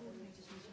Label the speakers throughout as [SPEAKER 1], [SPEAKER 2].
[SPEAKER 1] coordinators meeting.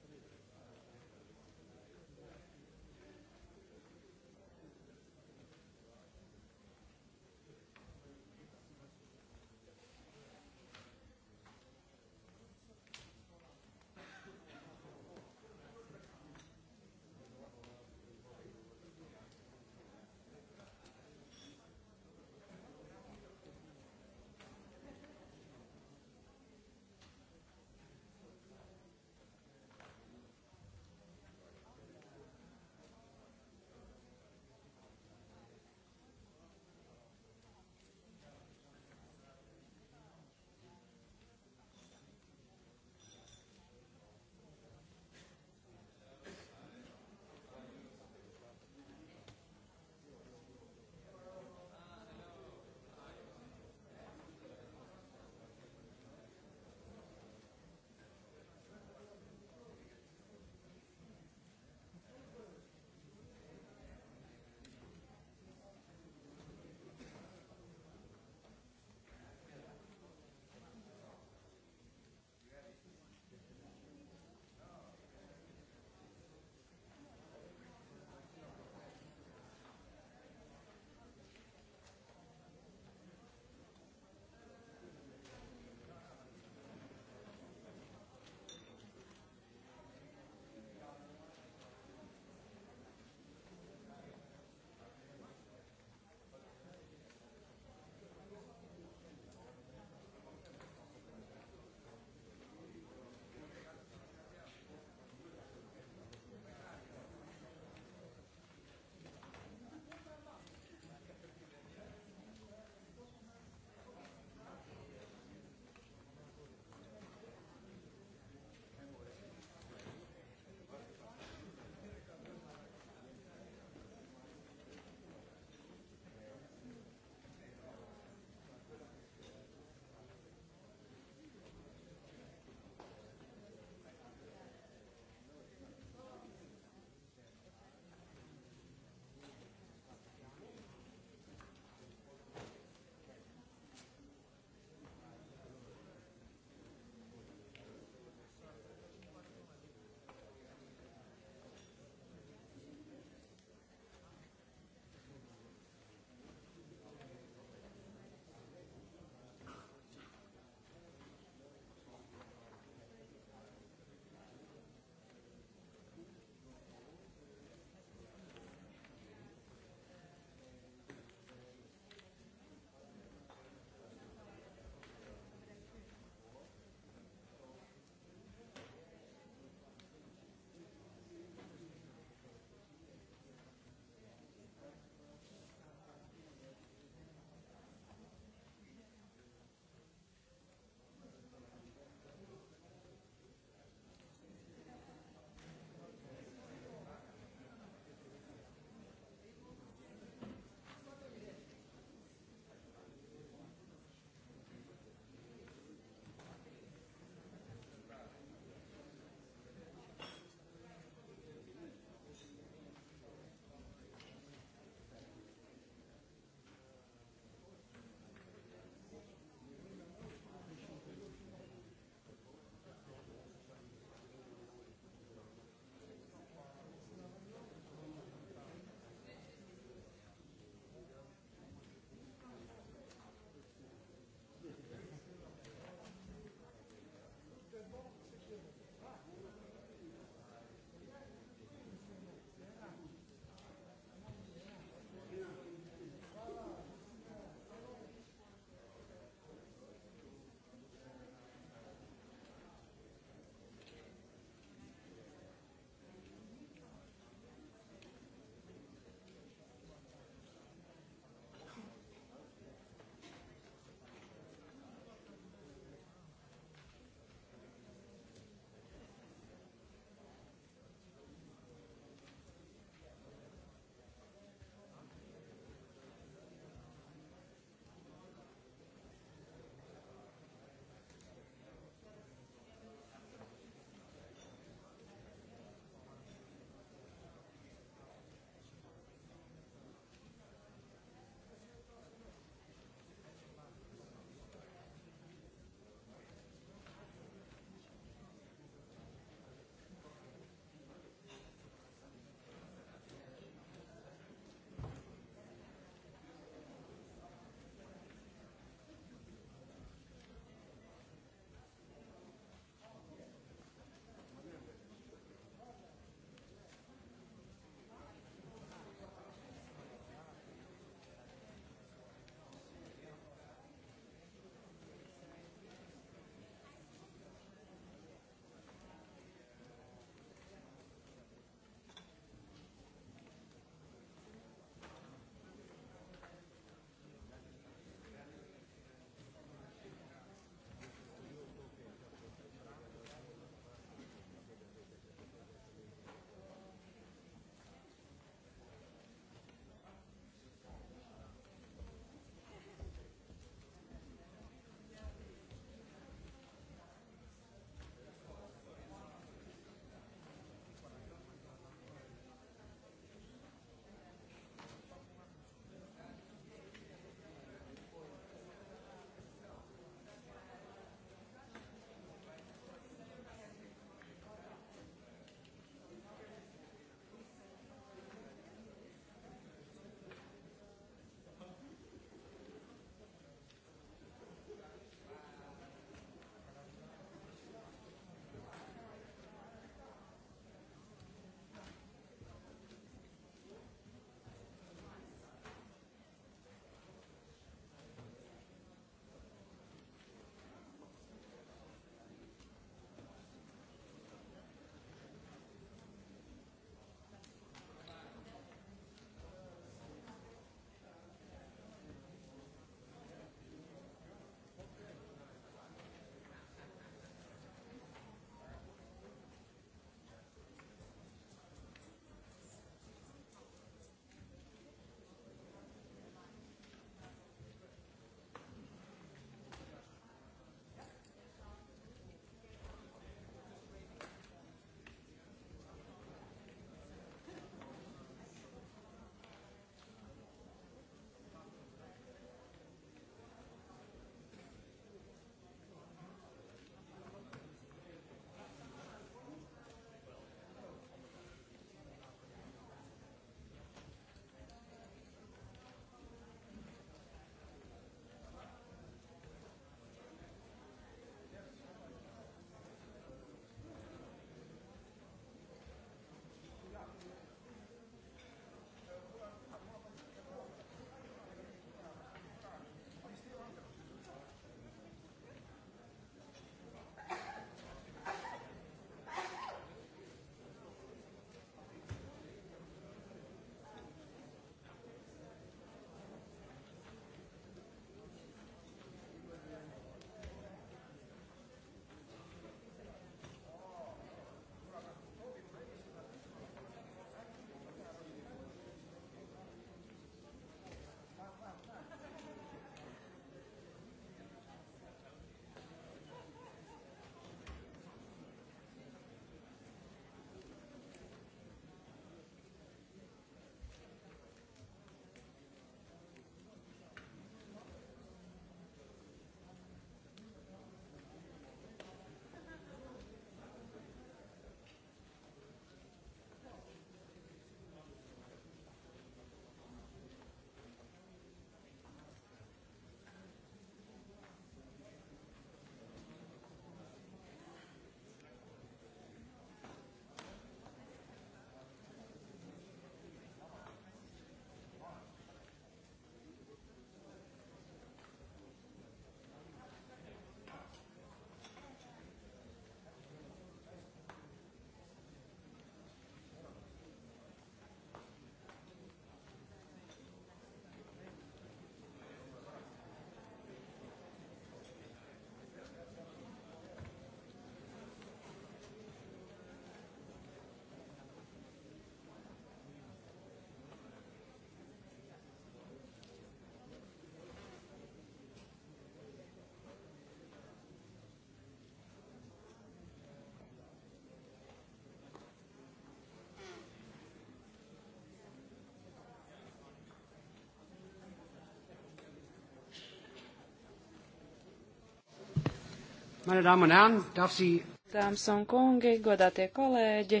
[SPEAKER 2] Meine Damen un Herren, darf Sie. Dāmas un kungi, godātie kolēģi,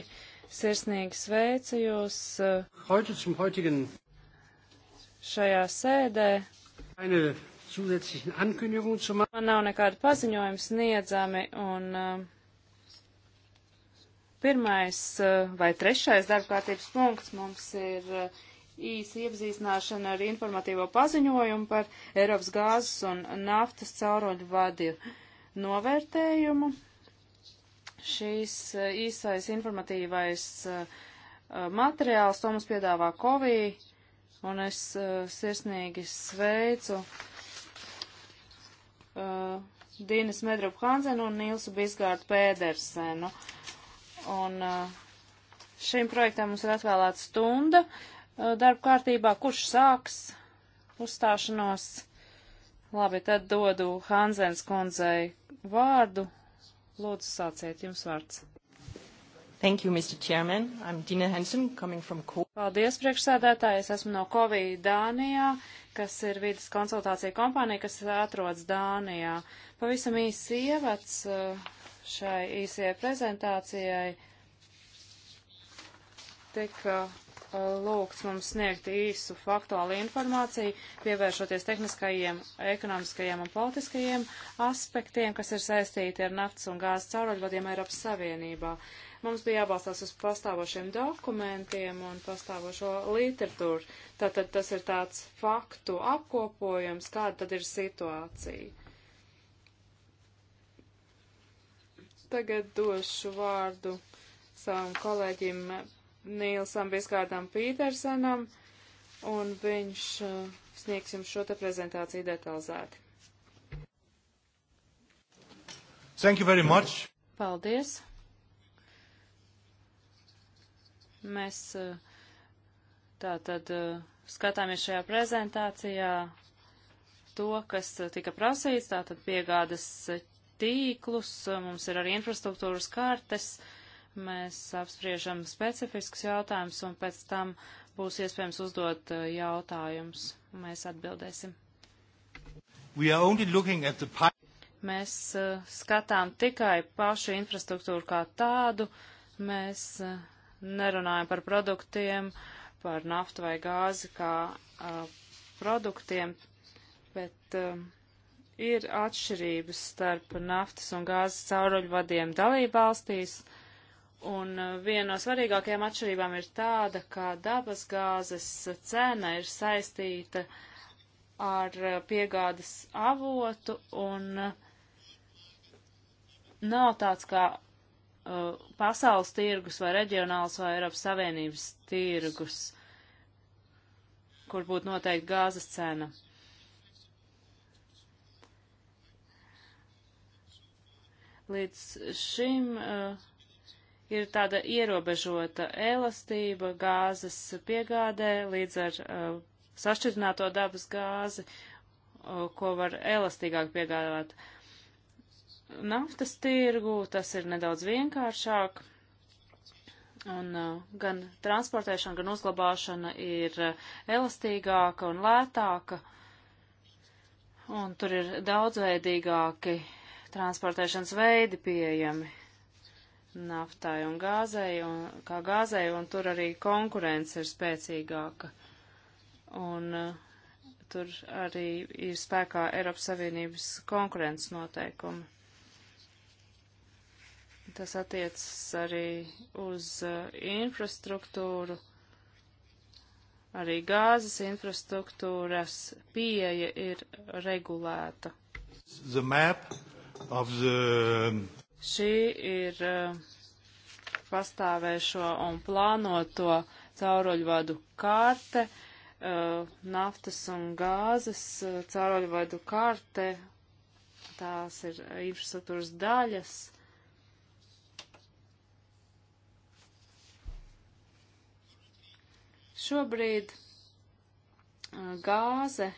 [SPEAKER 2] sirsnīgi sveicu jūs eh, heute zum heutigen šajā sēdē. Eine zusätzlichen Ankündigungen zu machen. Man nav nekāda paziņojuma sniedzami un uh, pirmais eh, vai trešais darbkārtības punkts mums ir īsa iepazīstināšana ar informatīvo paziņojumu par Eiropas gāzes un naftas cauroļu vadību novērtējumu. Šīs eh, īsais informatīvais eh, eh, materiāls to mums piedāvā Kovī, un es sirsnīgi sveicu Dīnes Medrup Hanzenu un Nilsu Bisgārdu Pēdersenu. Un šim projektam mums ir atvēlēta stunda darba kārtībā, kurš sāks uzstāšanos. Labi, tad dodu Hanzens kundzei vārdu. Lūdzu, sāciet jums vārds. Thank you, Mr. Chairman. I'm Dina Hansen, coming from Co. Paldies, priekšsēdētāji. Es esmu no Kovī Dānijā, kas ir vidas konsultācija kompānija, kas atrodas Dānijā. Pavisam īsi ievads eh, šai īsie prezentācijai tika lūgts mums sniegt īsu faktuālu informāciju, pievēršoties tehniskajiem, ekonomiskajiem un politiskajiem aspektiem, kas ir saistīti ar naftas un gāzes cauruļvadiem Eiropas Savienībā. Mums bija jābalstās uz pastāvošiem dokumentiem un pastāvošo literatūru. Tātad tas ir tāds faktu apkopojums, kāda tad ir situācija. Tagad došu vārdu savam kolēģim Nīlsam Bieskārdam Pītersenam, un viņš uh, sniegs jums šo te prezentāciju detalizēti. Thank you very much. Paldies. Mēs eh, tātad eh, skatāmies šajā prezentācijā to, kas tika prasīts, tātad piegādas tīklus, mums ir arī infrastruktūras kartes, mēs apspriežam specifiskus jautājumus, un pēc tam būs iespējams uzdot uh, jautājumus. Mēs atbildēsim.
[SPEAKER 3] The...
[SPEAKER 2] Mēs uh, skatām tikai pašu infrastruktūru kā tādu. Mēs uh, nerunājam par produktiem, par naftu vai gāzi kā uh, produktiem, bet uh, ir atšķirības starp naftas un gāzes cauruļu vadiem dalībvalstīs. valstīs Un uh, viena no svarīgākajām atšķirībām ir tāda, ka dabasgāzes cena ir saistīta ar uh, piegādes avotu un uh, nav tāds kā uh, pasaules tirgus vai reģionāls vai Eiropas Savienības tirgus, kur būtu noteikti gāzes cena. Līdz šim uh, ir tāda ierobežota elastība gāzes piegādē līdz ar uh, sašķirināto dabas gāzi, uh, ko var elastīgāk piegādāt. Naftas tirgu tas ir nedaudz vienkāršāk, un uh, gan transportēšana, gan uzglabāšana ir uh, elastīgāka un lētāka, un tur ir daudzveidīgāki transportēšanas veidi pieejami naftai un gāzei, un, kā gāzei, un tur arī konkurence ir spēcīgāka. Un uh, tur arī ir spēkā Eiropas Savienības konkurences noteikumi. Tas attiecas arī uz uh, infrastruktūru arī gāzes infrastruktūras pieeja ir regulēta. The... Šī ir eh, pastāvēšo un plānoto cauruļvadu kārte, eh, naftas un gāzes eh, cauruļvadu kārte. Tās ir infrastruktūras daļas. Šobrīd gāze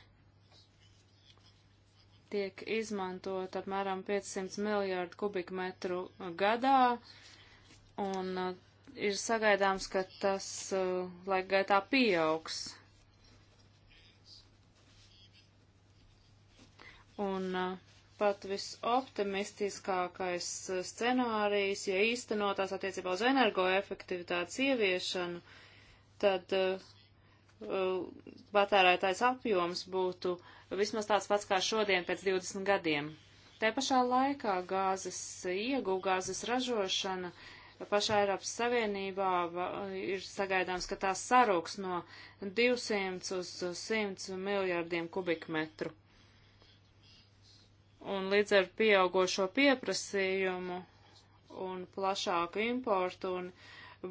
[SPEAKER 2] tiek izmantot apmēram 500 miljārdu kubikmetru gadā, un uh, ir sagaidāms, ka tas uh, laika gaitā pieaugs. Un uh, pat visoptimistiskākais scenārijs, ja īstenotās attiecībā uz energoefektivitātes ieviešanu, tad patērētājs apjoms būtu uh, vismaz tāds pats kā šodien pēc 20 gadiem. Tā pašā laikā gāzes ieguva, gāzes ražošana pašā Eiropas Savienībā ir sagaidāms, ka tās sarūks no 200 uz 100 miljardiem kubikmetru. Un līdz ar pieaugošo pieprasījumu un plašāku importu un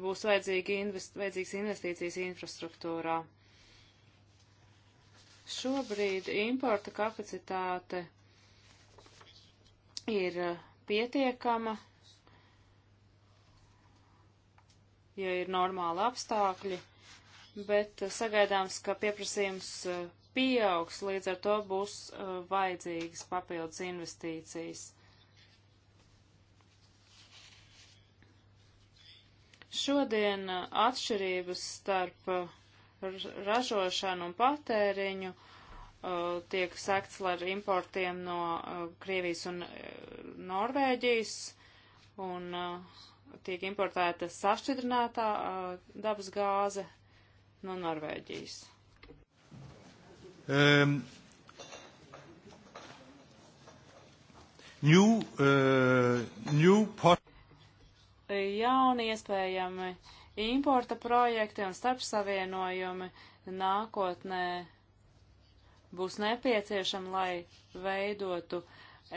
[SPEAKER 2] būs vajadzīgi invest, vajadzīgs investīcijas infrastruktūrā. Šobrīd importa kapacitāte ir uh, pietiekama, ja ir normāli apstākļi, bet uh, sagaidāms, ka pieprasījums uh, pieaugs, līdz ar to būs vajadzīgas papildus investīcijas. Šodien atšķirības starp uh, ražošanu un patēriņu uh, tiek sekts ar importiem no uh, Krievijas un uh, Norvēģijas, un tiek importēta sašķidrinātā dabas gāze no Norvēģijas.
[SPEAKER 1] Um,
[SPEAKER 3] new, uh, new pot...
[SPEAKER 2] Jauni iespējami uh, importa projekti un starpsavienojumi nākotnē būs nepieciešami, lai veidotu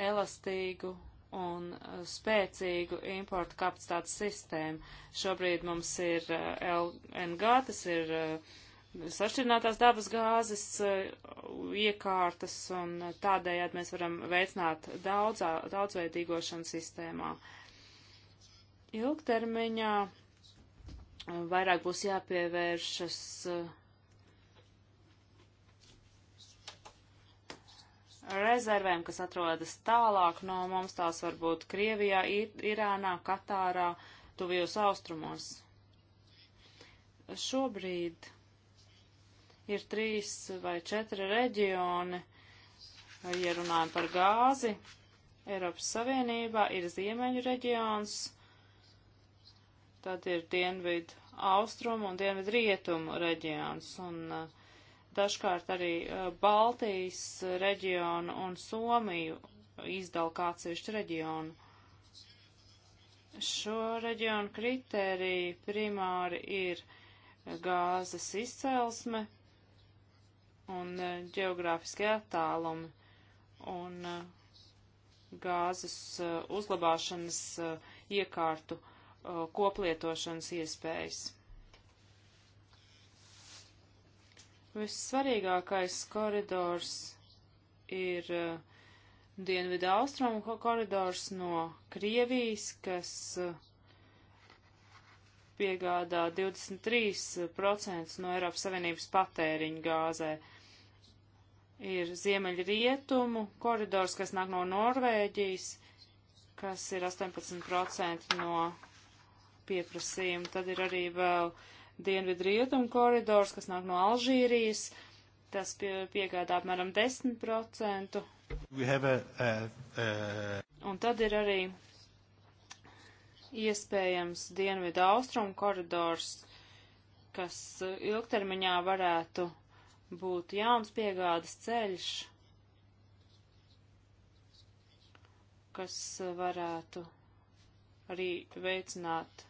[SPEAKER 2] elastīgu un uh, spēcīgu importu kapacitātes sistēmu. Šobrīd mums ir uh, LNG, tas ir uh, sašķirinātās dabas gāzes iekārtas, un tādējādi mēs varam veicināt daudzā, daudzveidīgošanu sistēmā. Ilgtermiņā vairāk būs jāpievēršas uh, rezervēm, kas atrodas tālāk no mums, tās varbūt Krievijā, Irānā, Katārā, tuvijos austrumos. Šobrīd ir trīs vai četri reģioni, ja runājam par gāzi. Eiropas Savienībā ir ziemeļu reģions, Tad ir dienvidu austrumu un dienvidu rietumu reģions. Un, uh, dažkārt arī uh, Baltijas reģionu un Somiju izdala kā atsevišķu reģionu. Šo reģionu kritērija primāri ir gāzes izcelsme un ģeogrāfiskie uh, attālumi un uh, gāzes uzlabāšanas iekārtu uh, koplietošanas iespējas. Vissvarīgākais koridors ir dienvidu austrumu koridors no Krievijas, kas piegādā 23% no Eiropas Savienības patēriņa gāzē. Ir ziemeļrietumu koridors, kas nāk no Norvēģijas, kas ir 18% no pieprasījumu. Tad ir arī vēl dienvidrietumu koridors, kas nāk no Alžīrijas. Tas pie, piegādā apmēram 10%.
[SPEAKER 1] A,
[SPEAKER 3] a, a...
[SPEAKER 2] Un tad ir arī iespējams dienvidu austrumu koridors, kas ilgtermiņā varētu būt jauns piegādes ceļš, kas varētu arī veicināt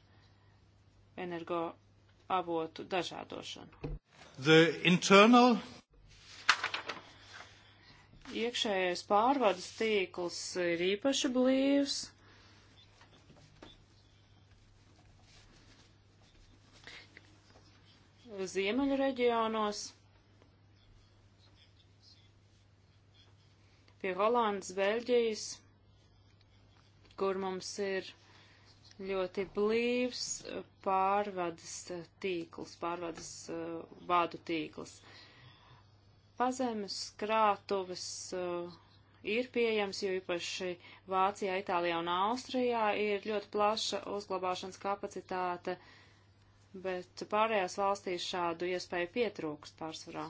[SPEAKER 2] energo avotu dažādošanu. The internal iekšējais pārvades tīkls ir īpaši blīvs. Ziemeļu reģionos pie Holandas, Beļģijas, kur mums ir ļoti blīvs pārvades eh, tīkls, pārvades uh, vādu tīkls. Pazemes krātuves uh, ir pieejams, jo īpaši Vācijā, Itālijā un Austrijā ir ļoti plaša uzglabāšanas kapacitāte, bet pārējās valstīs šādu iespēju pietrūkst pārsvarā.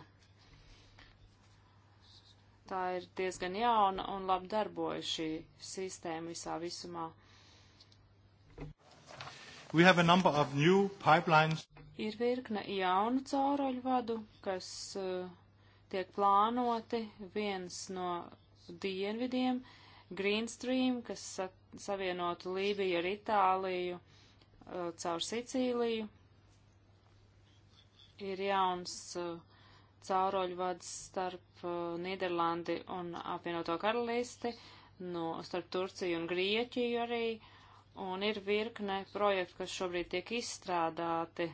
[SPEAKER 2] Tā ir diezgan jauna un labi darbojas šī sistēma visā visumā. We have a number of new pipelines. Ir virkne jaunu cauroļu vadu, kas uh, tiek plānoti. Viens no dienvidiem - Green Stream, kas sa savienotu Lībiju ar Itāliju uh, caur Sicīliju. Ir jauns uh, cauroļu vads starp uh, Nīderlandi un apvienoto karalisti, no, starp Turciju un Grieķiju arī. Uh, un ir virkne projektu, kas šobrīd tiek izstrādāti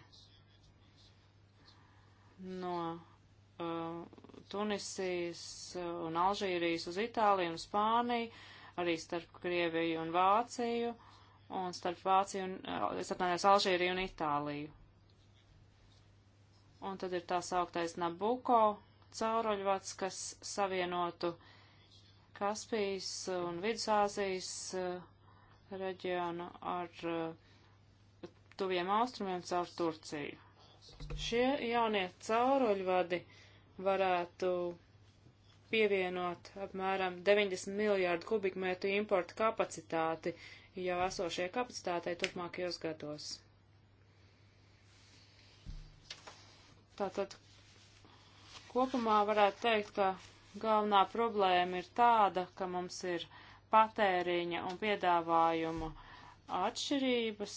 [SPEAKER 2] no uh, Tunisijas uh, un Alžīrijas uz Itāliju un Spāniju, arī starp Krieviju un Vāciju, un starp Vāciju un, uh, es atvainojos, Alžīriju un Itāliju. Un tad ir tā sauktais Nabuko cauroļvats, kas savienotu Kaspijas un Vidusāzijas uh, reģionu ar uh, tuviem austrumiem caur Turciju. Šie jaunie cauruļvadi varētu pievienot apmēram 90 miljārdu kubikmetru importu kapacitāti jau esošajai kapacitātei turpmākajos gados. Tātad kopumā varētu teikt, ka galvenā problēma ir tāda, ka mums ir uh, patēriņa un piedāvājuma atšķirības.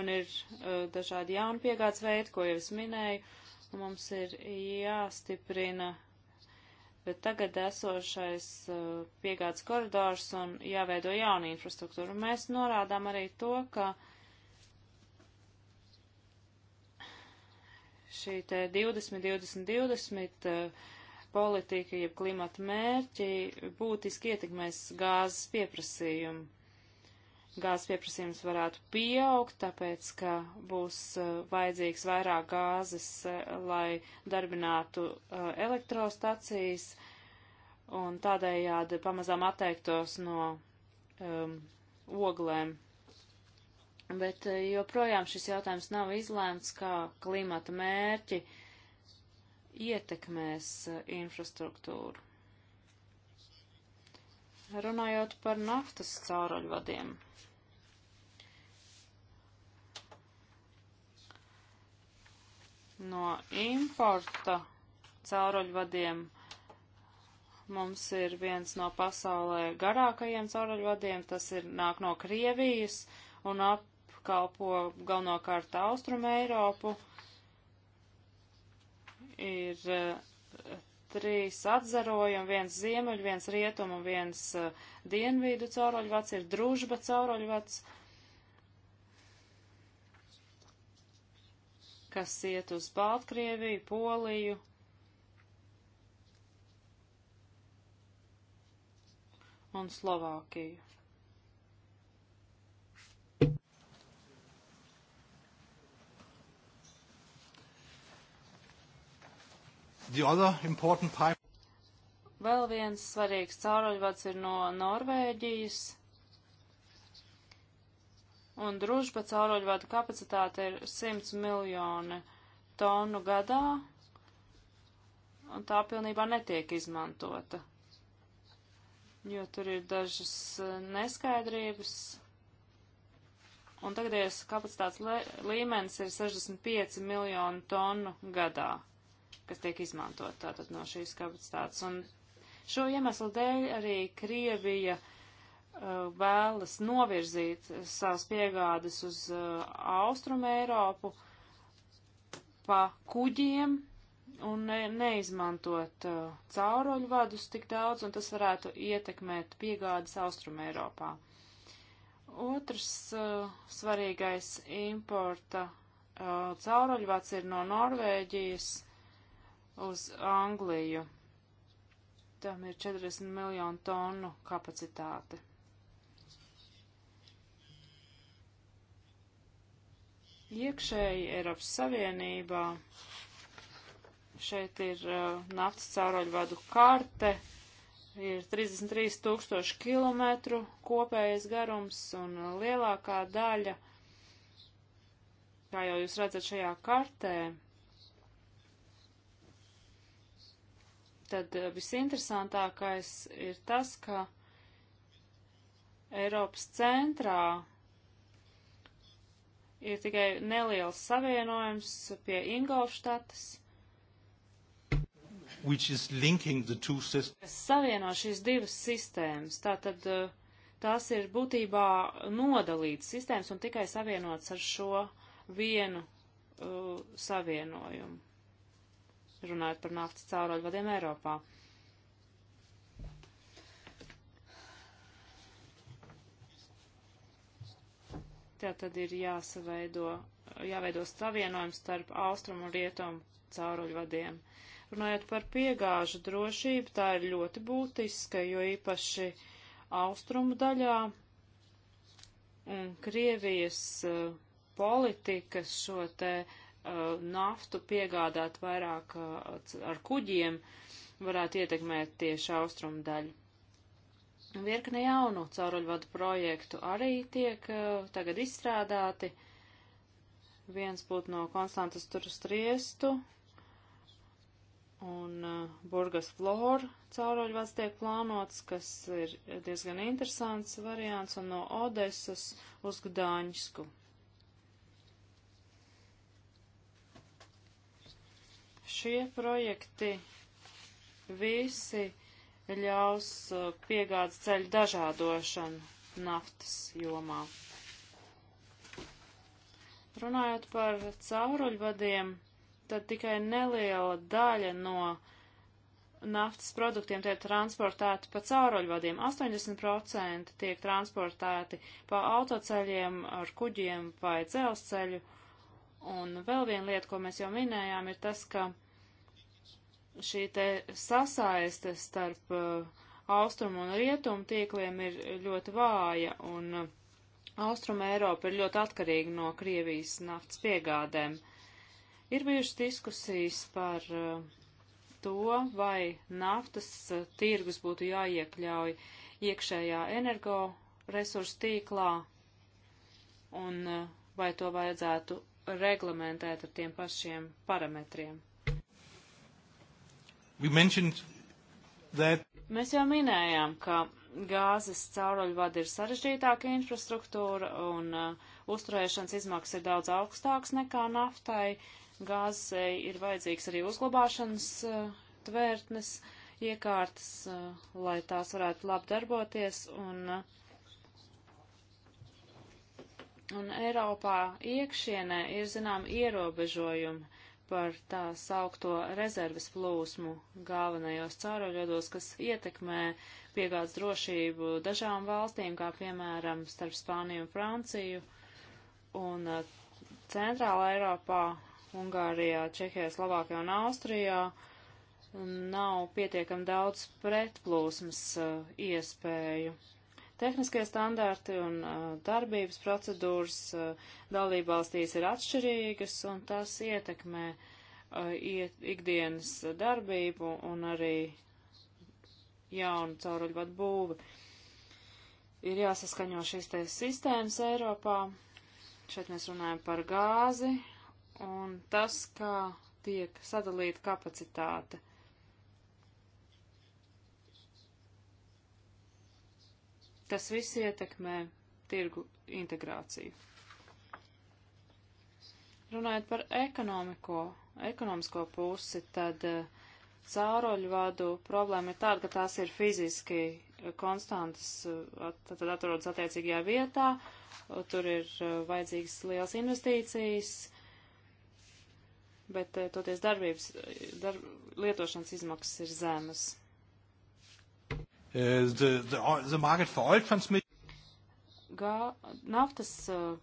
[SPEAKER 2] Un ir uh, dažādi jauni piegādes veidi, ko jau es minēju, un mums ir jāstiprina bet tagad esošais uh, piegādes koridors un jāveido jauna infrastruktūra. Mēs norādām arī to, ka šī te 20, 20, 20 uh, politika, jeb klimata mērķi būtiski ietekmēs gāzes pieprasījumu. Gāzes pieprasījums varētu pieaugt, tāpēc, ka būs uh, vajadzīgs vairāk gāzes, uh, lai darbinātu uh, elektrostacijas un tādējādi pamazām atteiktos no um, oglēm. Bet joprojām šis jautājums nav izlēmts, kā klimata mērķi uh, ietekmēs eh, infrastruktūru. Runājot par naftas cauruļvadiem. No importa cauruļvadiem mums ir viens no pasaulē garākajiem cauruļvadiem, tas ir nāk no Krievijas un apkalpo galvenokārt Austrum Eiropu. Uh, ir uh, trīs atzarojumi, viens ziemeļ, viens rietum un viens uh, eh, dienvīdu cauroļvats, ir družba cauroļvats, kas iet uz Baltkrieviju, Poliju. Un Slovākiju. Vēl viens svarīgs cauruļvads ir no Norvēģijas. Un družba cauruļvada kapacitāte ir 100 miljoni tonu gadā, un tā pilnībā netiek izmantota, jo tur ir dažas eh, neskaidrības. Un tagadējais kapacitātes līmenis ir 65 miljonu tonu gadā kas tiek izmantot tātad no šīs kapacitātes. Un šo iemeslu dēļ arī Krievija uh, vēlas novirzīt savas piegādes uz uh, Austrumu Eiropu pa kuģiem un ne, neizmantot uh, cauroļvadus tik daudz, un tas varētu ietekmēt piegādes Austrumu Eiropā. Otrs uh, svarīgais importa uh, cauroļvads ir no Norvēģijas uz Angliju. Tam ir 40 miljonu tonu kapacitāte. Iekšēji Eiropas Savienībā šeit ir uh, naftas cauroļvadu karte, ir 33 tūkstoši kilometru kopējais garums un uh, lielākā daļa, kā jau jūs redzat šajā kartē, tad eh, visinteresantākais ir tas, ka Eiropas centrā ir tikai neliels savienojums pie Ingolštatas, kas savieno šīs divas sistēmas. Tātad eh, tās ir būtībā nodalītas sistēmas un tikai savienots ar šo vienu uh, savienojumu runājot par naftas cauruļvadiem Eiropā. Tā tad ir jāsaveido, jāveido savienojums starp austrumu un rietumu cauruļvadiem. Runājot par piegāžu drošību, tā ir ļoti būtiska, jo īpaši austrumu daļā un Krievijas uh, politika šo te uh, Uh, naftu piegādāt vairāk uh, ar kuģiem varētu ietekmēt tieši austrumu daļu. Virkne jaunu cauruļvadu projektu arī tiek uh, tagad izstrādāti. Viens būtu no Konstantas Turistriestu un Burgas Flora cauruļvads tiek plānots, kas ir diezgan interesants variants, un no Odesas uz Gdaņsku Šie projekti visi ļaus uh, piegādes ceļu dažādošanu naftas jomā. Runājot par cauruļvadiem, tad tikai neliela daļa no naftas produktiem tiek transportēti pa cauruļvadiem. 80% tiek transportēti pa autoceļiem, ar kuģiem vai dzelzceļu. Un vēl viena lieta, ko mēs jau minējām, ir tas, ka šī te sasaiste starp uh, austrumu un rietumu tīkliem ir ļoti vāja, un uh, austrumu Eiropa ir ļoti atkarīga no Krievijas naftas piegādēm. Ir bijušas diskusijas par uh, to, vai naftas tirgus būtu jāiekļauj iekšējā energo resursu tīklā, un vai to vajadzētu reglamentēt ar tiem pašiem parametriem. That... Mēs jau minējām, ka gāzes cauruļvadi ir sarežģītāka infrastruktūra un uh, uzturēšanas izmaksas ir daudz augstākas nekā naftai. Gāzei ir vajadzīgs arī uzglabāšanas uh, tvērtnes iekārtas, uh, lai tās varētu labi darboties. Un, uh, un Eiropā iekšienē ir zinām ierobežojumi par tā saukto rezerves plūsmu galvenajos cauruļvedos, kas ietekmē piegādes drošību dažām valstīm, kā piemēram starp Spāniju un Franciju, un uh, Centrāla Eiropā, Ungārijā, Čehijā, Slovākijā un Austrijā nav pietiekam daudz pretplūsmas uh, iespēju. Tehniskie standarti un uh, darbības procedūras uh, dalībvalstīs ir atšķirīgas, un tas ietekmē uh, ikdienas darbību un arī jaunu cauruļvadu būvi. Ir jāsaskaņo šīs te sistēmas Eiropā. Šeit mēs runājam par gāzi un tas, kā tiek sadalīta kapacitāte. Tas viss ietekmē tirgu integrāciju. Runājot par ekonomiko, ekonomisko pusi, tad eh, cāroļu vadu problēma ir tāda, ka tās ir fiziski eh, konstantas, eh, tad atrodas attiecīgajā vietā, tur ir vajadzīgas liels investīcijas, bet toties darbības, darb, lietošanas izmaksas ir zemas. Äh, the, the, the market for oil transmission. Gā, naftas uh,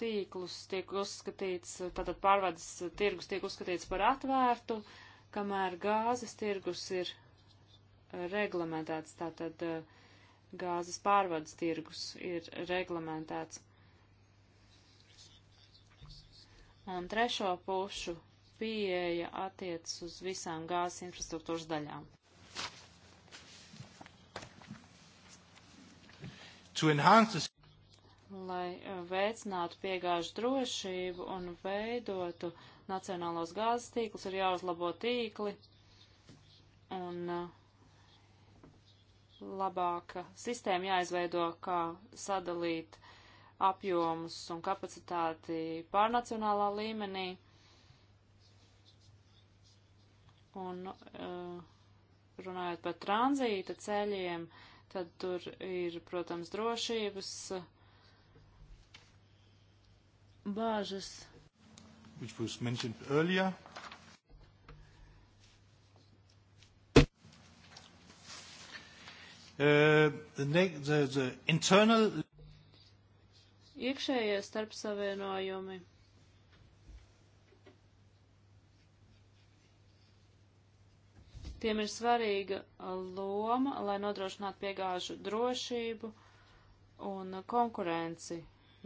[SPEAKER 2] tīklus tiek uzskatīts, äh, tātad pārvades tirgus tiek uzskatīts par atvērtu, kamēr gāzes tirgus ir reglamentēts, tātad gāzes pārvades tirgus ir reglamentēts. Un trešo pušu pieeja attiec uz visām gāzes infrastruktūras daļām. to enhance this lai eh, veicinātu piegāžu drošību un veidotu nacionālos gāzes tīklus, ir jāuzlabo tīkli un eh, labāka sistēma jāizveido, kā sadalīt apjomus un kapacitāti pārnacionālā līmenī. Un eh, runājot par tranzīta ceļiem, uh, Tad tur ir, protams, drošības bāžas.
[SPEAKER 1] Which was mentioned earlier.
[SPEAKER 2] Uh, the, the, the internal... Iekšējie starpsavienojumi. Tiem ir svarīga loma, lai nodrošinātu piegāžu drošību un konkurenci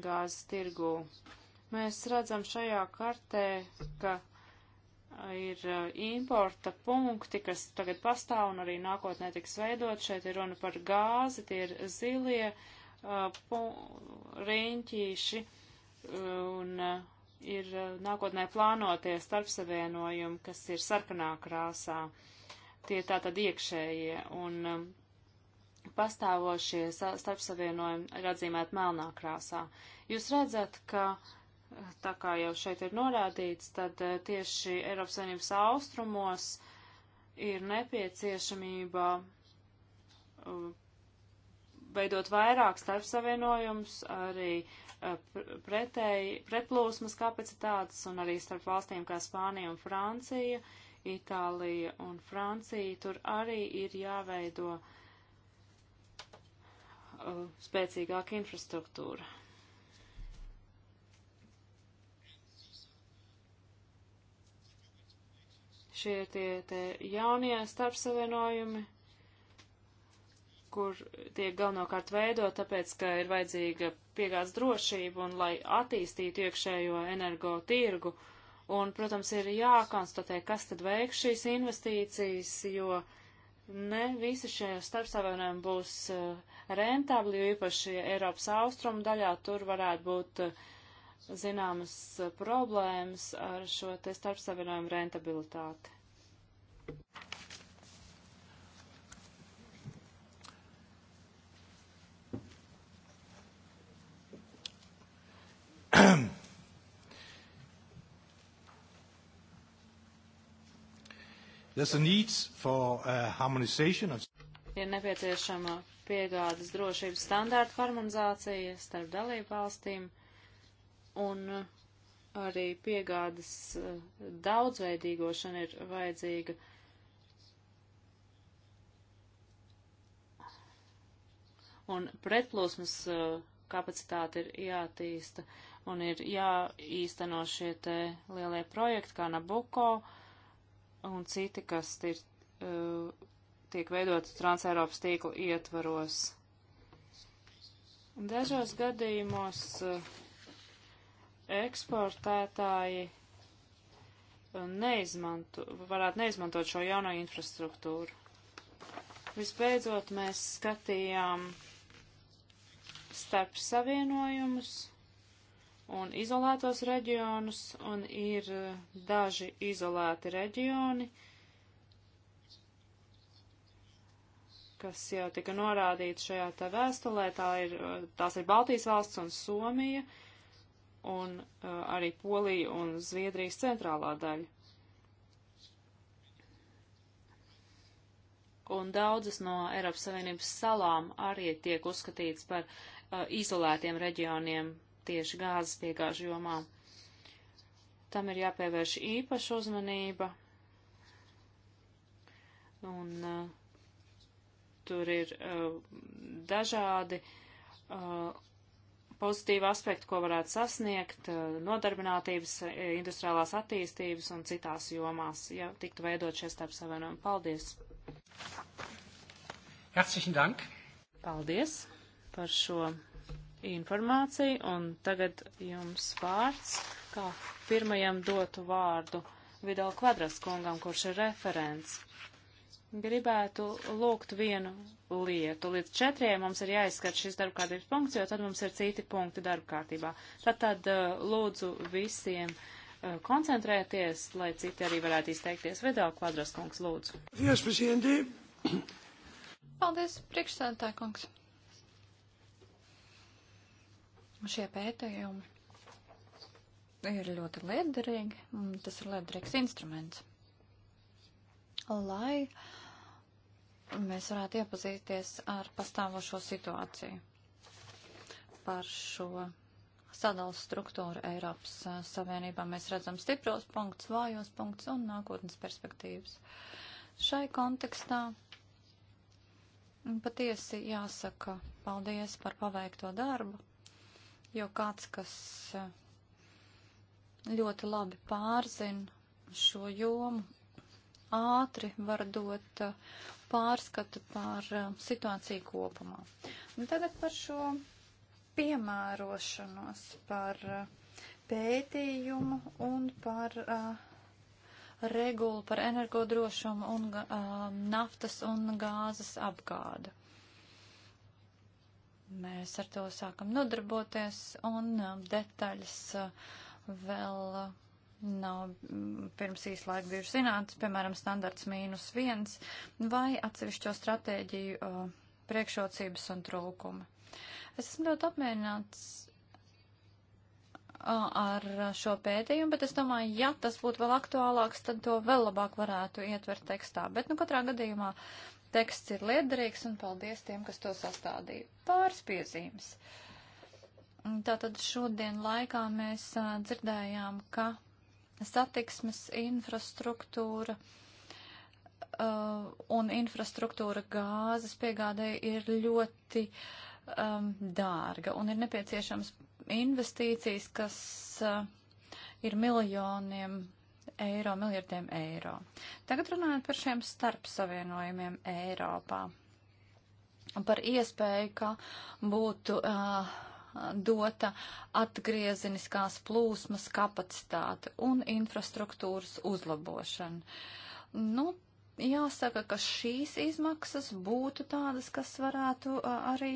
[SPEAKER 2] gāzes tirgū. Mēs redzam šajā kartē, ka ir importa punkti, kas tagad pastāv un arī nākotnē tiks veidot. Šeit ir runa par gāzi, tie ir zilie uh, riņķīši un uh, ir nākotnē plānotie starpsavienojumi, kas ir sarkanā krāsā. Uh, tie tā tad iekšējie un um, pastāvošie starpsavienojumi ir atzīmēti melnā krāsā. Jūs redzat, ka eh, tā kā jau šeit ir norādīts, tad eh, tieši Eiropas Savienības austrumos ir nepieciešamība eh, veidot vairāk starpsavienojumus, arī pretēji, pretplūsmas kapacitātes un arī starp valstīm kā Spānija un Francija Itālija un Francija, tur arī ir jāveido uh, spēcīgāka infrastruktūra. Šie ir tie, tie jaunie starpsavienojumi, kur tiek galvenokārt veidot, tāpēc, ka ir vajadzīga piegādes drošība un lai attīstītu iekšējo energo tirgu. Uh, Un, protams, ir jākonstatē, kas tad veiks šīs investīcijas, jo ne visi šie starpsavienojumi būs eh, rentabli, jo īpaši Eiropas austrumu daļā tur varētu būt eh, zināmas eh, problēmas ar šo te starpsavienojumu rentabilitāti. Ahem. Uh, ir nepieciešama piegādes drošības standārta harmonizācija starp dalību valstīm un uh, arī piegādes uh, daudzveidīgošana ir vajadzīga. Un pretplūsmas kapacitāte ir jātīsta un ir jāīsteno šie te lielie projekti kā Nabuko, uh, un citi, kas ir, eh, tiek veidoti Transeiropas tīklu ietvaros. Dažos gadījumos eh, eksportētāji eh, neizmanto, varētu neizmantot šo jauno infrastruktūru. Visbeidzot, mēs skatījām starp savienojumus un izolētos reģionus, un ir eh, daži izolēti reģioni, kas jau tika norādīti šajā te vēstulē, tā ir, eh, tās ir Baltijas valsts un Somija, un uh, arī Polija un Zviedrijas centrālā daļa. Un daudzas no Eiropas Savienības salām arī tiek uzskatīts par uh, izolētiem reģioniem tieši gāzes piegāžu jomā. Tam ir jāpievērš īpaša uzmanība, un uh, tur ir uh, dažādi uh, pozitīvi aspekti, ko varētu sasniegt uh, nodarbinātības, uh, industriālās attīstības un citās jomās, ja tiktu veidot šie starp savienojumi. Paldies!
[SPEAKER 1] Herzlichen Dank!
[SPEAKER 2] Paldies par šo informāciju, un tagad jums vārds, kā pirmajam dotu vārdu Vidal Kvadras kungam, kurš ir referents. Gribētu lūgt vienu lietu. Līdz četriem mums ir jāizskat šis darbkārtības punkts, jo tad mums ir citi punkti darbkārtībā. Tad tad uh, lūdzu visiem uh, koncentrēties, lai citi arī varētu izteikties. Vidal Kvadras kungs, lūdzu.
[SPEAKER 1] Yes,
[SPEAKER 3] Paldies, priekšsēdētāj kungs. Šie pētījumi ir ļoti liederīgi, un tas ir liederīgs instruments, lai mēs varētu iepazīties ar pastāvošo situāciju par šo sadalas struktūru Eiropas uh, Savienībā. Mēs redzam stipros punktus, vājos punktus un nākotnes perspektīvas. Šai kontekstā patiesi jāsaka paldies par paveikto darbu jo kāds, kas eh, ļoti labi pārzina šo jomu, ātri var dot eh, pārskatu par eh, situāciju kopumā. Un tagad par šo piemērošanos, par pētījumu un par uh, regulu par energodrošumu un uh, naftas un gāzes apgādu. Mēs ar to sākam nodarboties, un um, detaļas uh, vēl uh, nav mm, pirms īsa laika bijuši zināts, piemēram, standarts mīnus viens vai atsevišķo stratēģiju uh, priekšrocības un trūkumi. Es esmu ļoti apmierināts ar šo pētījumu, bet es domāju, ja tas būtu vēl aktuālāks, tad to vēl labāk varētu ietvert tekstā. Bet, nu, katrā gadījumā Teksts ir liederīgs un paldies tiem, kas to sastādīja. Pāris piezīmes. Tātad šodien laikā mēs dzirdējām, ka satiksmes infrastruktūra uh, un infrastruktūra gāzes piegādēji ir ļoti um, dārga un ir nepieciešams investīcijas, kas uh, ir miljoniem eiro, miljardiem eiro. Tagad runājot par šiem starpsavienojumiem Eiropā. Par iespēju, ka būtu uh, dota atgriezeniskās plūsmas kapacitāte un infrastruktūras uzlabošana. Nu, jāsaka, ka šīs izmaksas būtu tādas, kas varētu arī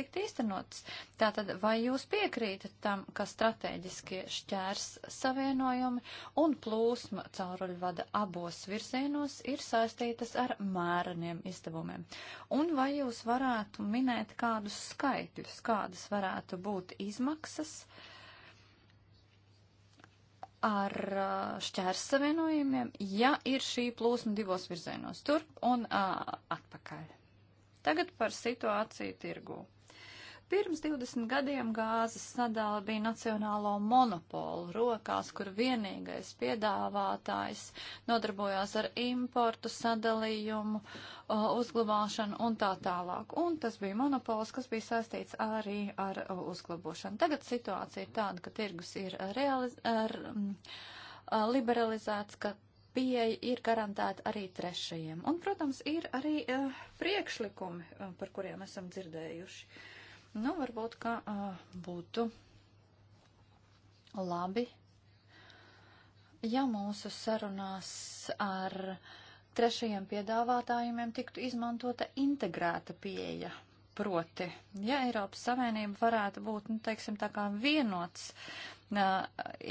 [SPEAKER 3] tikt īstenotas. Tātad, vai jūs piekrītat tam, ka strateģiskie šķērs savienojumi un plūsma cauruļvada abos virzienos ir saistītas ar mēreniem izdevumiem? Un vai jūs varētu minēt kādus skaitļus, kādas varētu būt izmaksas? Uh, ar šķērsavienojumiem, ja ir šī plūsma divos virzienos, turp un uh, atpakaļ. Tagad par situāciju tirgū. Pirms 20 gadiem gāzes sadala bija nacionālo monopolu rokās, kur vienīgais piedāvātājs nodarbojās ar importu, sadalījumu, uzglabāšanu un tā tālāk. Un tas bija monopols, kas bija saistīts arī ar uzglabošanu. Tagad situācija ir tāda, ka tirgus ir realiz... ar, liberalizēts, ka pieeja ir garantēta arī trešajiem. Un, protams, ir arī uh, priekšlikumi, uh, par kuriem esam dzirdējuši. Uh, Nu, varbūt, ka uh, būtu labi, ja mūsu sarunās ar trešajiem piedāvātājiem tiktu izmantota integrēta pieeja. Proti, ja Eiropas Savienība varētu būt, nu, teiksim, tā kā vienots uh,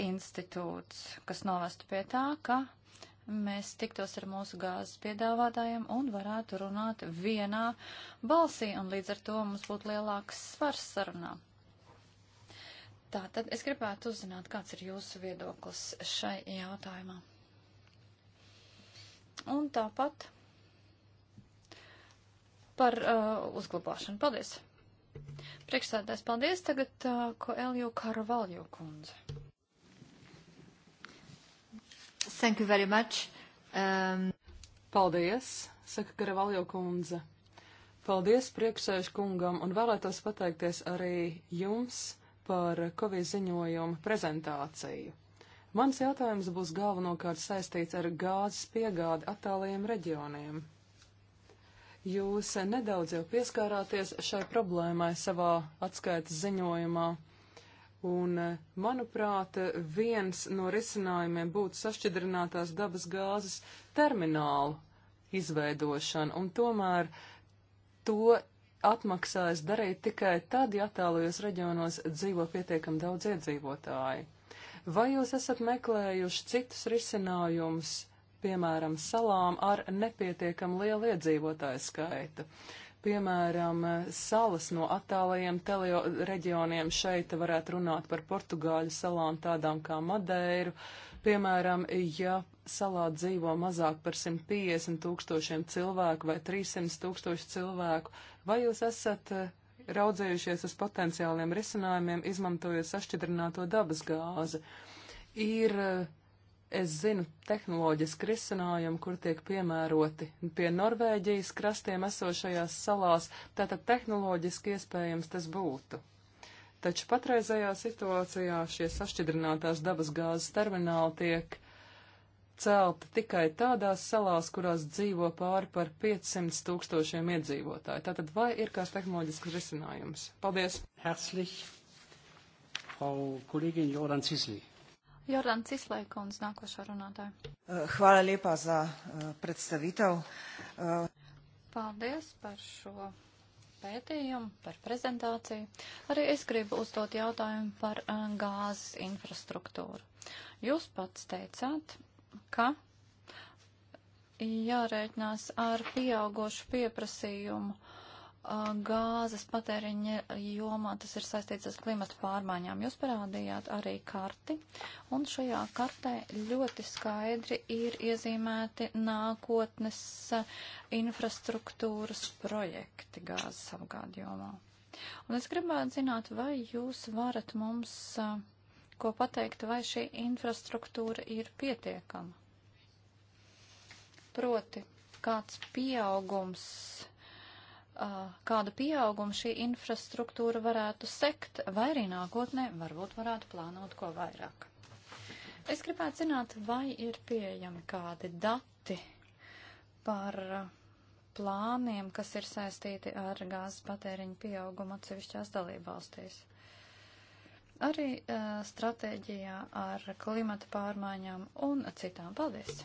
[SPEAKER 3] institūts, kas novestu pie tā, ka mēs tiktos ar mūsu gāzes piedāvātājiem un varētu runāt vienā balsī, un līdz ar to mums būtu lielāks svars sarunā. Tātad es gribētu uzzināt, kāds ir jūsu viedoklis šai jautājumā. Un tāpat par uh, uzglabāšanu. Paldies! Priekšsēdēs, paldies tagad, uh, ko Elju Karvalju kundze.
[SPEAKER 1] Thank you very much. Um... Paldies, saka Karavaljo kundze. Paldies priekšsēžu kungam un vēlētos pateikties arī jums par Covid ziņojumu prezentāciju. Mans jautājums būs galvenokārt saistīts ar gāzes piegādi attālajiem reģioniem. Jūs nedaudz jau pieskārāties šai problēmai savā atskaitas ziņojumā. Un, eh, manuprāt, viens no risinājumiem būtu sašķidrinātās dabas gāzes terminālu izveidošana, un tomēr to atmaksājas darīt tikai tad, ja attālojos reģionos dzīvo pietiekami daudz iedzīvotāji. Vai jūs esat meklējuši citus risinājumus, piemēram, salām ar nepietiekam lielu iedzīvotāju skaitu? Piemēram, salas no attālajiem reģioniem šeit varētu runāt par Portugāļu salām tādām kā Madeiru. Piemēram, ja salā dzīvo mazāk par 150 tūkstošiem cilvēku vai 300 tūkstoši cilvēku, vai jūs esat eh, raudzējušies uz potenciāliem risinājumiem, izmantojot sašķidrināto dabas gāzi? Ir uh, Es zinu tehnoloģisku risinājumu, kur tiek piemēroti pie Norvēģijas krastiem esošajās salās, tātad tehnoloģiski iespējams tas būtu. Taču patreizajā situācijā šie sašķidrinātās dabas gāzes termināli tiek celti tikai tādās salās, kurās dzīvo pāri par 500 tūkstošiem iedzīvotāju. Tātad vai ir kāds tehnoloģisks risinājums? Paldies! Herzlich, Frau Kollegin Jordan Cisli.
[SPEAKER 3] Jordan Cislēkons, nākošā runātāja.
[SPEAKER 1] Eh, hvala lepa za eh, predstavitev. Eh,
[SPEAKER 3] Paldies par šo pētījumu, par prezentāciju. Arī es gribu uzdot jautājumu par gāzes infrastruktūru. Jūs pats teicāt, ka jārēķinās ar pieaugošu pieprasījumu gāzes patēriņa jomā tas ir saistīts ar klimatu pārmaiņām. Jūs parādījāt arī karti, un šajā kartē ļoti skaidri ir iezīmēti nākotnes infrastruktūras projekti gāzes apgādi jomā. Un es gribētu zināt, vai jūs varat mums ko pateikt, vai šī infrastruktūra ir pietiekama. Proti, kāds pieaugums kādu pieaugumu šī infrastruktūra varētu sekt, vai arī nākotnē varbūt varētu plānot ko vairāk. Es gribētu zināt, vai ir pieejami kādi dati par plāniem, kas ir saistīti ar gāzes patēriņu pieaugumu atsevišķās dalībvalstīs. Arī uh, stratēģijā ar klimata pārmaiņām un citām. Paldies!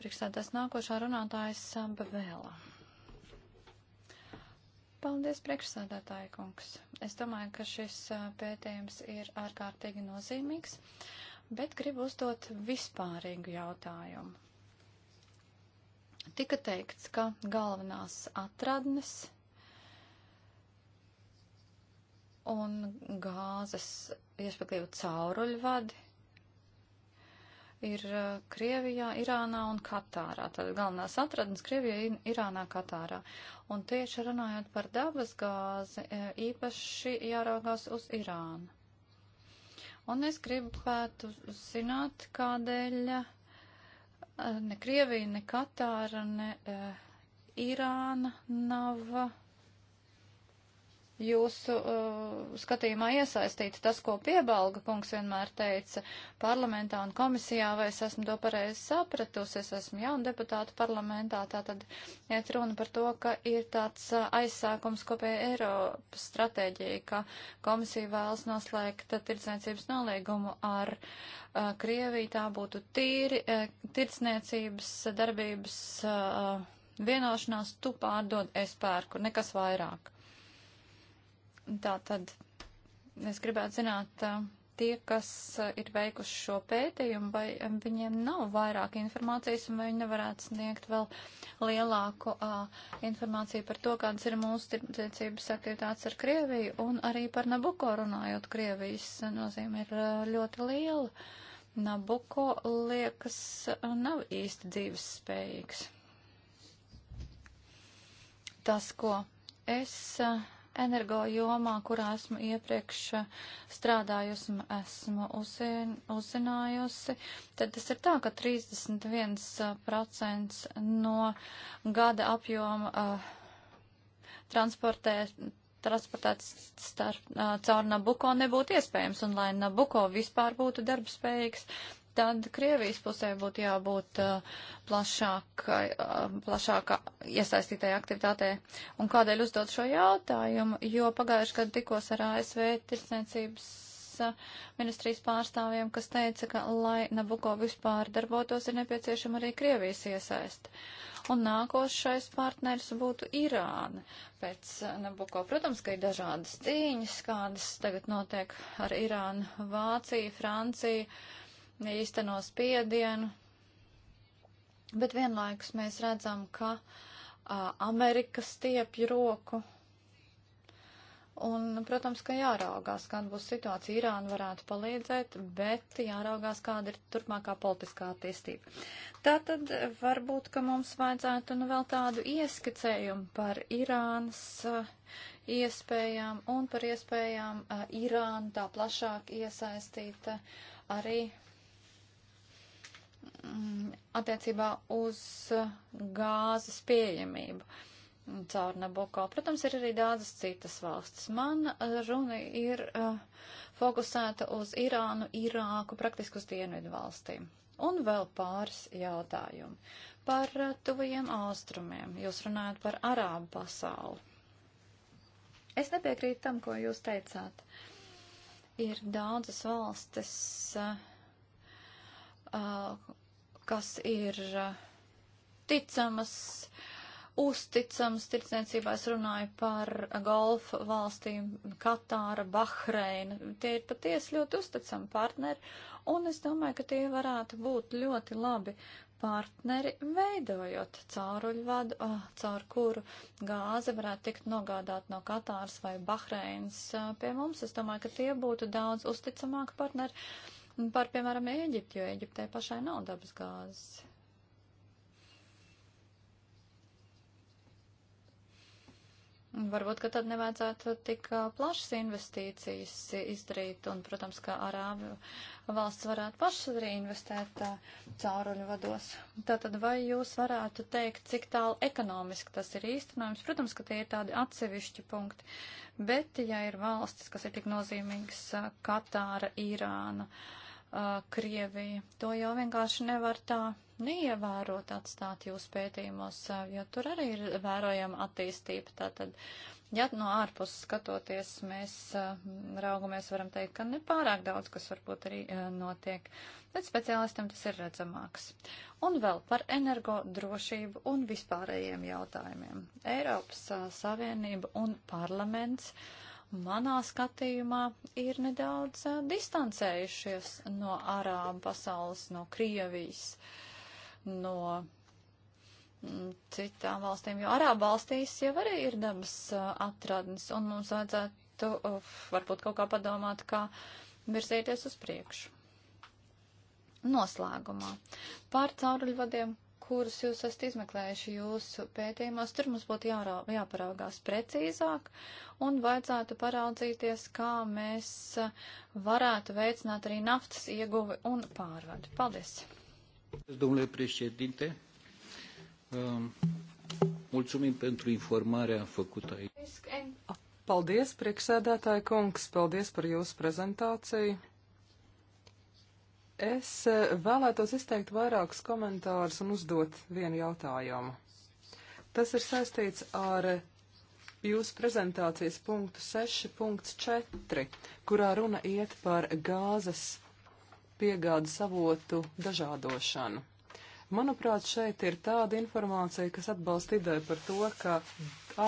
[SPEAKER 3] Priekšstādās nākošā runātājas Bavēlā. Paldies, priekšsādātāja kungs. Es domāju, ka šis pētījums ir ārkārtīgi nozīmīgs, bet gribu uzdot vispārīgu jautājumu. Tika teikts, ka galvenās atradnes un gāzes, iespējams, cauruļvadi ir uh, Krievijā, Irānā un Katārā. Tātad galvenās atradnes Krievijā, Irānā, Katārā. Un tieši runājot par dabas gāzi, e, īpaši jāraugās uz Irānu. Un es gribētu zināt, kādēļ e, ne Krievija, ne Katāra, ne e, Irāna nav jūsu uh, skatījumā iesaistīti. Tas, ko piebalga kungs vienmēr teica parlamentā un komisijā, vai es esmu to pareizi sapratusi, es esmu jauna deputāta parlamentā, tā tad iet runa par to, ka ir tāds uh, aizsākums kopēja Eiropas stratēģija, ka komisija vēlas noslēgt tirdzniecības nolīgumu ar uh, Krieviju, tā būtu tīri uh, tirdzniecības darbības. Uh, vienošanās tu pārdod, es pērku, nekas vairāk. Tā tad es gribētu zināt, tie, kas ir veikuši šo pētījumu, vai viņiem nav vairāk informācijas un vai viņi nevarētu sniegt vēl lielāku uh, informāciju par to, kādas ir mūsu tirdzniecības aktivitātes ar Krieviju un arī par Nabuko runājot. Krievijas nozīme ir uh, ļoti liela. Nabuko liekas nav īsti dzīves spējīgs. Tas, ko es. Uh, energo jomā, kurā esmu iepriekš strādājusi un esmu uzzin, uzzinājusi, tad tas ir tā, ka 31% eh, no gada apjoma uh, transportē transportēts starp, uh, caur Nabuko nebūtu iespējams, un lai Nabuko vispār būtu darbspējīgs, tad Krievijas pusē būtu jābūt uh, plašāk, uh, plašākā iesaistītai aktivitātei. Un kādēļ uzdot šo jautājumu? Jo pagājuši gadu tikos ar ASV tirsniecības uh, ministrijas pārstāvjiem, kas teica, ka, lai Nabuko vispār darbotos, ir nepieciešama arī Krievijas iesaist. Un nākošais partners būtu Irāna pēc uh, Nabuko. Protams, ka ir dažādas cīņas, kādas tagad notiek ar Irānu, Vāciju, Franciju. Uh, īsteno spiedienu, bet vienlaikus mēs redzam, ka uh, Amerika stiepj roku. Un, protams, ka jāraugās, kāda būs situācija. Irāna varētu palīdzēt, bet jāraugās, kāda ir turpmākā politiskā attīstība. Tātad varbūt, ka mums vajadzētu nu vēl tādu ieskicējumu par Irānas uh, iespējām un par iespējām uh, Irānu tā plašāk iesaistīt uh, arī Mm, attiecībā uz uh, gāzes pieejamību caur Nabuko. Protams, ir arī daudzas citas valstis. Man uh, runa ir uh, fokusēta uz Irānu, Irāku, praktiski uz dienvidu valstīm. Un vēl pāris jautājumu par uh, tuvajiem austrumiem. Jūs runājat par arābu pasauli. Es nepiekrītu tam, ko jūs teicāt. Ir daudzas valstis. Uh, uh, kas ir ticamas, uzticamas tirdzniecībā. Es runāju par golfa valstīm Katāra, Bahreina. Tie ir patiesi ļoti uzticami partneri, un es domāju, ka tie varētu būt ļoti labi partneri veidojot cauruļvadu, caur kuru gāze varētu tikt nogādāt no Katāras vai Bahreins pie mums. Es domāju, ka tie būtu daudz uzticamāki partneri par, piemēram, Ēģipti, jo Ēģiptē pašai nav dabas gāzes. Varbūt, ka tad nevajadzētu tik plašas investīcijas izdarīt, un, protams, ka Arābu valsts varētu pašas arī investēt cauruļu vados. Tātad, vai jūs varētu teikt, cik tālu ekonomiski tas ir īstenojums? Protams, ka tie ir tādi atsevišķi punkti, bet, ja ir valstis, kas ir tik nozīmīgas, Katāra, Irāna, uh, uh, Krieviju. To jau vienkārši nevar tā neievērot atstāt jūs pētījumos, uh, jo tur arī ir vērojama attīstība. Tātad, ja no ārpuses skatoties, mēs uh, raugamies, varam teikt, ka nepārāk daudz, kas varbūt arī uh, notiek, bet speciālistam tas ir redzamāks. Un vēl par energodrošību un vispārējiem jautājumiem. Eiropas uh, Savienība un parlaments. Uh, manā skatījumā ir nedaudz uh, distancējušies no arābu pasaules, no Krievijas, no mm, citām valstīm, jo arābu valstīs jau arī ir dabas uh, atradnes, un mums vajadzētu uh, varbūt kaut kā padomāt, kā virzīties uz priekšu. Noslēgumā par cauruļvadiem kurus jūs esat izmeklējuši jūsu pētījumos, tur mums būtu jārā, jāparaugās precīzāk un vajadzētu paraudzīties, kā mēs varētu veicināt arī naftas ieguvi un pārvadu. Paldies!
[SPEAKER 1] Domnule președinte, um, mulțumim pentru informarea făcută aici. Paldies, priekšsēdētāji kungs, paldies par jūsu prezentāciju. Es eh, vēlētos izteikt vairākus komentārus un uzdot vienu jautājumu. Tas ir saistīts ar jūsu prezentācijas punktu 6.4, kurā runa iet par gāzes piegādes avotu dažādošanu. Manuprāt, šeit ir tāda informācija, kas atbalsta ideju par to, ka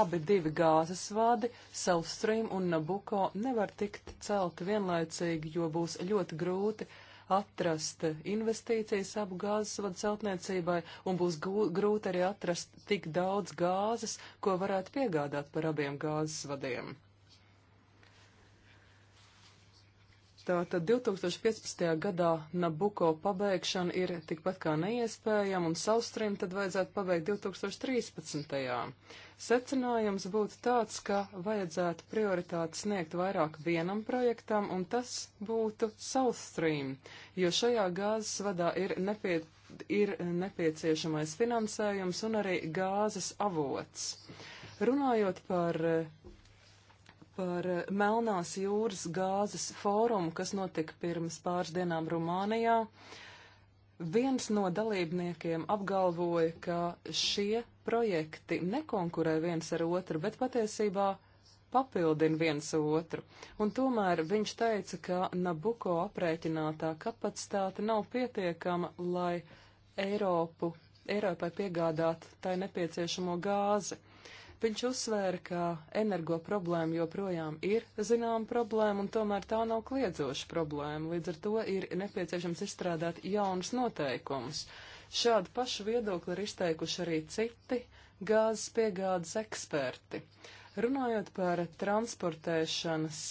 [SPEAKER 1] abi divi gāzes vadi, South Stream un Nabucco, nevar tikt celti vienlaicīgi, jo būs ļoti grūti uh, atrast investīcijas abu gāzes vadu celtniecībai, un būs grūti arī atrast tik daudz gāzes, ko varētu piegādāt par abiem gāzes vadiem. Tātad 2015. gadā Nabuko pabeigšana ir tikpat kā neiespējama, un South Stream tad vajadzētu pabeigt 2013. Secinājums būtu tāds, ka vajadzētu prioritāti sniegt vairāk vienam projektam, un tas būtu South Stream, jo šajā gāzes vadā ir, nepie, ir nepieciešamais finansējums un arī gāzes avots. Runājot par par eh, Melnās jūras gāzes fórumu, kas notika pirms pāris dienām Rumānijā. Viens no dalībniekiem apgalvoja, ka šie projekti nekonkurē viens ar otru, bet patiesībā papildina viens otru. Un tomēr viņš teica, ka Nabuko aprēķinātā kapacitāte nav pietiekama, lai Eiropu, Eiropai piegādātu tai nepieciešamo gāzi. Viņš uzsvēra, ka energo problēma joprojām ir zināma problēma, un tomēr tā nav kliedzoša problēma. Līdz ar to ir nepieciešams izstrādāt jaunus noteikumus. Šādu pašu viedokli ir izteikuši arī citi gāzes piegādes eksperti. Runājot par transportēšanas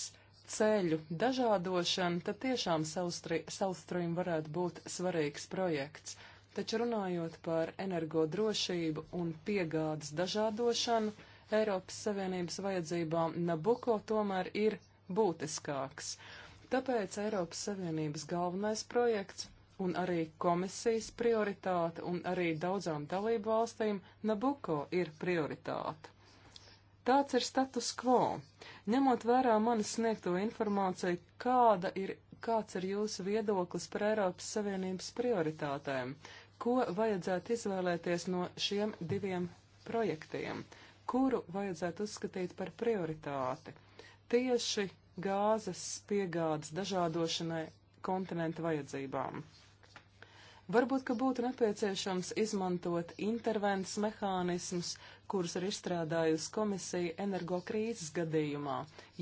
[SPEAKER 1] ceļu dažādošanu, tad tiešām South Stream varētu būt svarīgs projekts. Taču runājot par energodrošību un piegādes dažādošanu Eiropas Savienības vajadzībām, Nabuko tomēr ir būtiskāks. Tāpēc Eiropas Savienības galvenais projekts un arī komisijas prioritāte un arī daudzām dalību valstīm Nabuko ir prioritāte. Tāds ir status quo. Ņemot vērā manis sniegto informāciju, kāda ir kāds ir jūsu viedoklis par Eiropas Savienības prioritātēm? Ko vajadzētu izvēlēties no šiem diviem projektiem? Kuru vajadzētu uzskatīt par prioritāti? Tieši gāzes piegādes dažādošanai kontinenta vajadzībām. Varbūt, ka būtu nepieciešams izmantot intervences mehānismus, kurus ir izstrādājusi komisija energokrīzes gadījumā,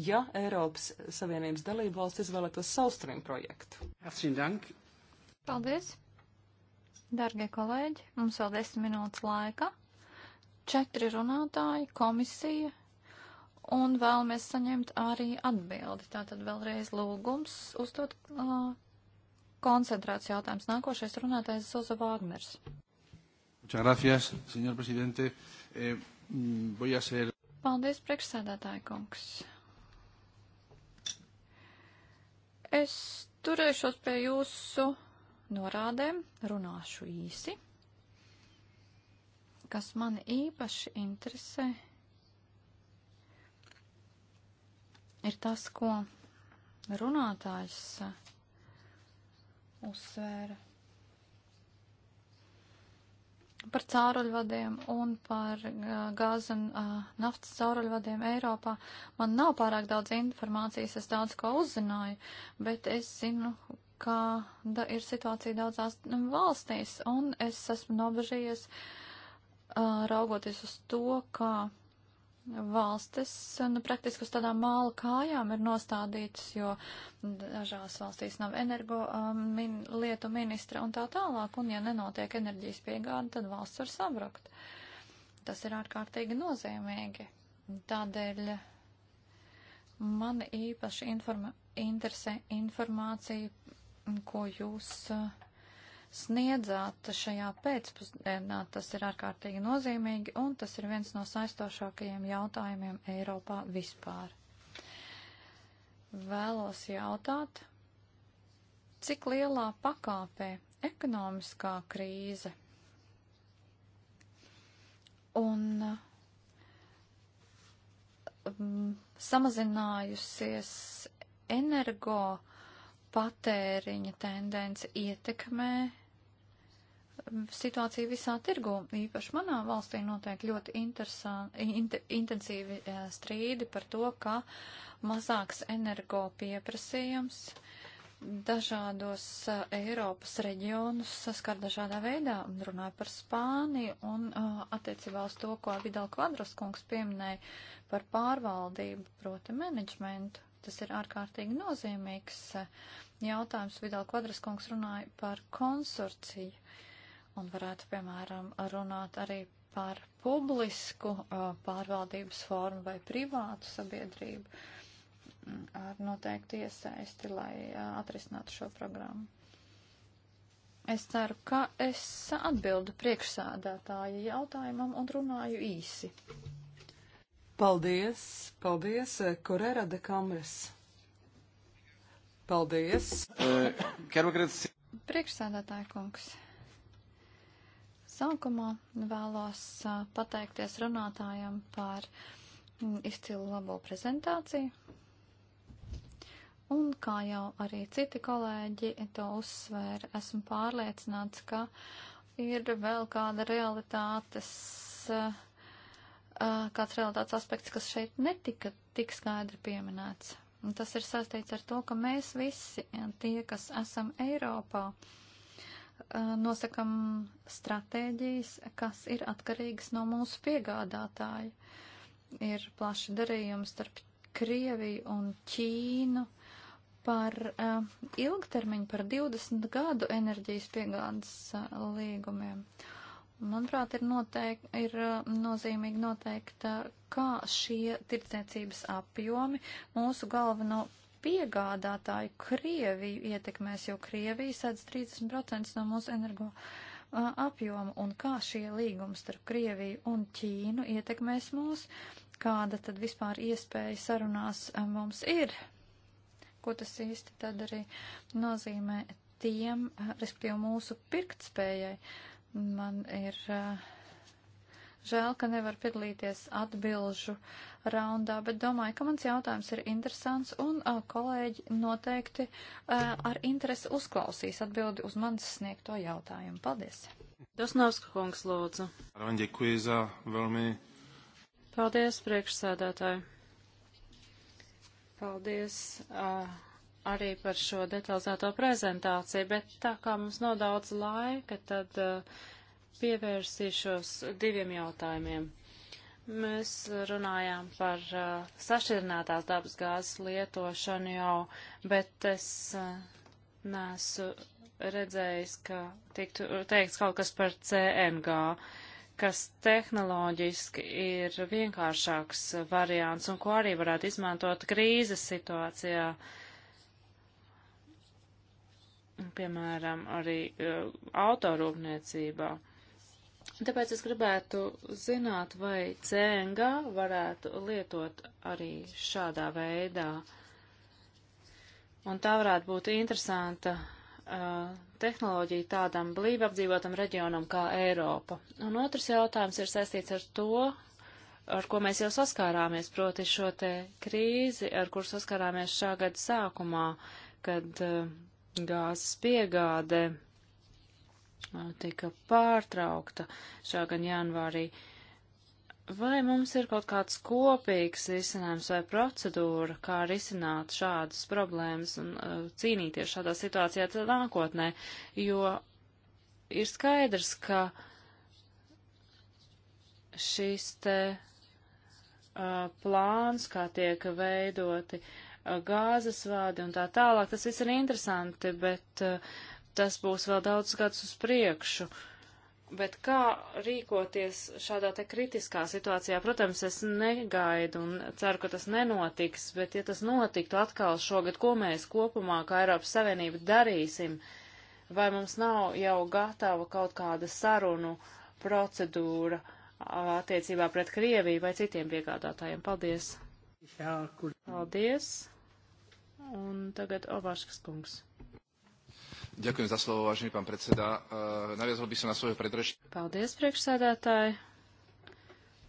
[SPEAKER 1] ja Eiropas Savienības dalība valsts izvēlētos saustrīm projektu.
[SPEAKER 3] Paldies! Dargie kolēģi, mums vēl desmit minūtes laika, četri runātāji, komisija, un vēlamies saņemt arī atbildi. Tātad vēlreiz lūgums uzdot uh, koncentrāciju jautājums. Nākošais runātājs Zoza Vāgners. Muchas gracias, señor presidente. Uh, Eh, mm, Paldies, priekšsēdētāji kungs. Es turēšos pie jūsu norādēm, runāšu īsi. Kas mani īpaši interesē, ir tas, ko runātājs uzsvēra par cauruļvadiem un par uh, gāzes un uh, naftas cauruļvadiem Eiropā. Man nav pārāk daudz informācijas, es daudz ko uzzināju, bet es zinu, kāda ir situācija daudzās mm, valstīs, un es esmu nobežījies uh, raugoties uz to, kā valstis nu, praktiski uz tādām māla kājām ir nostādītas, jo dažās valstīs nav energo um, min, lietu ministra un tā tālāk, un ja nenotiek enerģijas piegāda, tad valsts var sabrukt. Tas ir ārkārtīgi nozīmīgi. Tādēļ mani īpaši informa interesē informācija, ko jūs. Uh, sniedzāt šajā pēcpusdienā. Tas ir ārkārtīgi nozīmīgi un tas ir viens no saistošākajiem jautājumiem Eiropā vispār. Vēlos jautāt, cik lielā pakāpē ekonomiskā krīze un um, samazinājusies energo patēriņa tendence ietekmē situāciju visā tirgu. Īpaši manā valstī notiek ļoti int, intensīvi strīdi par to, ka mazāks energo pieprasījums dažādos Eiropas reģionus saskar dažādā veidā. Runāju par Spāniju un attiecībā uz to, ko Vidal Kvadras kungs pieminēja par pārvaldību, proti menedžmentu. Tas ir ārkārtīgi nozīmīgs eh, jautājums. Vidal Kvadraskungs runāja par konsorciju un varētu, piemēram, runāt arī par publisku eh, pārvaldības formu vai privātu sabiedrību mm, ar noteikti iesaisti, lai eh, atrisinātu šo programmu. Es ceru, ka es atbildu priekšsādātāja jautājumam un runāju
[SPEAKER 1] īsi. Paldies, paldies, Korera eh, de Kamres. Paldies. Eh,
[SPEAKER 3] Priekšsēdētāja kungs. Sākumā vēlos eh, pateikties runātājam par mm, izcilu labo prezentāciju. Un kā jau arī citi kolēģi to uzsvēra, esmu pārliecināts, ka ir vēl kāda realitātes uh, uh, kāds realitātes aspekts, kas šeit netika tik skaidri pieminēts. Un tas ir saistīts ar to, ka mēs visi, tie, kas esam Eiropā, uh, nosakam stratēģijas, kas ir atkarīgas no mūsu piegādātāju. Ir plaši darījums starp Krieviju un Ķīnu par uh, ilgtermiņu, par 20 gadu enerģijas piegādes uh, līgumiem. Uh, Manuprāt, ir, noteik, ir uh, nozīmīgi noteikt, uh, kā šie tirdzniecības apjomi mūsu galveno piegādātāju Krieviju ietekmēs, jo Krievija sēdz 30% no mūsu energo uh, apjomu un kā šie līgumi starp Krieviju un Ķīnu ietekmēs mūs, kāda tad vispār iespēja sarunās mums ir, ko tas īsti tad arī nozīmē tiem, respektīvi mūsu pirktspējai. Uh, Man ir uh, žēl, ka nevar piedalīties atbilžu raundā, bet domāju, ka mans jautājums ir interesants un uh, kolēģi noteikti uh, ar interesi uzklausīs atbildi uz manas sniegto jautājumu. Paldies!
[SPEAKER 2] Dosnavska kungs lūdzu.
[SPEAKER 3] Paldies, priekšsēdētāji.
[SPEAKER 2] Paldies. Uh arī par šo detalizēto prezentāciju, bet tā kā mums nav daudz laika, tad uh, pievērsīšos diviem jautājumiem. Mēs runājām par uh, sašķirinātās dabas gāzes lietošanu jau, bet es uh, nesu redzējis, ka tiktu teikts kaut kas par CNG kas tehnoloģiski ir vienkāršāks variants un ko arī varētu izmantot krīzes situācijā. Uh, piemēram, arī uh, autorūpniecībā. Tāpēc es gribētu zināt, vai CNG varētu lietot arī šādā veidā. Un tā varētu būt interesanta uh, tehnoloģija tādam blīvi apdzīvotam reģionam kā Eiropa. Un otrs jautājums ir saistīts ar to, ar ko mēs jau saskārāmies, proti šo te krīzi, ar kur saskārāmies šā gada sākumā, kad uh, gāzes piegāde tika pārtraukta šā gan janvārī. Vai mums ir kaut kāds kopīgs risinājums vai procedūra, kā risināt šādas problēmas un uh, cīnīties šādā situācijā nākotnē? Jo ir skaidrs, ka šis te uh, plāns, kā tiek veidoti uh, gāzes vādi un tā tālāk. Tas viss ir interesanti, bet tas būs vēl daudz gadus uz priekšu. Bet kā rīkoties šādā te kritiskā situācijā? Protams, es negaidu un ceru, ka tas nenotiks, bet ja tas notiktu atkal šogad, ko mēs kopumā, kā Eiropas Savienība, darīsim, vai mums nav jau gatava kaut kāda sarunu procedūra attiecībā pret Krieviju vai citiem piegādātājiem? Paldies! Paldies! Un tagad Ovāškas kungs.
[SPEAKER 3] Ďakujem za slovo, vážený pán predseda. Uh, eh, Naviazal by som na svoju predrečníku.
[SPEAKER 2] Paldies, priekšsēdētāji.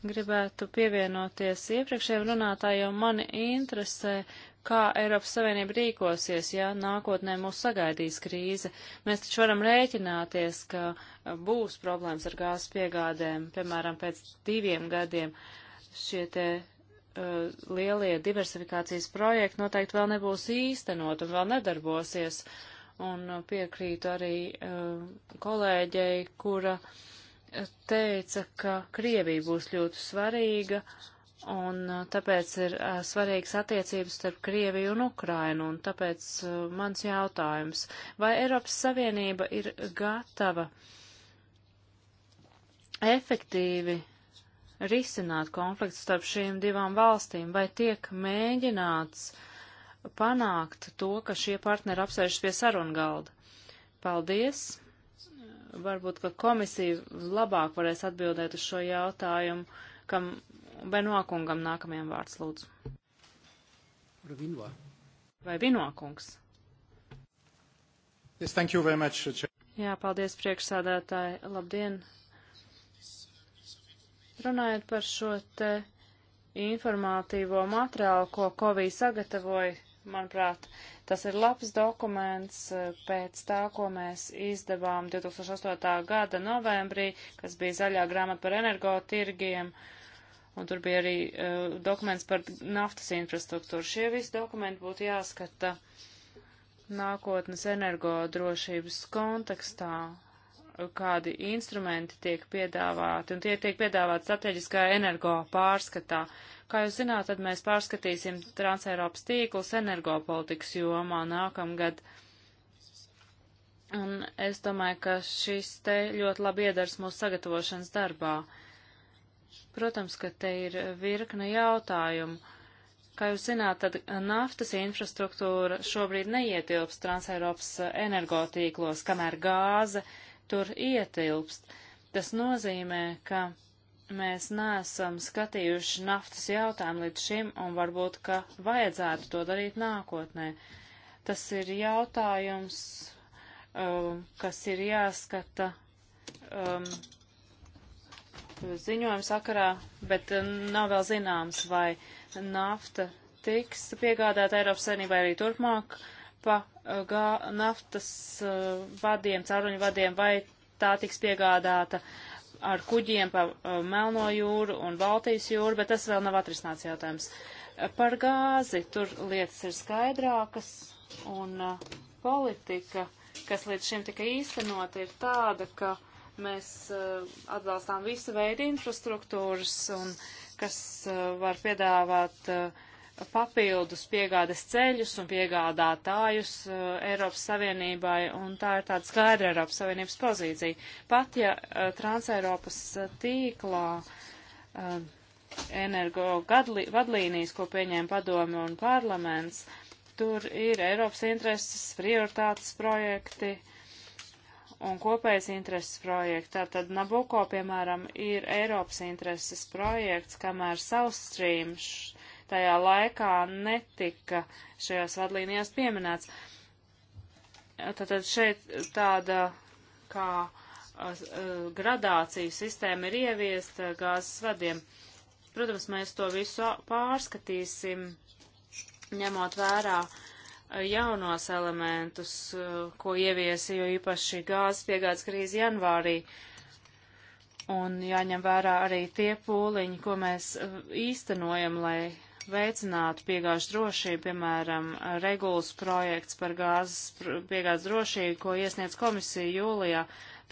[SPEAKER 2] Gribētu pievienoties iepriekšējiem runātājiem. Mani interesē, kā Eiropas Savienība rīkosies, ja nākotnē mūs sagaidīs krīze. Mēs taču varam rēķināties, ka būs problēmas ar gāzes piegādēm, piemēram, pēc diviem gadiem šie te Uh, lielie diversifikācijas projekti noteikti vēl nebūs īstenot un vēl nedarbosies. Un uh, piekrītu arī uh, kolēģei, kura teica, ka Krievija būs ļoti svarīga Un tāpēc ir uh, svarīgas attiecības starp Krieviju un Ukrainu, un tāpēc uh, mans jautājums, vai Eiropas Savienība ir gatava efektīvi risināt konflikts starp šīm divām valstīm, vai tiek mēģināts panākt to, ka šie partneri apsēžas pie sarunu galda. Paldies! Varbūt, ka komisija labāk varēs atbildēt uz šo jautājumu, kam Benoakungam nākamajam vārds lūdzu. Vai Vinokungs?
[SPEAKER 3] Yes, thank you very much.
[SPEAKER 2] Jā, paldies priekšsādātāji. Labdien, Runājot par šo te informatīvo materiālu, ko Kovija sagatavoja, manuprāt, tas ir labs dokuments eh, pēc tā, ko mēs izdevām 2008. gada novembrī, kas bija zaļā grāmata par energotirgiem, un tur bija arī uh, dokuments par naftas infrastruktūru. Šie visi dokumenti būtu jāskata nākotnes energodrošības kontekstā, kādi instrumenti tiek piedāvāti, un tie tiek piedāvāti strateģiskā energo pārskatā. Kā jūs zināt, tad mēs pārskatīsim Transeiropas tīklus energopolitikas jomā nākamgad. Un es domāju, ka šis te ļoti labi iedars mūsu sagatavošanas darbā. Protams, ka te ir virkne jautājumu. Kā jūs zināt, tad naftas infrastruktūra šobrīd neietilps Transeiropas energotīklos, kamēr gāze uh, tur ietilpst. Tas nozīmē, ka mēs neesam skatījuši naftas jautājumu līdz šim, un varbūt, ka vajadzētu to darīt nākotnē. Tas ir jautājums, um, kas ir jāskata um, ziņojuma sakarā, bet um, nav vēl zināms, vai nafta tiks piegādāta Eiropas savinībai arī turpmāk pa Uh, gā, naftas uh, vadiem, cauruņu vadiem, vai tā tiks piegādāta ar kuģiem pa uh, Melno jūru un Baltijas jūru, bet tas vēl nav atrisināts jautājums. Par gāzi tur lietas ir skaidrākas un politika, kas līdz šim tika īstenot, ir tāda, ka mēs atbalstām visu veidu infrastruktūras un kas var piedāvāt uh, papildus piegādes ceļus un piegādātājus uh, Eiropas Savienībai, un tā ir tāda skaidra Eiropas Savienības pozīcija. Pat ja uh, Transeiropas eh, tīklā uh, energo gadli, vadlīnijas, ko pieņēma padomi un parlaments, tur ir Eiropas intereses, prioritātes projekti un kopējas intereses projekti. Tātad Nabuko, piemēram, ir Eiropas intereses projekts, kamēr South Stream. Š, tajā laikā netika šajās vadlīnijās pieminēts. Tātad šeit tāda kā gradācija sistēma ir ieviesta gāzes vadiem. Protams, mēs to visu pārskatīsim, ņemot vērā jaunos elementus, ko ieviesi, jo īpaši gāzes piegādes krīze janvārī. Un jāņem vērā arī tie pūliņi, ko mēs īstenojam, lai veicinātu piegāžu drošību, piemēram, regulas projekts par gāzes piegādes drošību, ko iesniedz komisija jūlijā.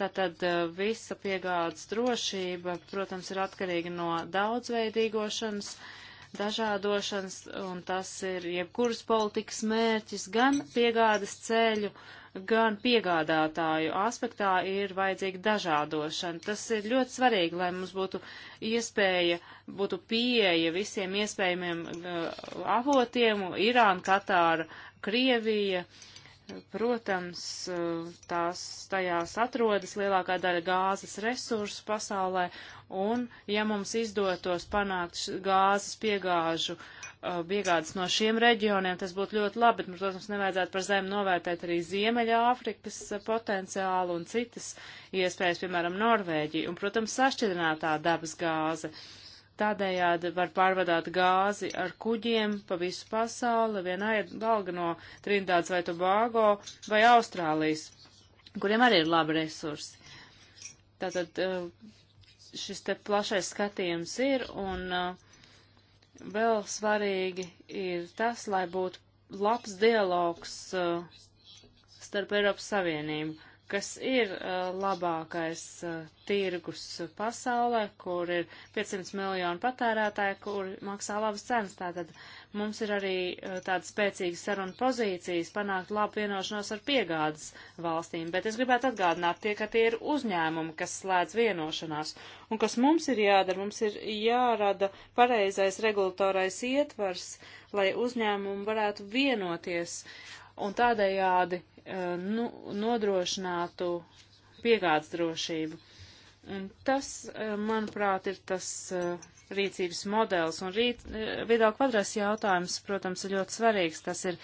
[SPEAKER 2] Tātad eh, visa piegādes drošība, protams, ir atkarīga no daudzveidīgošanas, dažādošanas, un tas ir jebkuras politikas mērķis, gan piegādes ceļu, uh, gan piegādātāju aspektā ir vajadzīga dažādošana. Tas ir ļoti svarīgi, lai mums būtu iespēja, būtu pieeja visiem iespējamiem uh, avotiem - Irāna, Katāra, Krievija. Protams, uh, tās tajās atrodas lielākā daļa gāzes resursu pasaulē, un ja mums izdotos panākt gāzes piegāžu uh, Uh, piegādes no šiem reģioniem, tas būtu ļoti labi, bet mums, protams, nevajadzētu par zemu novērtēt arī Ziemeļa Āfrikas uh, potenciālu un citas iespējas, piemēram, Norvēģiju, un, protams, sašķidrinātā dabas gāze. Tādējādi var pārvadāt gāzi ar kuģiem pa visu pasauli, vienā ir galga no Trindāds vai Tobago vai Austrālijas, kuriem arī ir labi resursi. Tātad uh, šis te plašais skatījums ir, un uh, Vēl svarīgi ir tas, lai būtu labs dialogs uh, starp Eiropas Savienību kas ir uh, labākais uh, tirgus pasaulē, kur ir 500 miljonu patērētāji, kur maksā labas cenas. Tātad mums ir arī uh, tādas spēcīgas saruna pozīcijas panākt labu vienošanos ar piegādes valstīm, bet es gribētu atgādināt tie, ka tie ir uzņēmumi, kas slēdz vienošanās. Un kas mums ir jādara, mums ir jārada pareizais regulatorais ietvars, lai uzņēmumi varētu vienoties. Uh, un tādējādi eh, nu, nodrošinātu piegādes drošību. Un tas, eh, manuprāt, ir tas eh, rīcības modelis. Un rīt, vidāla kvadrās jautājums, protams, ir ļoti svarīgs. Tas ir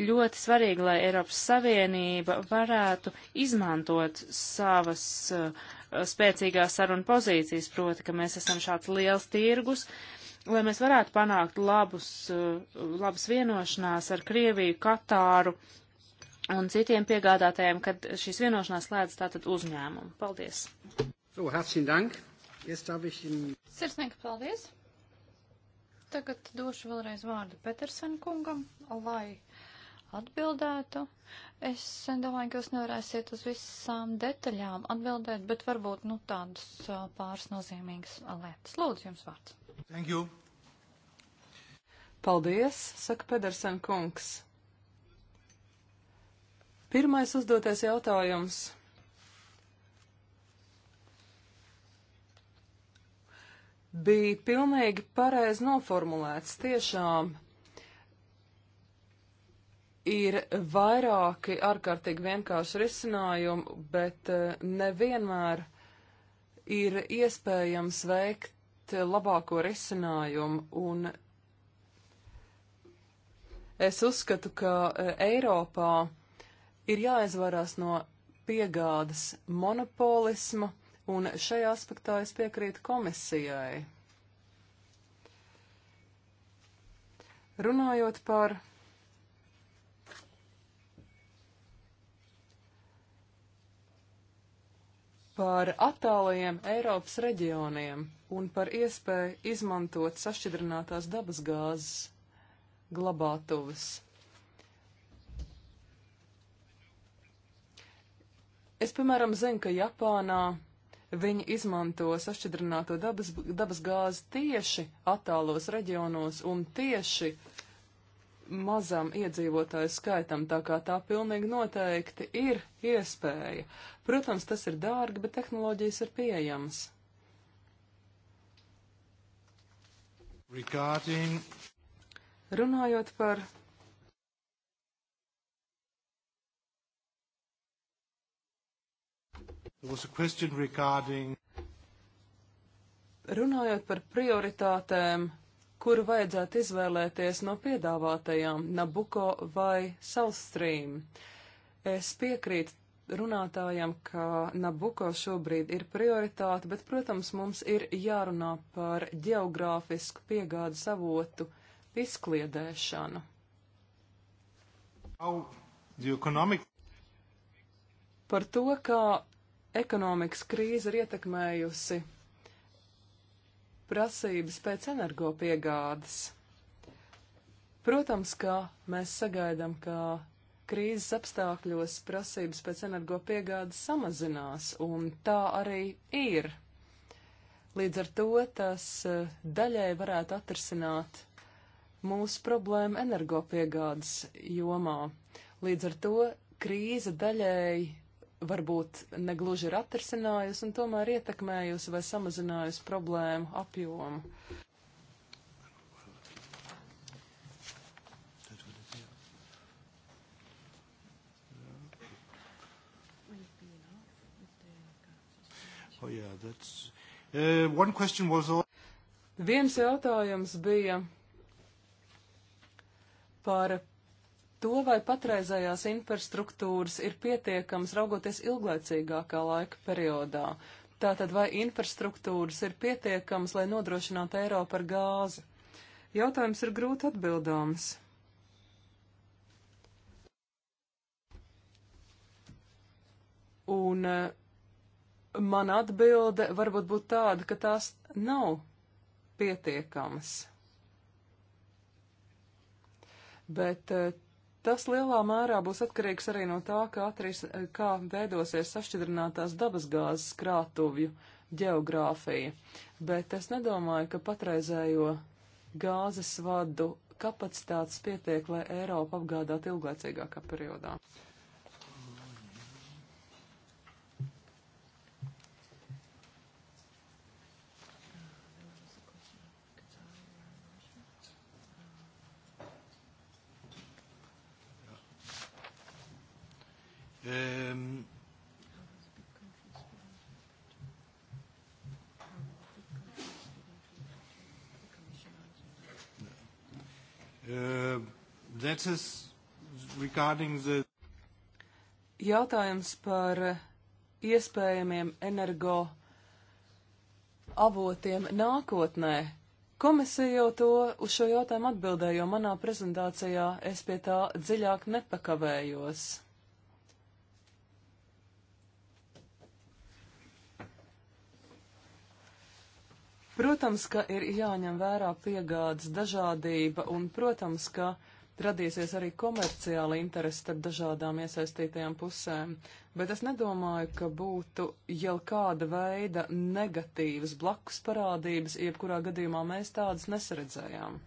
[SPEAKER 2] ļoti svarīgi, lai Eiropas Savienība varētu izmantot savas uh, spēcīgās sarunu pozīcijas, proti, ka mēs esam šāds liels tirgus, uh, lai mēs varētu panākt labus, eh, labas vienošanās ar Krieviju, Katāru un citiem piegādātājiem, kad šīs vienošanās slēdz tātad uzņēmumu. Paldies!
[SPEAKER 1] So, herzlichen Dank! Jetzt darf ich Ihnen...
[SPEAKER 3] Sirsnīgi paldies! Tagad došu vēlreiz vārdu Petersen kungam, lai atbildētu. Es domāju, ka jūs nevarēsiet uz visām detaļām atbildēt, bet varbūt, nu, tādus pāris nozīmīgas lietas. Lūdzu, jums
[SPEAKER 1] vārds. Thank you. Paldies, saka Pedersen kungs. Pirmais uzdotais jautājums. Bija pilnīgi pareizi noformulēts. Tiešām ir vairāki ārkārtīgi vienkārši risinājumi, bet eh, nevienmēr ir iespējams veikt rast labāko risinājumu un es uzskatu, ka e, Eiropā ir jāizvarās no piegādas monopolisma un šajā aspektā es piekrītu komisijai. Runājot par par attālajiem Eiropas reģioniem un par iespēju izmantot sašķidrinātās dabasgāzes glabātuves. Es, piemēram, zinu, ka Japānā viņi izmanto sašķidrināto dabas, dabasgāzi tieši attālos reģionos un tieši mazam iedzīvotāju skaitam, tā kā tā pilnīgi noteikti ir iespēja. Protams, tas ir dārgi, bet tehnoloģijas ir pieejamas. Regarding... Runājot par Regarding... Runājot par prioritātēm, kuru vajadzētu izvēlēties no piedāvātajām Nabuko vai South Stream, es piekrītu runātājam, ka Nabuko šobrīd ir prioritāte, bet, protams, mums ir jārunā par geogrāfisku piegādu savotu izkliedēšanu. Economic... Par to, kā ekonomikas krīze ir ietekmējusi prasības pēc energopiegādes. Protams, ka mēs sagaidām, ka krīzes apstākļos prasības pēc energopiegādes samazinās, un tā arī ir. Līdz ar to tas eh, daļai varētu atrisināt mūsu problēmu energopiegādes jomā. Līdz ar to krīze daļēji varbūt negluži ir atrisinājusi un tomēr ietekmējusi vai samazinājusi problēmu apjomu. yeah, that's... Uh, one question was... All... Viens jautājums bija par to, vai patreizējās infrastruktūras ir pietiekams raugoties ilglaicīgākā laika periodā. Tātad, vai infrastruktūras ir pietiekams, lai nodrošinātu Eiropu ar gāzi? Jautājums ir grūti atbildāms. Un uh, man atbilde varbūt būtu tāda, ka tās nav pietiekamas. Bet eh, tas lielā mērā būs atkarīgs arī no tā, kā, atris, kā veidosies sašķidrinātās dabasgāzes krātuvju ģeogrāfija. Bet es nedomāju, ka patreizējo gāzes vadu kapacitātes pietiek, lai Eiropa apgādātu ilglaicīgākā periodā.
[SPEAKER 2] Um, uh, that is regarding the
[SPEAKER 1] Jautājums par iespējamiem energo avotiem nākotnē. Komisija jau to uz šo jautājumu atbildēja, jo manā prezentācijā es pie tā dziļāk nepakavējos. Protams, ka ir jāņem vērā piegādes dažādība un, protams, ka radīsies arī komerciāli interesi starp dažādām iesaistītajām pusēm, bet es nedomāju, ka būtu jau kāda veida negatīvas blakus parādības, jebkurā gadījumā mēs tādas nesaredzējām.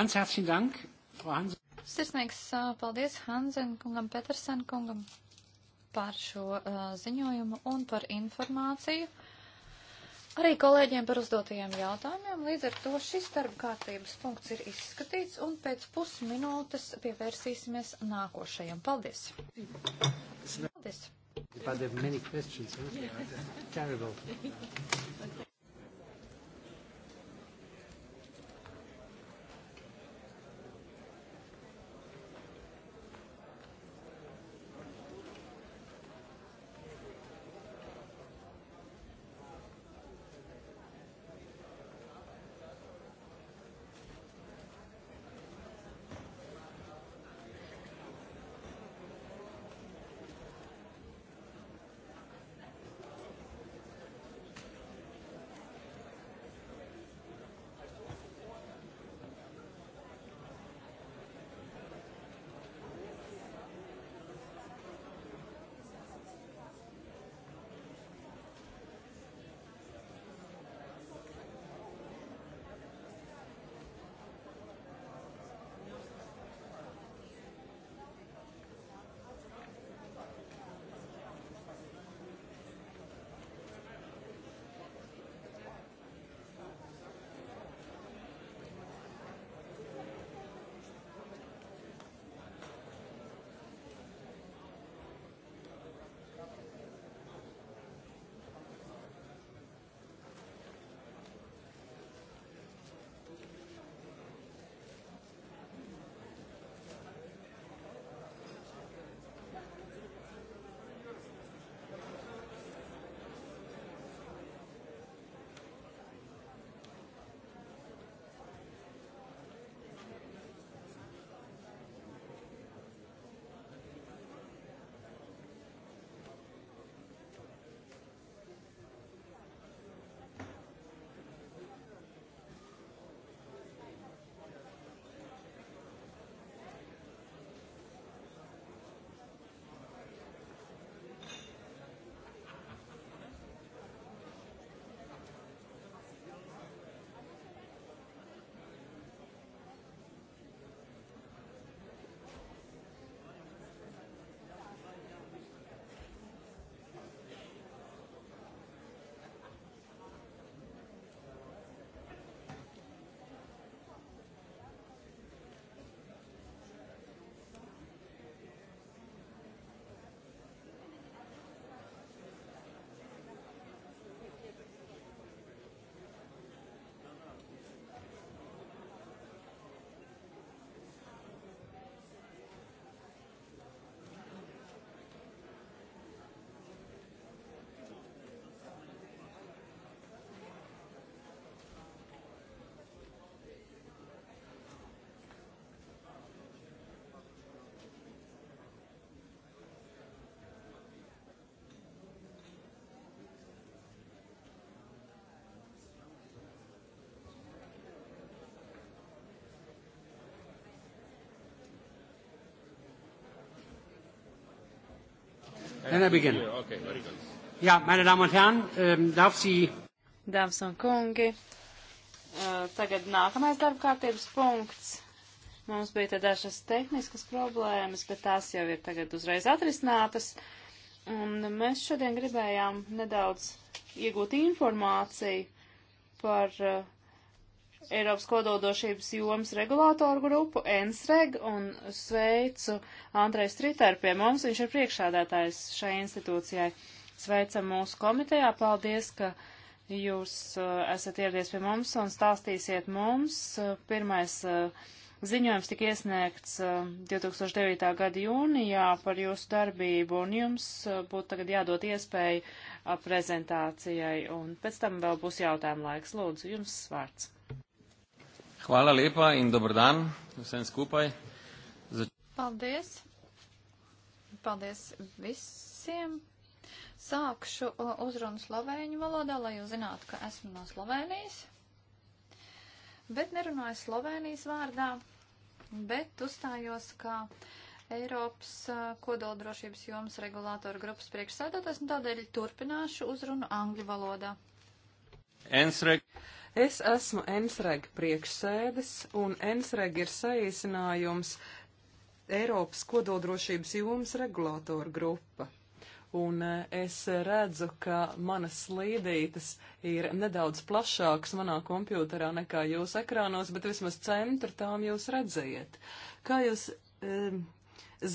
[SPEAKER 1] Ganz herzlichen Dank, Frau Hansen.
[SPEAKER 3] Sirsnīgs paldies Hansen kungam, Petersen kungam par šo uh, ziņojumu un par informāciju arī kolēģiem par uzdotajiem jautājumiem. Līdz ar to šis darba kārtības punkts ir izskatīts un pēc pusminūtes pievērsīsimies nākošajam. Paldies! Paldies!
[SPEAKER 1] But there are many questions. Huh? Yeah. Terrible. okay.
[SPEAKER 2] Can I begin? Okay, very good. Ja, meine Damen und Herren, ähm, darf Sie. Dāmas un kungi, uh, tagad nākamais darba kārtības punkts. Mums bija te dažas tehniskas problēmas, bet tās jau ir tagad uzreiz atrisinātas. Un mēs šodien gribējām nedaudz iegūt informāciju par uh, Eiropas kodoldošības jomas regulātoru grupu, ENSREG, un sveicu Andrei Striteru pie mums, viņš ir priekšādātājs šai institūcijai. Sveicam mūsu komitejā, paldies, ka jūs uh, esat ieradies pie mums un stāstīsiet mums. Uh, pirmais uh, ziņojums tika iesniegts 2009. gada jūnijā par jūsu darbību, un jums būtu tagad jādod iespēju prezentācijai, un pēc tam vēl būs jautājumu laiks.
[SPEAKER 3] Lūdzu, jums vārds.
[SPEAKER 1] Hvala lepa in dobrodan vsem skupaj. Zač
[SPEAKER 3] Paldies. Paldies visiem. Sākšu uzrunu slovēņu valodā, lai jūs zinātu, ka esmu no Slovēnijas. Bet nerunāju Slovēnijas vārdā, bet uzstājos, ka. Kā... Eiropas kodoldrošības jomas regulātoru grupas priekšsēdētājs, un tādēļ turpināšu uzrunu angļu valodā.
[SPEAKER 1] Ensrek. Es esmu Ensreg priekšsēdes, un Ensreg ir saīsinājums Eiropas kodoldrošības jomas regulātoru grupa. Un e, es redzu, ka manas slīdītes ir nedaudz plašākas manā kompjūterā nekā jūs ekrānos, bet vismaz centru tām jūs redziet. Kā jūs um,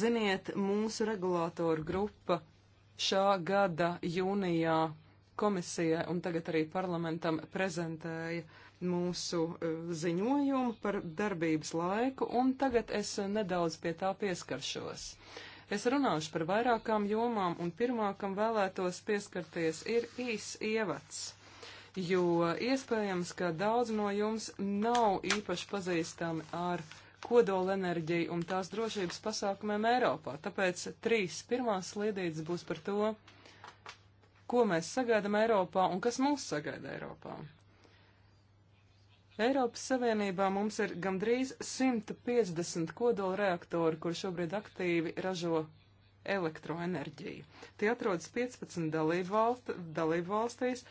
[SPEAKER 1] ziniet, mūsu regulātoru grupa šā gada jūnijā komisijai un tagad arī parlamentam prezentēja mūsu eh, ziņojumu par darbības laiku, un tagad es nedaudz pie tā pieskaršos. Es runāšu par vairākām jomām, un pirmā, kam vēlētos pieskarties, ir īs ievads. Jo iespējams, ka daudz no jums nav īpaši pazīstami ar kodolenerģiju un tās drošības pasākumiem Eiropā. Tāpēc trīs pirmās slīdītas būs par to, ko mēs sagaidām Eiropā un kas mūs sagaida Eiropā. Eiropas Savienībā mums ir gandrīz 150 kodola reaktori, kur šobrīd aktīvi ražo elektroenerģiju. Tie atrodas 15 dalību, valst, dalību valstīs,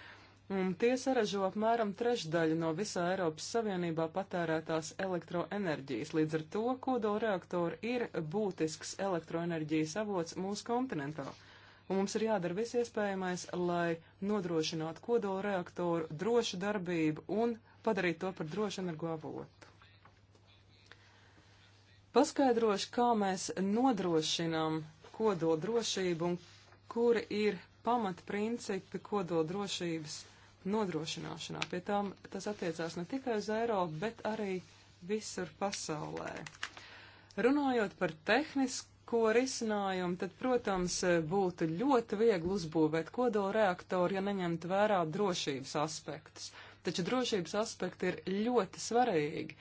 [SPEAKER 1] un tie saražo apmēram trešdaļu no visā Eiropas Savienībā patērētās elektroenerģijas. Līdz ar to kodola reaktori ir būtisks elektroenerģijas avots mūsu kontinentā un mums ir jādara viss iespējamais, lai nodrošinātu kodola reaktoru drošu darbību un padarītu to par drošu energoavotu. Paskaidrošu, kā mēs nodrošinām kodola drošību un kuri ir pamatprincipi kodola drošības nodrošināšanā. Pie tām tas attiecās ne tikai uz Eiropu, bet arī visur pasaulē. Runājot par tehnisku ko risinājumu, tad, protams, būtu ļoti viegli uzbūvēt kodolreaktoru, ja neņemtu vērā drošības aspektus. Taču drošības aspekti ir ļoti svarīgi.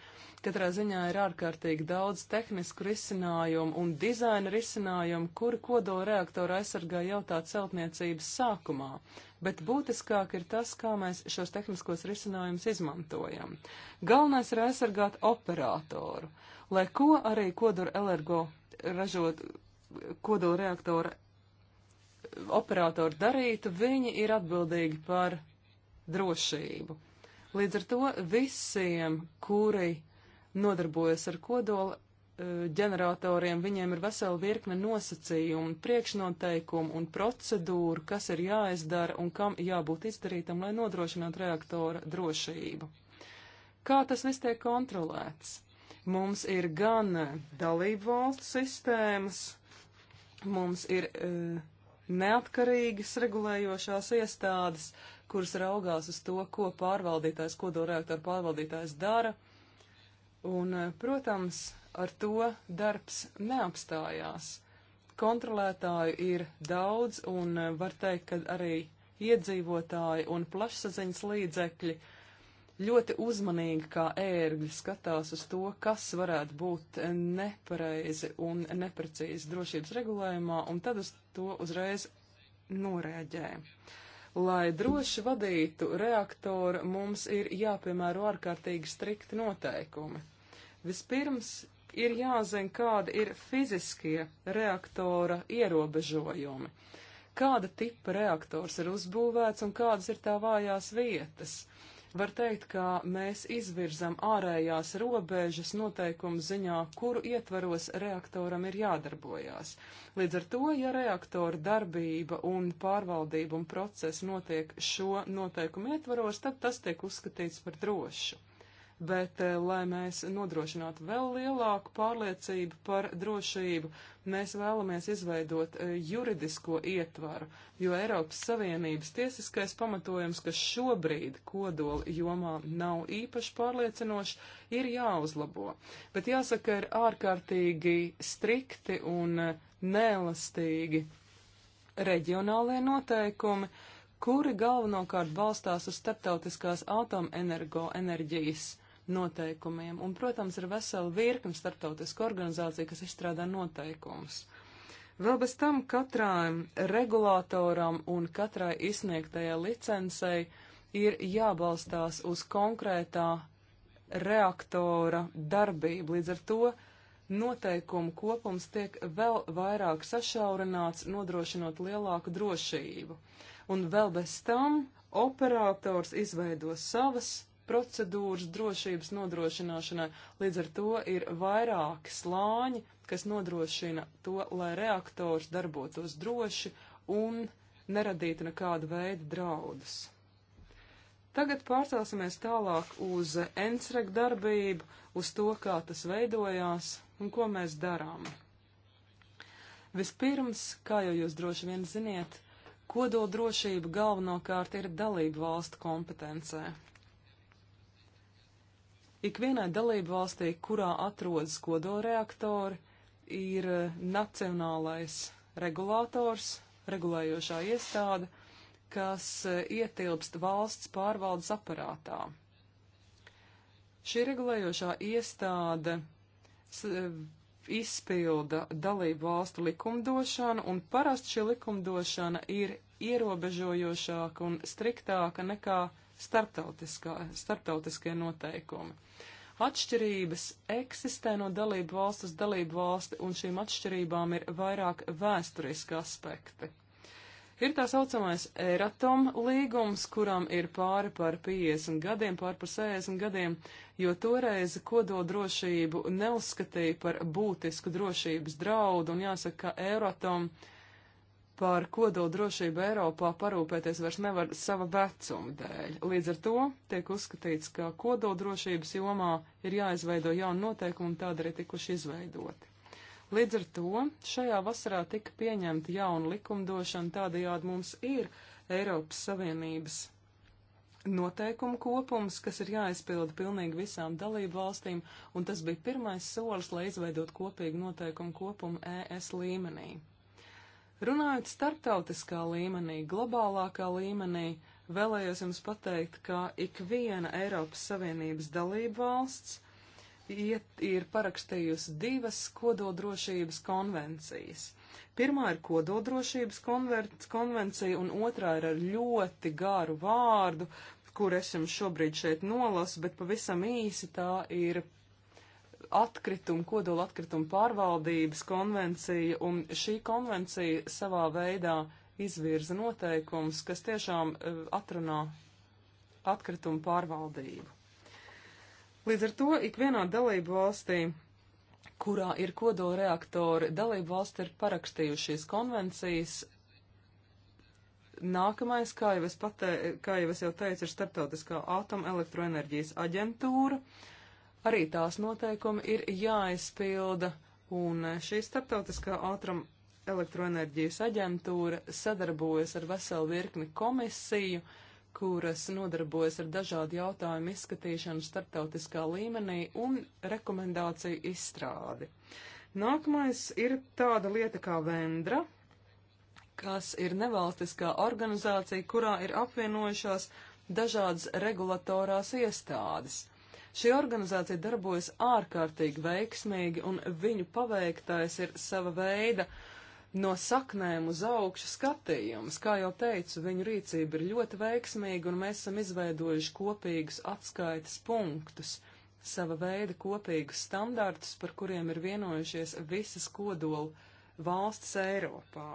[SPEAKER 1] Katrā ziņā ir ārkārtīgi daudz tehnisku risinājumu un dizaina risinājumu, kuri kodolreaktoru aizsargā jau tā celtniecības sākumā. Bet būtiskāk ir tas, kā mēs šos tehniskos risinājumus izmantojam. Galvenais ir aizsargāt operatoru, lai ko arī kodoru elergo ražot kodola reaktora operatori darītu, viņi ir atbildīgi par drošību. Līdz ar to visiem, kuri nodarbojas ar kodola e, ģeneratoriem, viņiem ir vesela virkne nosacījumu, priekšnoteikumu un procedūru, kas ir jāizdara un kam jābūt izdarītam, lai nodrošinātu reaktora drošību. Kā tas viss tiek kontrolēts? Mums ir gan dalību valstu sistēmas, mums ir e, neatkarīgas regulējošās iestādes, kuras raugās uz to, ko pārvaldītājs, kodolreaktoru pārvaldītājs dara. Un, e, protams, ar to darbs neapstājās. Kontrolētāju ir daudz, un e, var teikt, ka arī iedzīvotāji un plašsaziņas līdzekļi uh, ļoti uzmanīgi kā ērgļi skatās uz to, kas varētu būt nepareizi un neprecīzi drošības regulējumā, un tad uz to uzreiz norēģē. Lai droši vadītu reaktoru, mums ir jāpiemēro ārkārtīgi strikti noteikumi. Vispirms ir jāzina, kāda ir fiziskie reaktora ierobežojumi, kāda tipa reaktors ir uzbūvēts un kādas ir tā vājās vietas. Var teikt, ka mēs izvirzam ārējās robežas noteikumu ziņā, kuru ietvaros reaktoram ir jādarbojās. Līdz ar to, ja reaktora darbība un pārvaldība un process notiek šo noteikumu ietvaros, tad tas tiek uzskatīts par drošu bet, eh, lai mēs nodrošinātu vēl lielāku pārliecību par drošību, mēs vēlamies izveidot eh, juridisko ietvaru, jo Eiropas Savienības tiesiskais pamatojums, kas šobrīd kodola jomā nav īpaši pārliecinošs, ir jāuzlabo. Bet jāsaka, ir ārkārtīgi strikti un eh, neelastīgi reģionālie noteikumi kuri galvenokārt balstās uz starptautiskās atomenergoenerģijas noteikumiem. Un, protams, ir vesela virkne starptautisku organizāciju, kas izstrādā noteikumus. Vēl bez tam katram regulātoram un katrai izsniegtajai licencei ir jābalstās uz konkrētā reaktora darbību. Līdz ar to noteikumu kopums tiek vēl vairāk sašaurināts, nodrošinot lielāku drošību. Un vēl bez tam operators izveido savas procedūras drošības nodrošināšanai. Līdz ar to ir vairāki slāņi, kas nodrošina to, lai reaktors darbotos droši un neradītu nekādu veidu draudus. Tagad pārcelsimies tālāk uz Ensreg darbību, uz to, kā tas veidojās un ko mēs darām. Vispirms, kā jau jūs droši vien ziniet, kodoldrošība galvenokārt ir dalību valstu kompetencē. Ikvienai dalību valstī, kurā atrodas kodoreaktori, ir eh, nacionālais regulators, regulējošā iestāde, kas eh, ietilpst valsts pārvaldes aparātā. Šī regulējošā iestāde eh, izpilda dalību valstu likumdošanu, un parasti šī likumdošana ir ierobežojošāka un striktāka nekā starptautiskie noteikumi. Atšķirības eksistē no dalību valsts uz dalību valsti, un šīm atšķirībām ir vairāk vēsturiski aspekti. Ir tā saucamais Eratom līgums, kuram ir pāri par 50 gadiem, pāri par 60 gadiem, jo toreiz kodoldrošību neuzskatīja par būtisku drošības draudu, un jāsaka, ka Eratom līgums par kodolu drošību Eiropā parūpēties vairs nevar sava vecuma dēļ. Līdz ar to tiek uzskatīts, ka kodolu drošības jomā ir jāizveido jauni noteikumi, un tādi arī tikuši izveidoti. Līdz ar to šajā vasarā tika pieņemta jauna likumdošana, tādējādi mums ir Eiropas Savienības noteikumu kopums, kas ir jāizpilda pilnīgi visām dalību valstīm, un tas bija pirmais solis, lai izveidot kopīgu noteikumu kopumu ES līmenī. Runājot starptautiskā līmenī, globālākā līmenī, vēlējos jums pateikt, ka ikviena Eiropas Savienības dalība valsts iet, ir parakstījusi divas kododrošības konvencijas. Pirmā ir kododrošības konvencija, un otrā ir ar ļoti garu vārdu, kur es jums šobrīd šeit nolasu, bet pavisam īsi tā ir atkritumu, kodola atkritumu pārvaldības konvencija, un šī konvencija savā veidā izvirza noteikums, kas tiešām e, atrunā atkritumu pārvaldību. Līdz ar to ikvienā dalību valstī, kurā ir kodola reaktori, dalību valsti ir parakstījušies konvencijas. Nākamais, kā jau es, patē, kā jau, es jau teicu, ir Startautiskā atomelektroenerģijas aģentūra. Uh, arī tās noteikumi ir jāizpilda, un šī starptautiskā ātrum elektroenerģijas aģentūra sadarbojas ar veselu virkni komisiju, kuras nodarbojas ar dažādu jautājumu izskatīšanu starptautiskā līmenī un rekomendāciju izstrādi. Nākamais ir tāda lieta kā Vendra, kas ir nevalstiskā organizācija, kurā ir apvienojušās dažādas regulatorās iestādes. Šī organizācija darbojas ārkārtīgi veiksmīgi, un viņu paveiktais ir sava veida no saknēm uz augšu skatījums. Kā jau teicu, viņu rīcība ir ļoti veiksmīga, un mēs esam izveidojuši kopīgus atskaites punktus sava veida kopīgus standartus, par kuriem ir vienojušies visas kodolu valstis Eiropā.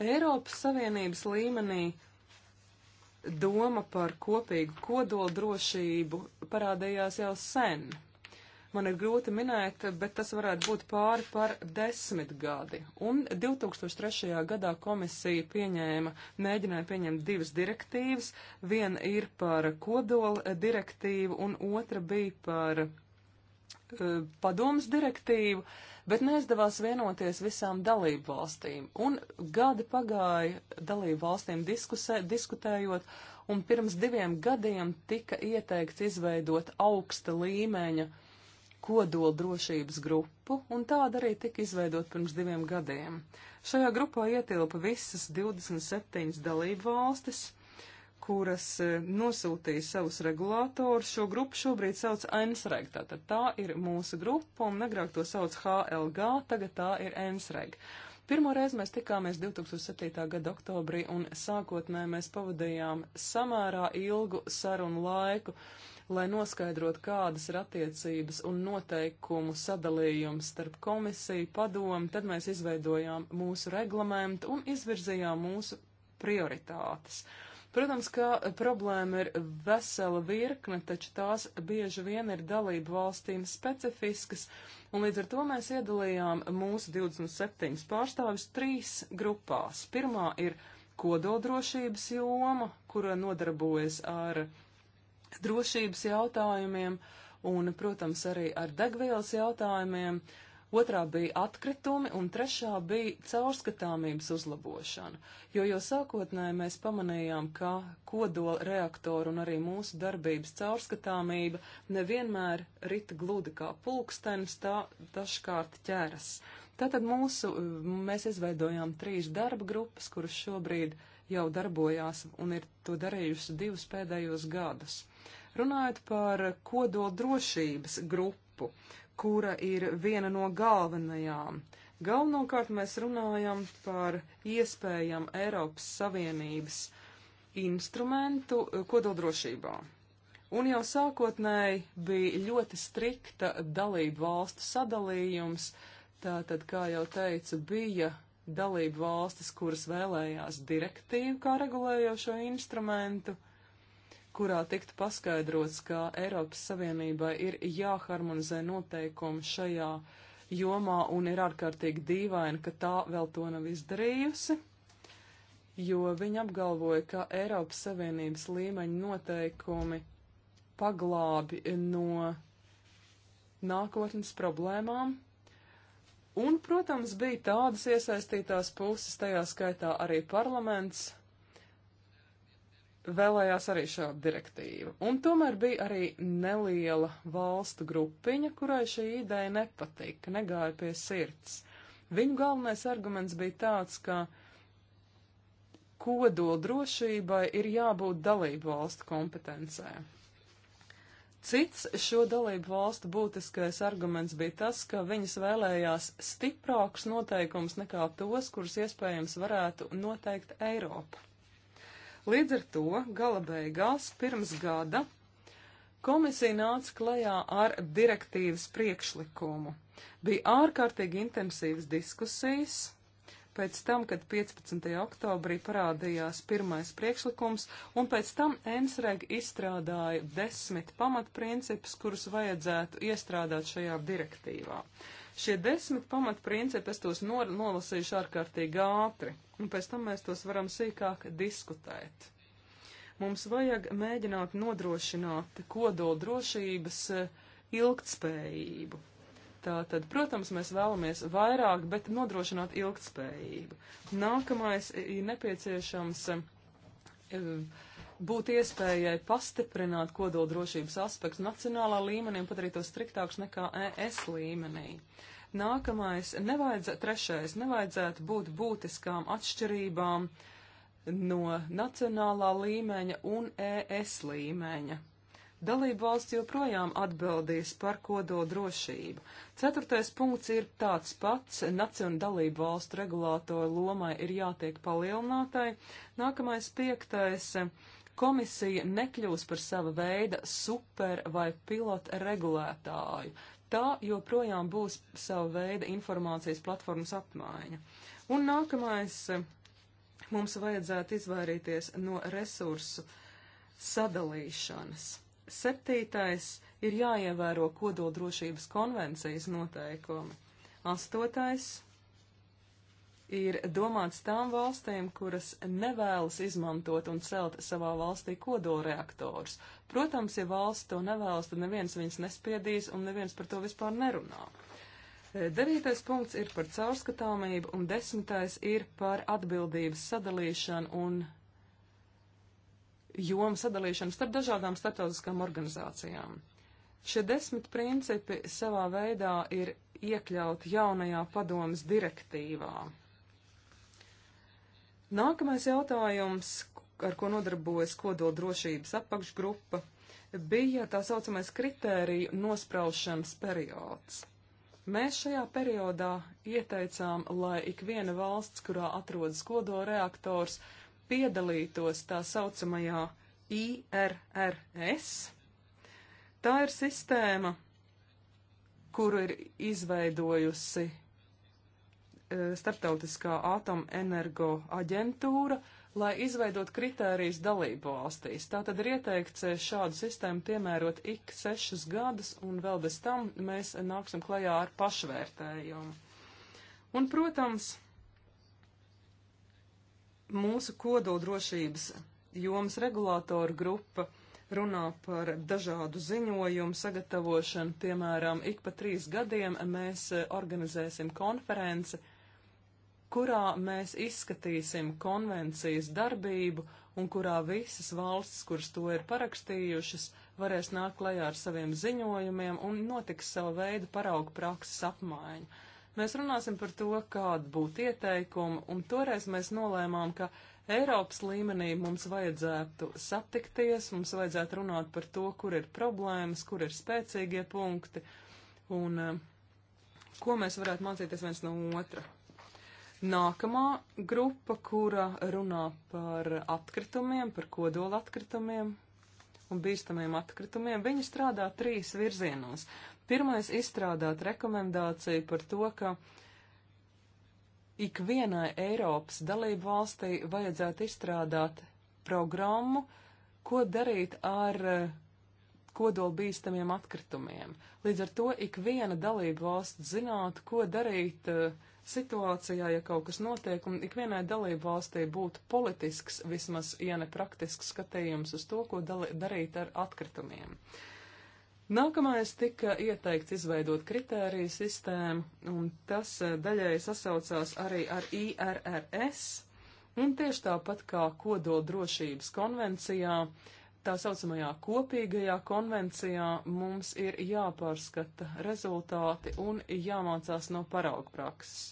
[SPEAKER 1] Eiropas Savienības līmenī doma par kopīgu kodoldrošību parādījās jau sen. Man ir grūti minēt, bet tas varētu būt pāri par desmit gadi. Un 2003. gadā komisija pieņēma, mēģināja pieņemt divas direktīvas. Viena ir par kodola direktīvu un otra bija par E, padomas direktīvu, bet neizdevās vienoties visām dalību valstīm. Un gadi pagāja dalību valstīm diskusē, diskutējot, un pirms diviem gadiem tika ieteikts izveidot augsta līmeņa kodola drošības grupu, un tāda arī tika izveidot pirms diviem gadiem. Šajā grupā ietilpa visas 27 dalību valstis kuras e, nosūtīja savus regulātorus. Šo grupu šobrīd sauc ENSREG. Tātad tā ir mūsu grupa, un agrāk to sauc HLG, tagad tā ir ENSREG. Pirmo reizi mēs tikāmies 2007. gada oktobrī, un sākotnē mēs pavadījām samērā ilgu sarunu laiku, lai noskaidrotu, kādas ir attiecības un noteikumu sadalījums starp komisiju, padomu. Tad mēs izveidojām mūsu reglamentu un izvirzījām mūsu prioritātes. Uh, Protams, ka problēma ir vesela virkne, taču tās bieži vien ir dalību valstīm specifiskas, un līdz ar to mēs iedalījām mūsu 27 pārstāvis trīs grupās. Pirmā ir kodoldrošības joma, kura nodarbojas ar drošības jautājumiem un, protams, arī ar degvielas jautājumiem. Uh, otrā bija atkritumi, un trešā bija caurskatāmības uzlabošana. Jo jau sākotnēji mēs pamanījām, ka kodola reaktoru un arī mūsu darbības caurskatāmība nevienmēr rita gludi kā pulkstenis, tā dažkārt ķeras. Tātad mūsu, mēs izveidojām trīs darba grupas, kuras šobrīd jau darbojās un ir to darījusi divus pēdējos gadus. Runājot par kodola drošības grupu, kura ir viena no galvenajām. Galvenokārt mēs runājam par iespējam Eiropas Savienības instrumentu eh, kodoldrošībā. Un jau sākotnēji bija ļoti strikta dalību valstu sadalījums, tātad, kā jau teicu, bija dalību valstis, kuras vēlējās direktīvu kā regulējošo instrumentu, kurā tiktu paskaidrots, ka Eiropas Savienībai ir jāharmonizē noteikumi šajā jomā un ir ārkārtīgi dīvaini, ka tā vēl to nav izdarījusi, jo viņa apgalvoja, ka Eiropas Savienības līmeņa noteikumi paglābi no nākotnes problēmām. Un, protams, bija tādas iesaistītās puses, tajā skaitā arī parlaments, vēlējās arī šādu direktīvu. Un tomēr bija arī neliela valstu grupiņa, kurai šī ideja nepatika, negāja pie sirds. Viņu galvenais arguments bija tāds, ka kodoldrošībai ir jābūt dalību valstu kompetencē. Cits šo dalību valstu būtiskais arguments bija tas, ka viņas vēlējās stiprākus noteikumus nekā tos, kurus iespējams varētu noteikt Eiropa. Līdz ar to gala beigās pirms gada komisija nāca klajā ar direktīvas priekšlikumu. Bija ārkārtīgi intensīvas diskusijas, pēc tam, kad 15. oktobrī parādījās pirmais priekšlikums, un pēc tam Ensreg izstrādāja desmit pamatprincipus, kurus vajadzētu iestrādāt šajā direktīvā. Šie desmit pamatprincipi es tos nor, nolasīšu ārkārtīgi ātri, un pēc tam mēs tos varam sīkāk diskutēt. Mums vajag mēģināt nodrošināt kodoldrošības eh, ilgtspējību Tātad, protams, mēs vēlamies vairāk, bet nodrošināt ilgtspējību. Nākamais ir nepieciešams eh, būt iespējai pastiprināt kodoldrošības aspektus nacionālā līmenī un padarīt to striktāks nekā ES līmenī. Nākamais, nevajadzē, trešais, nevajadzētu būt būtiskām atšķirībām no nacionālā līmeņa un ES līmeņa. Dalību valsts joprojām atbildīs par kododrošību. Ceturtais punkts ir tāds pats - nacionāla dalību valstu regulātoru lomai ir jātiek palielinātai. Nākamais piektais - komisija nekļūs par sava veida super vai pilota regulētāju. Tā joprojām būs sava veida informācijas platformas apmaiņa. Un nākamais mums vajadzētu izvairīties no resursu sadalīšanas. Septītais ir jāievēro kodoldrošības konvencijas noteikumi. Astotais ir domāts tām valstīm, kuras nevēlas izmantot un celt savā valstī kodolreaktors. Protams, ja valsts to nevēlas, tad neviens viņus nespiedīs un neviens par to vispār nerunā. Eh, devītais punkts ir par caurskatāmību un desmitais ir par atbildības sadalīšanu un jomu sadalīšanu starp dažādām starptautiskām organizācijām. Šie desmit principi savā veidā ir iekļauti jaunajā padomas direktīvā. Nākamais jautājums, ar ko nodarbojas kodoldrošības apakšgrupa, bija tā saucamais kritēriju nospraušanas periods. Mēs šajā periodā ieteicām, lai ik viena valsts, kurā atrodas kodoreaktors, reaktors, piedalītos tā saucamajā IRRS. Tā ir sistēma, kuru ir izveidojusi e, Startautiskā atomenergo aģentūra, lai izveidot kritērijas dalību valstīs. Tā tad ir ieteikts e, šādu sistēmu piemērot ik sešus gadus, un vēl bez tam mēs nāksim klajā ar pašvērtējumu. Un, protams, Mūsu kodoldrošības jomas regulātoru grupa runā par dažādu ziņojumu sagatavošanu. Piemēram, ik pa trīs gadiem mēs eh, organizēsim konferenci, kurā mēs izskatīsim konvencijas darbību un kurā visas valstis, kuras to ir parakstījušas, varēs nākt klajā ar saviem ziņojumiem un notiks sava veida paraugu prakses apmaiņa. Mēs runāsim par to, kāda būtu ieteikuma, un toreiz mēs nolēmām, ka Eiropas līmenī mums vajadzētu satikties, mums vajadzētu runāt par to, kur ir problēmas, kur ir spēcīgie punkti, un eh, ko mēs varētu mācīties viens no otra. Nākamā grupa, kura runā par atkritumiem, par kodola atkritumiem un bīstamiem atkritumiem, viņi strādā trīs virzienos. Pirmais izstrādāt rekomendāciju par to, ka ikvienai Eiropas dalību valstī vajadzētu izstrādāt programmu, ko darīt ar eh, kodolbīstamiem atkritumiem. Līdz ar to ik viena dalība valsts zinātu, ko darīt uh, situācijā, ja kaut kas notiek, un ik vienai dalība valstī būtu politisks, vismaz, ja ne praktisks skatījums uz to, ko dali, darīt ar atkritumiem. Nākamais tika ieteikts izveidot kritēriju sistēmu, un tas eh, daļai sasaucās arī ar IRRS, un tieši tāpat kā kodola drošības konvencijā, tā saucamajā kopīgajā konvencijā mums ir jāpārskata rezultāti un jāmācās no paraugprakses.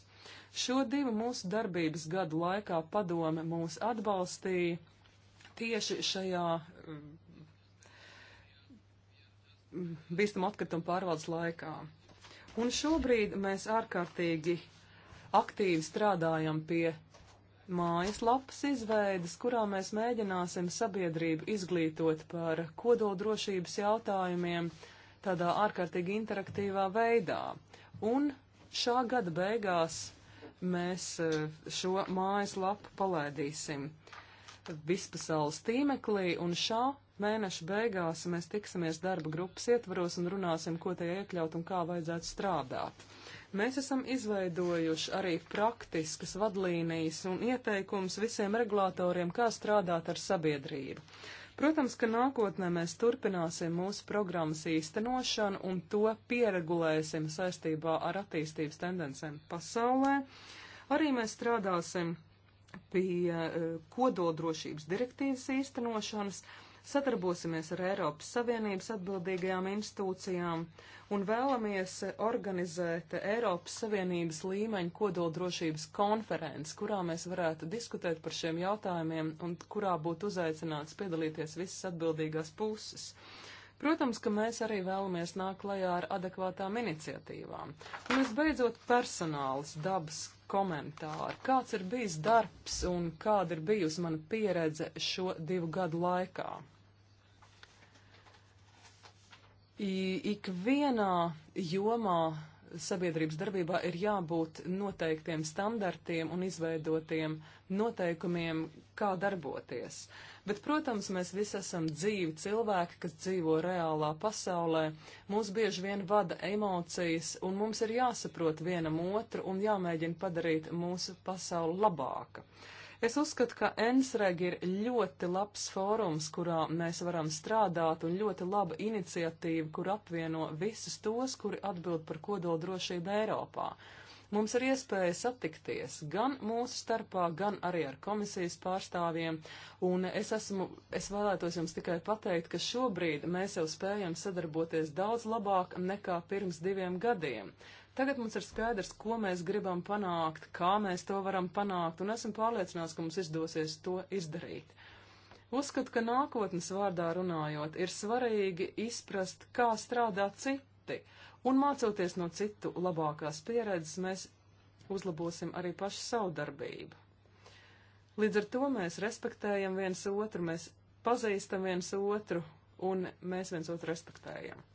[SPEAKER 1] Šo divu mūsu darbības gadu laikā padome mūs atbalstīja tieši šajā bīstamu atkritumu pārvaldes laikā. Un šobrīd mēs ārkārtīgi aktīvi strādājam pie mājaslapas izveidas, kurā mēs mēģināsim sabiedrību izglītot par kodoldrošības jautājumiem tādā ārkārtīgi interaktīvā veidā. Un šā gada beigās mēs eh, šo mājaslapu palaidīsim vispasaules tīmeklī, un šā Mēneša beigās mēs tiksimies darba grupas ietvaros un runāsim, ko tajā iekļaut un kā vajadzētu strādāt. Mēs esam izveidojuši arī praktiskas vadlīnijas un ieteikums visiem regulātoriem, kā strādāt ar sabiedrību. Protams, ka nākotnē mēs turpināsim mūsu programmas īstenošanu un to pieregulēsim saistībā ar attīstības tendencēm pasaulē. Arī mēs strādāsim pie eh, kodoldrošības direktīvas īstenošanas. Uh, Sadarbosimies ar Eiropas Savienības atbildīgajām institūcijām un vēlamies organizēt Eiropas Savienības līmeņa kodoldrošības konferenci, kurā mēs varētu diskutēt par šiem jautājumiem un kurā būtu uzaicināts piedalīties visas atbildīgās puses. Protams, ka mēs arī vēlamies nākt klajā ar adekvātām iniciatīvām. Un visbeidzot, personāls dabas komentāri. Kāds ir bijis darbs un kāda ir bijusi mana pieredze šo divu gadu laikā? Ikvienā jomā sabiedrības darbībā ir jābūt noteiktiem standartiem un izveidotiem noteikumiem, kā darboties. Bet, protams, mēs visi esam dzīvi cilvēki, kas dzīvo reālā pasaulē. Mūs bieži vien vada emocijas, un mums ir jāsaprot vienam otru un jāmēģina padarīt mūsu pasauli labāka. Es uzskatu, ka NSREG ir ļoti labs fórums, kurā mēs varam strādāt un ļoti laba iniciatīva, kur apvieno visus tos, kuri atbild par kodoldrošību Eiropā. Mums ir iespēja satikties gan mūsu starpā, gan arī ar komisijas pārstāvjiem, un es, esmu, es vēlētos jums tikai pateikt, ka šobrīd mēs jau spējam sadarboties daudz labāk nekā pirms diviem gadiem. Tagad mums ir skaidrs, ko mēs gribam panākt, kā mēs to varam panākt, un esmu pārliecināts, ka mums izdosies to izdarīt. Uzskatu, ka nākotnes vārdā runājot, ir svarīgi izprast, kā strādā citi, un mācoties no citu labākās pieredzes, mēs uzlabosim arī pašu savu darbību. Līdz ar to mēs respektējam viens otru, mēs pazīstam viens otru, un mēs viens otru respektējam.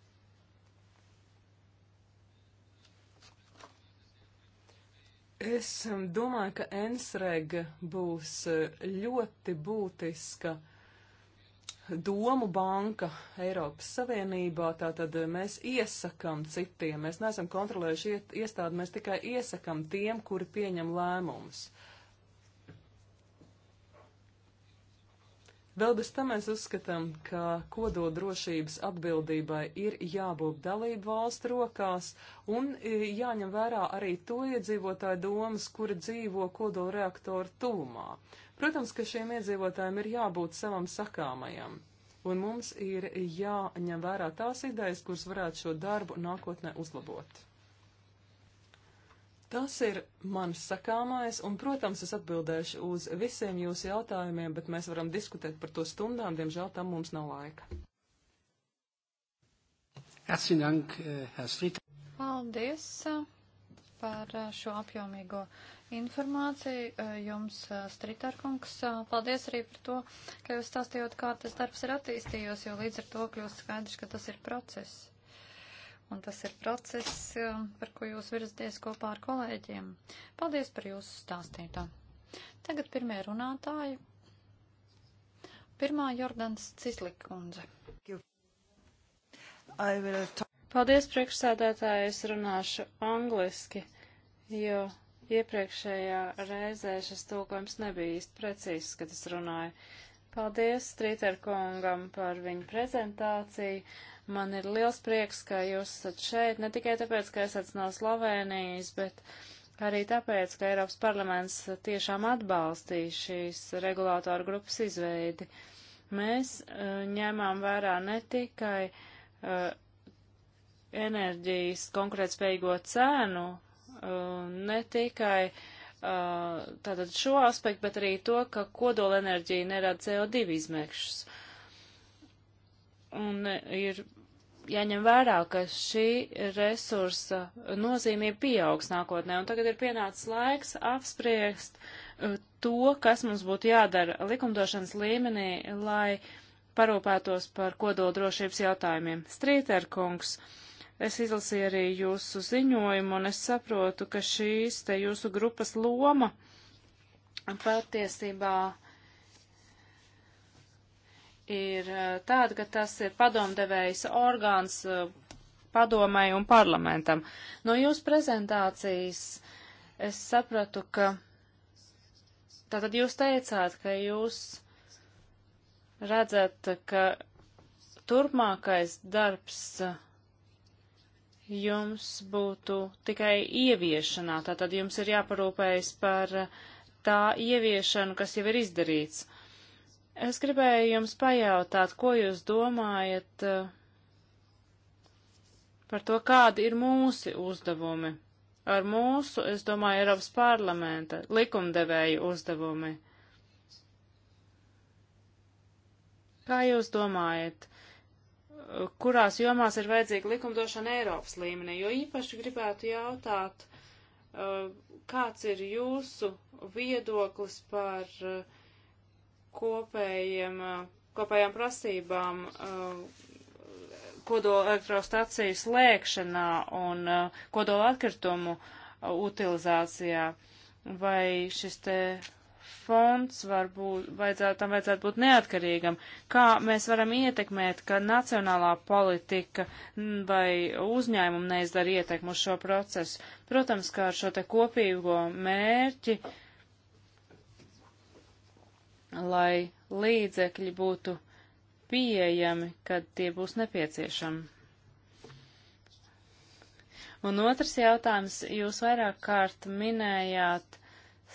[SPEAKER 1] Es um, domāju, ka Ensreg būs uh, ļoti būtiska domu banka Eiropas Savienībā, tātad uh, mēs iesakam citiem, mēs neesam kontrolējuši iet, iestādi, mēs tikai iesakam tiem, kuri pieņem lēmumus. Vēl bez tam mēs uzskatām, ka kodoldrošības atbildībai ir jābūt dalību valstu rokās un e, jāņem vērā arī to iedzīvotāju domas, kuri dzīvo kodolreaktoru tuvumā. Protams, ka šiem iedzīvotājiem ir jābūt savam sakāmajam. Un mums ir jāņem vērā tās idejas, kuras varētu šo darbu nākotnē uzlabot. Tas ir mans sakāmais, un, protams, es atbildēšu uz visiem jūsu jautājumiem, bet mēs varam diskutēt par to stundām, diemžēl tam mums nav laika. Eh,
[SPEAKER 3] paldies eh, par eh, šo apjomīgo informāciju jums, Stritārkungs. Paldies arī par to, ka jūs stāstījāt, kā tas darbs ir attīstījies, jo līdz ar to kļūst skaidrs, ka tas ir process. Un tas ir process, eh, par ko jūs virzaties kopā ar kolēģiem. Paldies par jūsu stāstīto. Tagad pirmie runātāji. Pirmā Jordans Cislika kundze. Paldies, priekšsēdētāji, es runāšu
[SPEAKER 2] angliski, jo iepriekšējā reizē šis tūkojums nebija īsti precīzs, kad es runāju. Paldies Strīterkungam par viņu prezentāciju. Man ir liels prieks, ka jūs esat šeit, ne tikai tāpēc, ka esat no Slovenijas, bet arī tāpēc, ka Eiropas parlaments tiešām atbalstīja šīs regulātoru grupas izveidi. Mēs uh, eh, ņēmām vērā ne tikai uh, enerģijas konkurētspējīgo cēnu, uh, eh, ne tikai uh, tātad šo aspektu, bet arī to, ka kodolenerģija nerada CO2 izmēkšus. Un ir jāņem vērā, ka šī resursa nozīmība pieaugs nākotnē, un tagad ir pienācis laiks apspriest uh, to, kas mums būtu jādara likumdošanas līmenī, lai parūpētos par kodoldrošības jautājumiem. Strīterkungs, es izlasīju arī jūsu ziņojumu, un es saprotu, ka šīs te jūsu grupas loma patiesībā ir eh, tāda, ka tas ir padomdevējs orgāns eh, padomai un parlamentam. No jūsu prezentācijas es sapratu, ka tātad jūs teicāt, ka jūs redzat, ka turpmākais darbs eh, jums būtu tikai ieviešanā, tātad jums ir jāparūpējas par tā ieviešanu, kas jau ir izdarīts. Es gribēju jums pajautāt, ko jūs domājat eh, par to, kādi ir mūsu uzdevumi. Ar mūsu, es domāju, Eiropas parlamenta likumdevēju uzdevumi. Kā jūs domājat, eh, kurās jomās ir vajadzīga likumdošana Eiropas līmenī? Jo īpaši gribētu jautāt, eh, kāds ir jūsu viedoklis par uh, kopējiem, kopējām prasībām kodola elektrostaciju slēgšanā un kodola atkritumu utilizācijā. Vai šis te fonds varbūt, vajadzētu, tam vajadzētu būt neatkarīgam? Kā mēs varam ietekmēt, ka nacionālā politika vai uzņēmumi neizdara ietekmu uz šo procesu? Protams, kā ar šo te kopīgo mērķi uh, lai līdzekļi būtu pieejami, kad tie būs nepieciešami. Un otrs jautājums, jūs vairāk kārt minējāt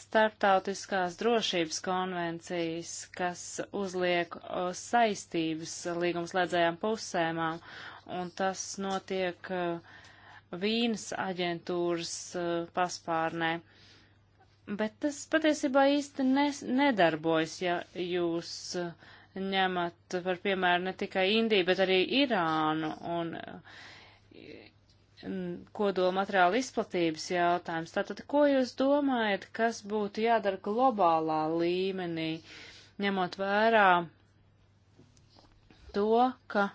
[SPEAKER 2] starptautiskās drošības konvencijas, kas uzliek saistības līgumslēdzējām pusēmām, un tas notiek Vīnas aģentūras paspārnē. Uh, Bet tas patiesībā īsti ne, nedarbojas, ja jūs eh, ņemat par piemēru ne tikai Indiju, bet arī Irānu un eh, kodola materiāla izplatības jautājums. Tātad, ko jūs domājat, kas būtu jādara globālā līmenī, ņemot vērā to, ka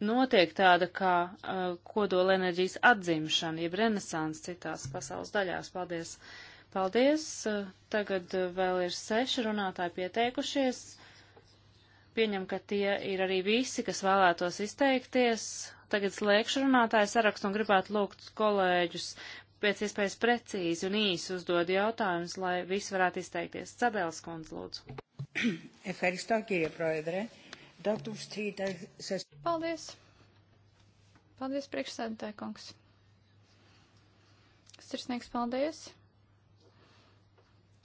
[SPEAKER 2] notiek tāda kā uh, kodolenerģijas atzimšana, jeb renesans citās pasaules daļās. Paldies! Paldies! Uh, tagad uh, vēl ir seši runātāji pieteikušies. Pieņem, ka tie ir arī visi, kas vēlētos izteikties. Tagad slēgšu runātāju sarakstu un gribētu lūgt kolēģus pēc iespējas precīzi un īsi uzdod jautājumus, lai visi varētu izteikties. Cabēls kundze, lūdzu.
[SPEAKER 1] Ευχαριστώ κύριε Πρόεδρε
[SPEAKER 2] datums
[SPEAKER 3] 3.6. Paldies! Paldies, priekšsēdētāji kungs! Sirsnīgs paldies!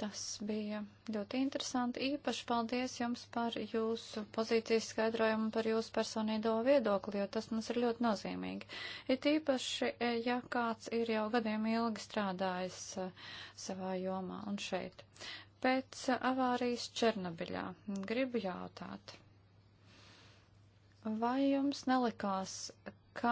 [SPEAKER 3] Tas bija ļoti interesanti. Īpaši paldies jums par jūsu pozīcijas skaidrojumu, par jūsu personīgo viedokli, jo tas mums ir ļoti nozīmīgi. It īpaši, e, ja kāds ir jau gadiem ilgi strādājis e, savā jomā un šeit. Pēc e, avārijas Černobiļā gribu jautāt, Vai jums nelikās, ka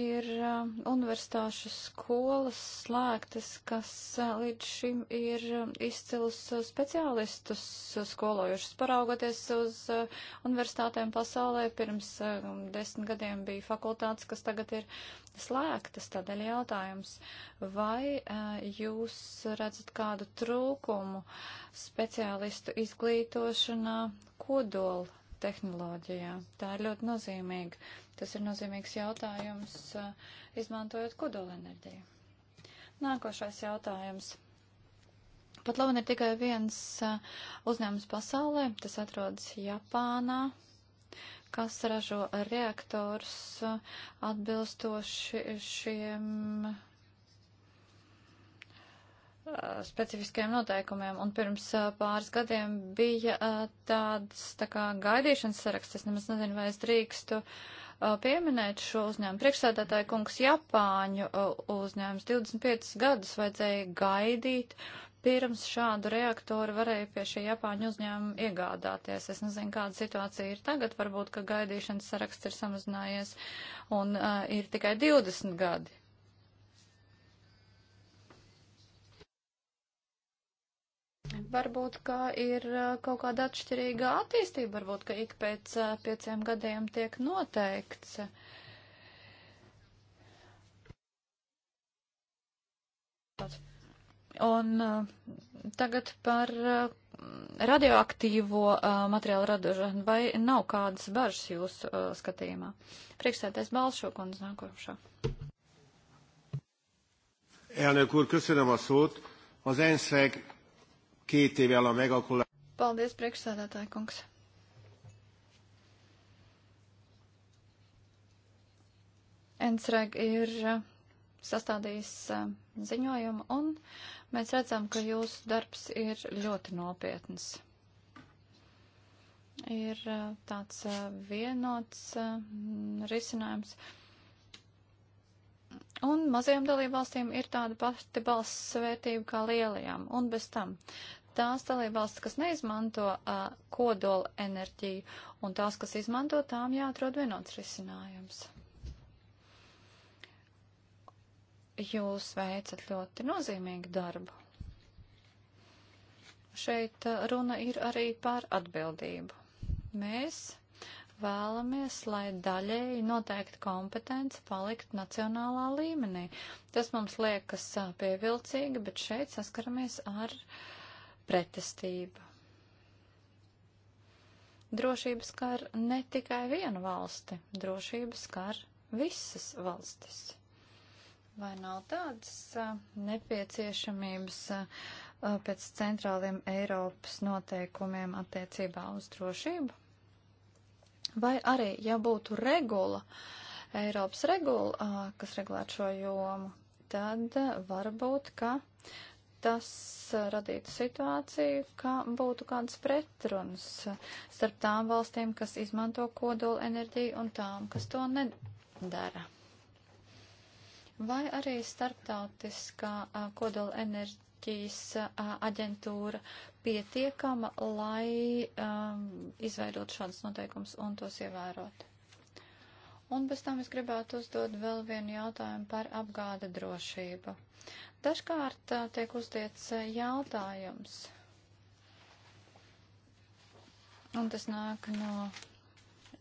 [SPEAKER 3] ir um, universitāšu skolas slēgtas, kas uh, līdz šim ir um, izcilus uh, speciālistus uh, skolojušas. Paraugoties uz universitātēm pasaulē, pirms desmit gadiem bija fakultātes, kas tagad ir slēgtas. Tādēļ jautājums, vai jūs redzat kādu trūkumu speciālistu izglītošanā kodola tehnoloģijā. Tā ir ļoti nozīmīga. Tas ir nozīmīgs jautājums, eh, izmantojot kodolenerģiju. Nākošais jautājums. Pat labi ir tikai viens eh, uzņēmums pasaulē, tas atrodas Japānā, kas ražo reaktors eh, atbilstoši šiem specifiskiem noteikumiem. Un pirms pāris gadiem bija tāds tā kā gaidīšanas saraksts. Es nemaz nezinu, vai es drīkstu pieminēt šo uzņēmumu. Priekšsēdētāja kungs Japāņu uzņēmums 25 gadus vajadzēja gaidīt, pirms šādu reaktoru varēja pie šī Japāņu uzņēmuma iegādāties. Es nezinu, kāda situācija ir tagad, varbūt, ka gaidīšanas saraksts ir samazinājies un uh, ir tikai 20 gadi. varbūt, ka ir uh, kaut kāda atšķirīga attīstība, varbūt, ka ik pēc uh, pieciem gadiem tiek noteikts. Un uh, tagad par radioaktīvo materiālu radošanu. Vai nav kādas bažas jūsu skatījumā? Priekšsēdēs Balšo kundze nākošā.
[SPEAKER 2] Elnök úr, köszönöm a szót. Az
[SPEAKER 3] ENSZ-eg két év a megakulā. Paldies, priekšsēdētāji kungs. Ensreg ir uh, sastādījis uh, ziņojumu un mēs redzam, ka jūsu darbs ir ļoti nopietns. Ir uh, tāds vienots risinājums. Un mazajām dalībvalstīm ir tāda pati balss svētība kā lielajām, un bez tam tās dalībvalstis, kas neizmanto uh, kodola enerģiju, un tās, kas izmanto, tām jāatrod vienots risinājums. Jūs veicat ļoti nozīmīgu darbu. Šeit runa ir arī par atbildību. Mēs vēlamies, lai daļēji noteikti kompetence palikt nacionālā līmenī. Tas mums liekas pievilcīgi, bet šeit saskaramies ar uh, pretestība. Drošības skar ne tikai vienu valsti, drošības skar visas valstis. Vai nav tādas nepieciešamības pēc centrāliem Eiropas noteikumiem attiecībā uz drošību? Vai arī, ja būtu regula, Eiropas regula, kas regulētu šo jomu, tad varbūt, ka tas eh, radītu situāciju, ka būtu kāds pretruns starp tām valstīm, kas izmanto kodola enerģiju un tām, kas to nedara. Vai arī starptautiskā eh, kodola enerģijas eh, aģentūra pietiekama, lai um, izveidot šādas noteikums un tos ievērotu? Un bez tam es gribētu uzdot vēl vienu jautājumu par apgāde drošību. Dažkārt tiek uzdiets jautājums, un tas nāk no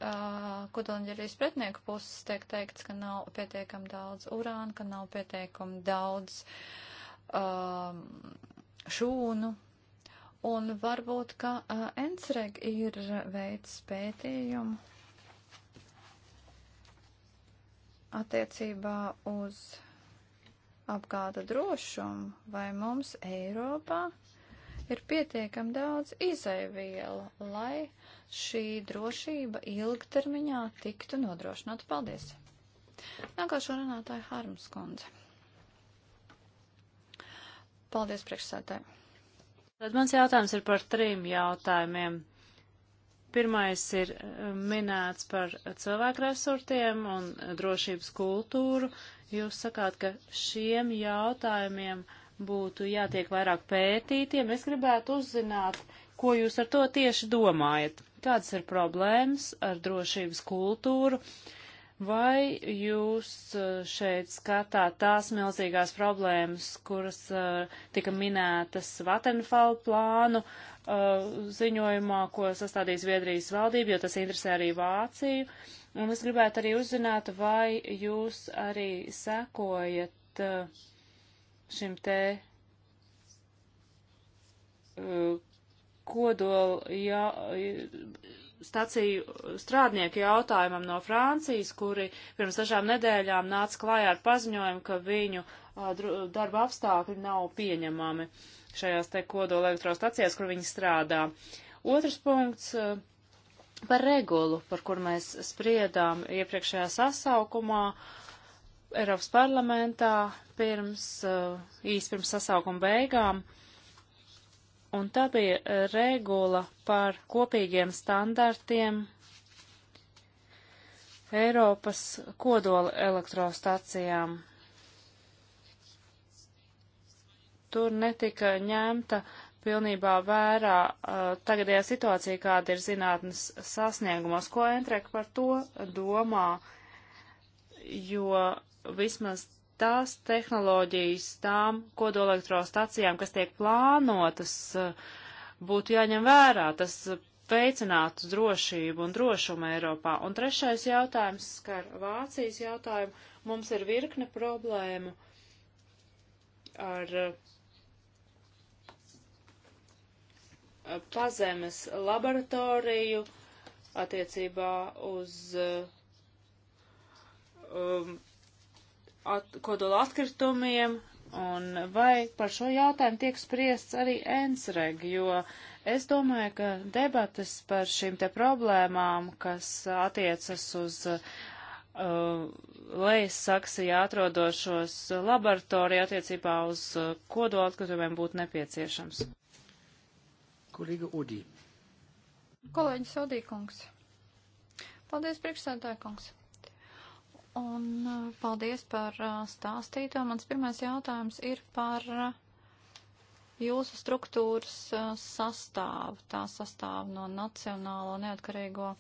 [SPEAKER 3] Uh, kudoņģerijas pretnieku puses tiek teikts, ka nav pietiekam daudz urāna, ka nav pietiekam daudz um, šūnu. Un varbūt, ka uh, Ensreg ir veids pētījumu attiecībā uz apgāda drošumu, vai mums Eiropā ir pietiekami daudz izēvielu, lai šī drošība ilgtermiņā tiktu nodrošināta. Paldies! Nākošo runātāju Harms kundze. Paldies
[SPEAKER 2] priekšsētāji. Tad mans jautājums ir par trim jautājumiem. Pirmais ir eh, minēts par cilvēku resurtiem un drošības kultūru. Jūs sakāt, ka šiem jautājumiem būtu jātiek vairāk pētītiem. Es gribētu uzzināt, ko jūs ar to tieši domājat. Kādas ir problēmas ar drošības kultūru? Uh, Vai jūs uh, šeit skatāt tās milzīgās problēmas, kuras uh, tika minētas Vatenfall plānu uh, ziņojumā, ko sastādīs Viedrijas valdība, jo tas interesē arī Vāciju? Un es gribētu arī uzzināt, vai jūs arī sekojat uh, šim te uh, kodolu, jā, staciju eh, strādnieku jautājumam no Francijas, kuri pirms dažām nedēļām nāca klājā ar paziņojumu, ka viņu a, eh, darba apstākļi nav pieņemami šajās te kodola elektrostacijās, kur viņi strādā. Otrs punkts a, eh, par regulu, par kur mēs spriedām iepriekšējā sasaukumā Eiropas parlamentā pirms, a, īsti pirms sasaukuma beigām. Uh, un tā bija e, regula par kopīgiem standartiem Eiropas kodola elektrostacijām. Tur netika ņemta pilnībā vērā uh, tagadējā situācija, kāda ir zinātnes sasniegumos, ko Entrek par to domā, jo vismaz tās tehnoloģijas tām kodolektrostacijām, kas tiek plānotas, eh, būtu jāņem vērā. Tas veicinātu drošību un drošumu Eiropā. Un trešais jautājums skar Vācijas jautājumu. Mums ir virkne problēmu ar eh, pazemes laboratoriju attiecībā uz eh, um, at, kodola atkritumiem, un vai par šo jautājumu tiek spriests arī ENSREG, jo es domāju, ka debatas par šīm te problēmām, kas attiecas uz uh, lejas saksijā atrodošos laboratoriju attiecībā uz uh, kodola atkritumiem būtu nepieciešams. Kolīga Udī.
[SPEAKER 3] Kolēģis Odīkungs. Paldies, priekšsēdētāj kungs un uh, paldies par uh, stāstīto. Mans pirmais jautājums ir par uh, jūsu struktūras sastāvu. Tā sastāv no Nacionālo neatkarīgo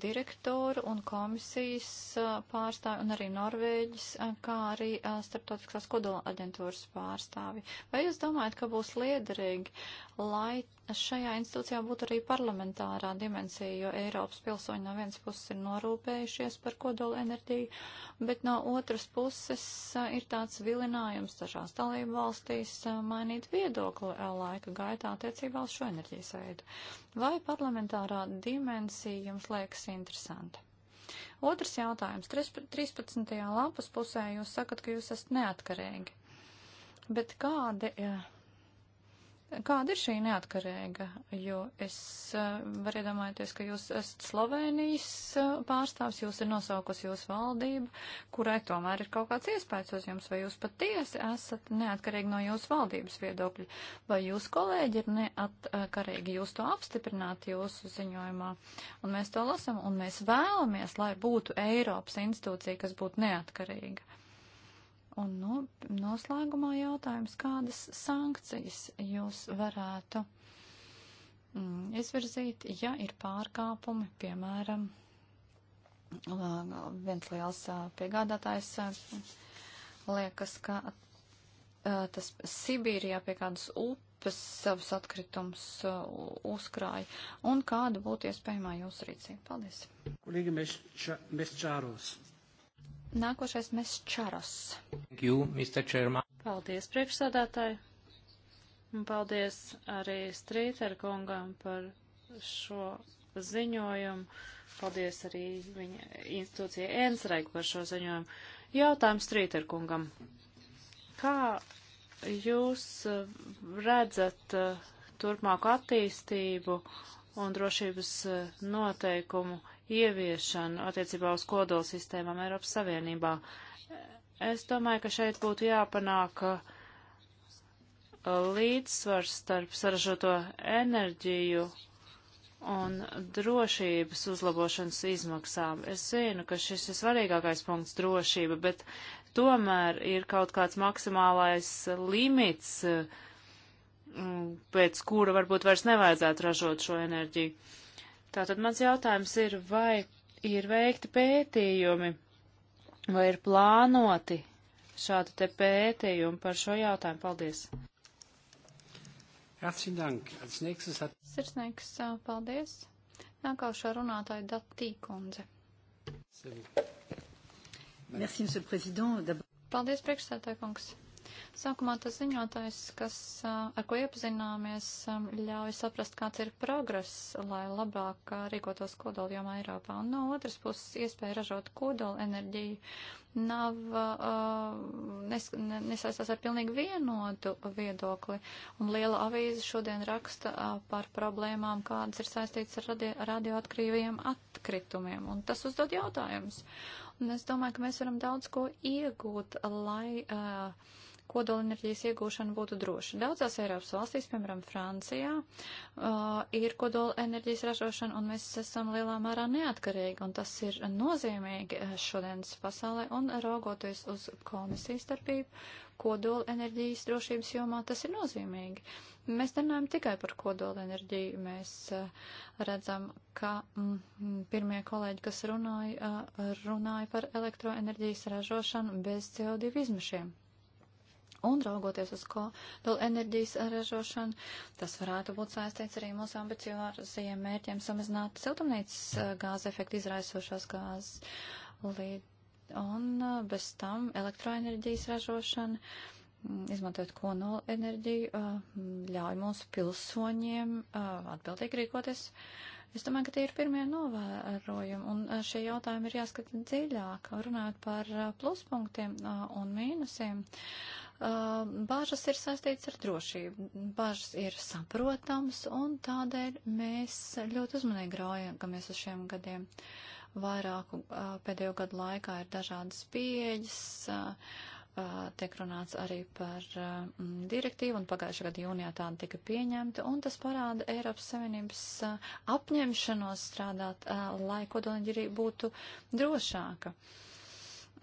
[SPEAKER 3] direktoru un komisijas pārstāvi un arī Norvēģis, kā arī starptautiskās kodola aģentūras pārstāvi. Vai jūs domājat, ka būs liederīgi lai šajā institūcijā būtu arī parlamentārā dimensija, jo Eiropas pilsoņi no vienas puses ir norūpējušies par kodolu enerģiju, bet no otras puses ir tāds vilinājums dažās dalību valstīs mainīt viedokli laika gaitā attiecībā uz šo enerģijas veidu. Vai parlamentārā dimensija jums liekas interesanta? Otrs jautājums. 13. lapas pusē jūs sakat, ka jūs esat neatkarīgi. Bet kādi Kāda ir šī neatkarīga? Jo es uh, eh, varu iedomāties, ka jūs esat Slovenijas uh, pārstāvs, jūs ir nosaukusi jūsu valdību, kurai tomēr ir kaut kāds iespējas uz jums, vai jūs patiesi esat neatkarīgi no jūsu valdības viedokļa, vai jūsu kolēģi ir neatkarīgi, jūs to apstiprināt jūsu ziņojumā, un mēs to lasam, un mēs vēlamies, lai būtu Eiropas institūcija, kas būtu neatkarīga. Un no, noslēgumā jautājums, kādas sankcijas jūs varētu mm, izvirzīt, ja ir pārkāpumi, piemēram, viens liels piegādātājs liekas, ka tas Sibīrijā pie kādas upes savus atkritumus uzkrāja. Un kāda būtu iespējamā jūsu rīcība? Paldies.
[SPEAKER 1] Kolīgi Meščāros. Mēs
[SPEAKER 3] Nākošais mēs Čaros. You, paldies, priekšsādātāji.
[SPEAKER 2] Un paldies arī Strīter kungam par šo ziņojumu. Paldies arī viņa institūcija Ensreik par šo ziņojumu. Jautājums Strīter kungam. Kā jūs eh, redzat eh, turpmāku attīstību un drošības eh, noteikumu ieviešanu attiecībā uz kodolsistēmām Eiropas Savienībā. Es domāju, ka šeit būtu jāpanāk uh, līdzsvars starp saražoto enerģiju un drošības uzlabošanas izmaksām. Es zinu, ka šis ir svarīgākais punkts - drošība, bet tomēr ir kaut kāds maksimālais limits, uh, mm, pēc kura varbūt vairs nevajadzētu ražot šo enerģiju. Tātad mans jautājums ir, vai ir veikti pētījumi, vai ir plānoti šādi te pētījumi par šo jautājumu? Paldies!
[SPEAKER 3] Sirsnīgs paldies! Nākošā runātāja Datī kundze. Paldies, priekšsētāja kungs! Sākumā tas ziņotājs, kas, ar ko iepazināmies, ļauj saprast, kāds ir progress, lai labāk rīkotos kodoli jomā Eiropā. Un no otras puses, iespēja ražot kodoli enerģiju nav, nes, nesaistās ar pilnīgi vienotu viedokli. Un liela avīze šodien raksta par problēmām, kādas ir saistītas ar radi, radioatkrīviem atkritumiem. Un tas uzdod jautājumus. Un es domāju, ka mēs varam daudz ko iegūt, lai. Uh, kodolenerģijas iegūšana būtu droša. Daudzās Eiropas valstīs, piemēram, Francijā, uh, ir kodolenerģijas ražošana, un mēs esam lielā mērā neatkarīgi, un tas ir nozīmīgi uh, šodienas pasaulē, un raugoties uz komisijas starpību, kodolenerģijas drošības jomā tas ir nozīmīgi. Mēs nerunājam tikai par kodolenerģiju, mēs uh, redzam, ka mm, pirmie kolēģi, kas runāja, uh, runāja par elektroenerģijas ražošanu bez CO2 izmešiem. Un raugoties uz kodola enerģijas ražošanu, tas varētu būt saistīts arī mūsu ambiciozajiem mērķiem samazināt siltumnīcas eh, gāzes efektu izraisošās gāzes. Un eh, bez tam elektroenerģijas ražošana, mm, izmantojot kodola enerģiju, eh, ļauj mūsu pilsoņiem atbildīgi rīkoties. Es domāju, ka tie ir pirmie novērojumi, un šie jautājumi ir jāskata dziļāk, runājot par pluspunktiem un mīnusiem. Uh, Um, bāžas ir saistītas ar drošību, bāžas ir saprotams, un tādēļ mēs ļoti uzmanīgi raujagamies uz šiem gadiem. Vairāku uh, pēdējo gadu laikā ir dažādas pieejas, uh, uh, tiek runāts arī par direktīvu, un pagājušā gada jūnijā tāda tika pieņemta, un tas parāda Eiropas Savienības apņemšanos strādāt, lai kodolenerģija būtu drošāka. Uh,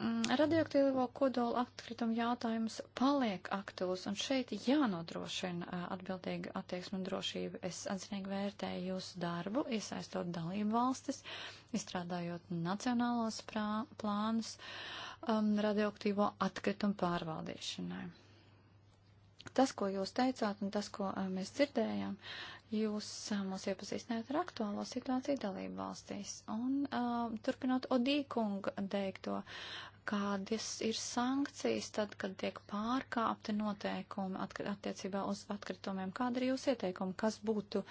[SPEAKER 3] Mm, radioaktīvo kodolu atkritumu jautājums paliek aktuāls, un šeit jānodrošina atbildīga attieksme un drošība. Es atzinīgi vērtēju jūsu darbu, iesaistot dalību valstis, izstrādājot nacionālos prā, plānus um, radioaktīvo atkritumu pārvaldīšanai. Tas, ko jūs teicāt, un tas, ko mēs dzirdējām, uh, Jūs mūs iepazīstināt ar aktuālo situāciju dalību valstīs. Un uh, turpinot Odīkunga teikto, kādas ir sankcijas tad, kad tiek pārkāpti noteikumi attiecībā uz atkritumiem, kāda ir jūsu ieteikuma, kas būtu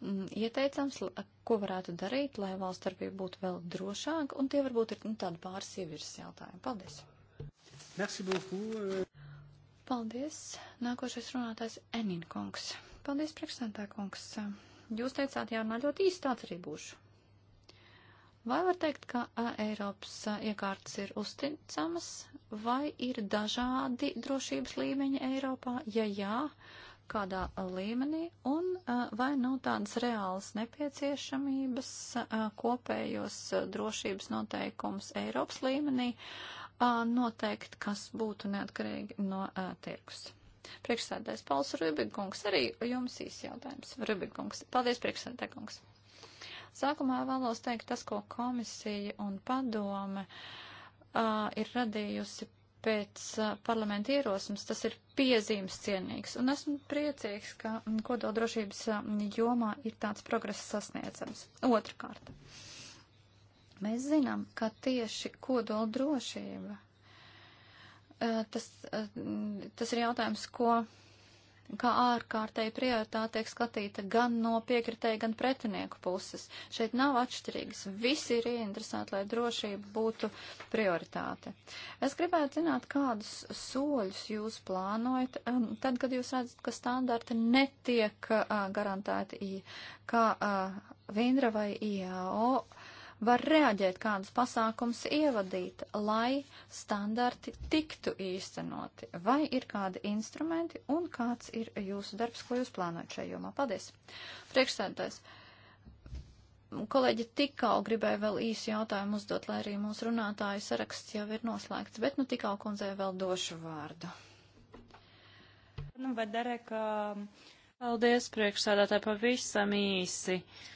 [SPEAKER 3] mm, ieteicams, ko varētu darīt, lai valsts darbība būtu vēl drošāka, un tie varbūt ir nu, tādi pāris ievirs jautājumi. Paldies! Merci beaucoup! Euh. Paldies! Nākošais runātājs Eninkungs. Paldies, priekšsēdētāj kungs. Jūs teicāt, jārunā ļoti īsti tāds arī būšu. Vai var teikt, ka Eiropas iekārtas ir uzticamas, vai ir dažādi drošības līmeņi Eiropā? Ja jā, kādā līmenī, un vai nav tādas reālas nepieciešamības kopējos drošības noteikums Eiropas līmenī noteikt, kas būtu neatkarīgi no tirgus? Priekšsēdājs Pauls Rubikungs, arī jums īs jautājums. Rubikungs, paldies priekšsēdājkungs. Sākumā vēlos teikt tas, ko komisija un padome uh, ir radījusi pēc uh, parlamenta ierosmes, tas ir piezīmes cienīgs. Un esmu priecīgs, ka kodoldrošības jomā ir tāds progress sasniedzams. Otrakārt. Mēs zinām, ka tieši kodoldrošība drošība tas, tas ir jautājums, ko kā ārkārtēji prioritāte tiek skatīta gan no piekritēja, gan pretinieku puses. Šeit nav atšķirīgas. Visi ir ieinteresēti, lai drošība būtu prioritāte. Es gribētu zināt, kādus soļus jūs plānojat, tad, kad jūs redzat, ka standarti netiek garantēti kā Vindra vai IAO var reaģēt, kādus pasākums ievadīt, lai standarti tiktu īstenoti? Vai ir kādi instrumenti un kāds ir jūsu darbs, ko jūs plānojat šajā jomā? Paldies! Priekšsēdētājs, kolēģi tikau gribēja vēl īsu jautājumu uzdot, lai arī mūsu runātāju saraksts jau ir noslēgts, bet nu tikau kundzei vēl došu vārdu.
[SPEAKER 2] Nu, vai Derek, paldies priekšsēdētāji pavisam īsi. Uh,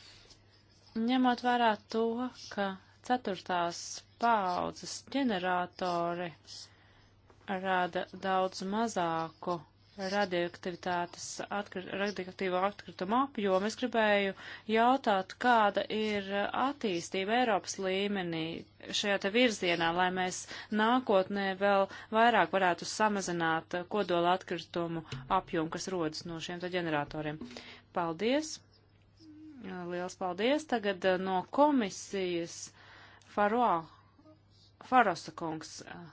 [SPEAKER 2] Ņemot vērā to, ka ceturtās paaudzes ģeneratori rada daudz mazāku radioaktivitātes atkrit, radioaktīvo atkritumu apjomu. Es gribēju jautāt, kāda ir attīstība Eiropas līmenī šajā te virzienā, lai mēs nākotnē vēl vairāk varētu samazināt kodola atkritumu apjomu, kas rodas no šiem te ģeneratoriem. Paldies! Liels paldies. Tagad eh, no komisijas Faroa, Farosa kungs, eh,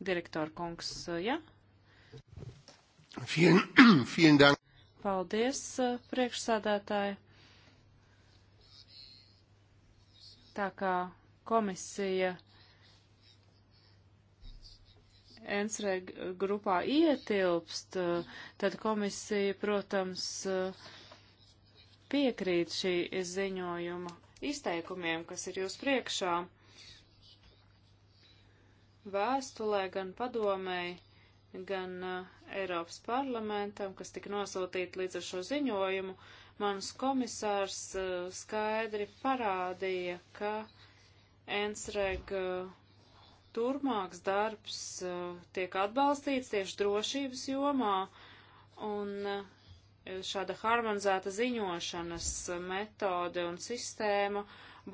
[SPEAKER 2] direktora kungs, eh, ja?
[SPEAKER 1] Vielen, vielen dank.
[SPEAKER 2] Paldies, priekšsādātāji. Tā kā komisija Ensreg grupā ietilpst, tad komisija, protams, uh, piekrīt šī ziņojuma izteikumiem, kas ir jūs priekšā. Vēstulē gan padomēji, gan uh, Eiropas parlamentam, kas tika nosūtīta līdz ar šo ziņojumu, mans komisārs uh, skaidri parādīja, ka Ensreg uh, eh, turmāks darbs tiek atbalstīts tieši drošības jomā, un šāda harmonizēta ziņošanas metode un sistēma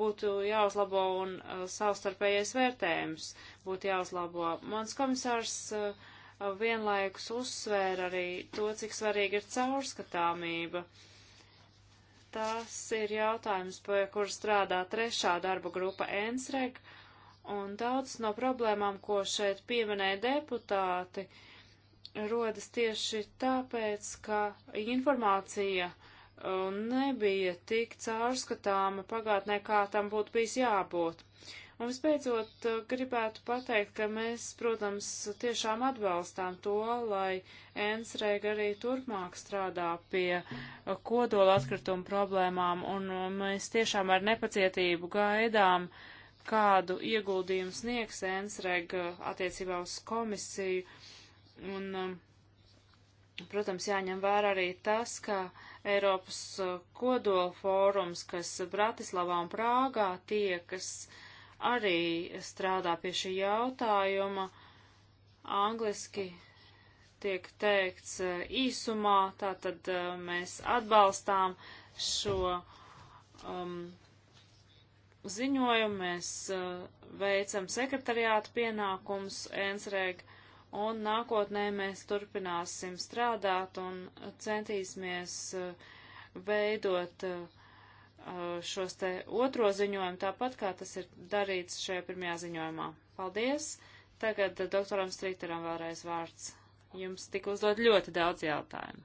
[SPEAKER 2] būtu jāuzlabo un uh, savstarpējais vērtējums būtu jāuzlabo. Mans komisārs uh, vienlaikus uzsvēra arī to, cik svarīga ir caurskatāmība. Tas ir jautājums, pie kur strādā trešā darba grupa ENSREG, un daudz no problēmām, ko šeit pieminēja deputāti, uh, rodas tieši tāpēc, ka informācija uh, nebija tik caurskatāma pagātnē, kā tam būtu bijis jābūt. Un visbeidzot, uh, gribētu pateikt, ka mēs, protams, tiešām atbalstām to, lai Ensreig arī turpmāk strādā pie uh, kodola atkrituma problēmām, un mēs tiešām ar nepacietību gaidām, kādu ieguldījumu sniegs Ensreig attiecībā uz komisiju Un, um, protams, jāņem vērā arī tas, ka Eiropas uh, kodola fórums, kas Bratislavā un Prāgā tie, kas arī strādā pie šī jautājuma, angliski tiek teikts uh, īsumā, tātad uh, mēs atbalstām šo um, ziņojumu, mēs uh, veicam sekretariātu pienākums, ENSREG, uh, un nākotnē mēs turpināsim strādāt un centīsimies eh, veidot eh, eh, šos te otro ziņojumu tāpat, kā tas ir darīts šajā pirmajā ziņojumā. Paldies! Tagad doktoram Strīteram vēlreiz vārds. Jums tika uzdot ļoti daudz jautājumu.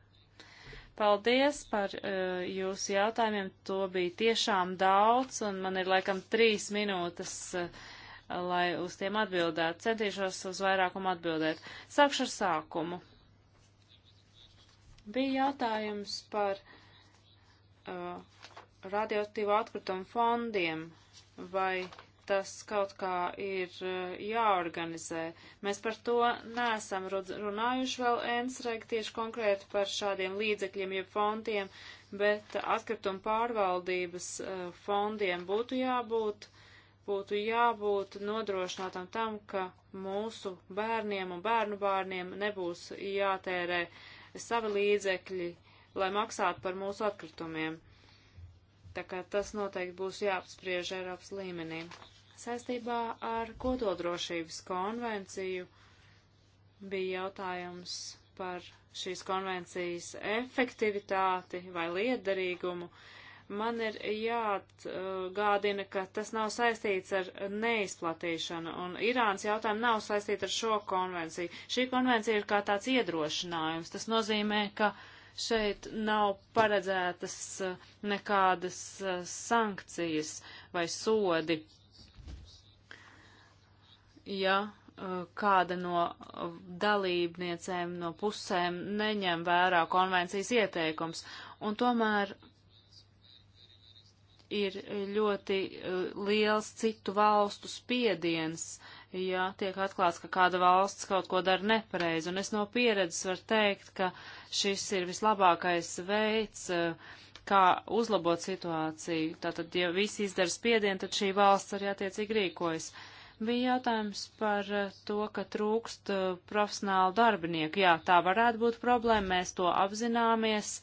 [SPEAKER 2] Paldies par uh, jūsu jautājumiem. To bija tiešām daudz, un man ir laikam trīs minūtes uh, lai uz tiem atbildētu. Centīšos uz vairākumu atbildēt. Sākšu ar sākumu. Bija jautājums par uh, radioaktīvo atkritumu fondiem, vai tas kaut kā ir uh, jāorganizē. Mēs par to neesam runājuši vēl ensreg tieši konkrēti par šādiem līdzekļiem, jeb fondiem, bet atkrituma pārvaldības uh, fondiem būtu jābūt būtu jābūt nodrošinātam tam, ka mūsu bērniem un bērnu bērniem nebūs jātērē savi līdzekļi, lai maksātu par mūsu atkritumiem. Tā kā tas noteikti būs jāapspriež Eiropas līmenī. Saistībā ar kodoldrošības konvenciju bija jautājums par šīs konvencijas efektivitāti vai liederīgumu. Uh, man ir jāatgādina, ka tas nav saistīts ar neizplatīšanu, un Irānas jautājumu nav saistīta ar šo konvenciju. Šī konvencija ir kā tāds iedrošinājums. Tas nozīmē, ka šeit nav paredzētas uh, nekādas uh, sankcijas vai sodi, ja uh, kāda no dalībniecēm, no pusēm neņem vērā konvencijas ieteikums. Un tomēr ir ļoti eh, liels citu valstu spiediens, ja tiek atklāts, ka kāda valsts kaut ko dara nepareizi. Un es no pieredzes varu teikt, ka šis ir vislabākais veids, eh, kā uzlabot situāciju. Tātad, ja visi izdara spiedienu, tad šī valsts arī attiecīgi rīkojas. Bija jautājums par eh, to, ka trūkst profesionālu darbinieku. Jā, tā varētu būt problēma, mēs to apzināmies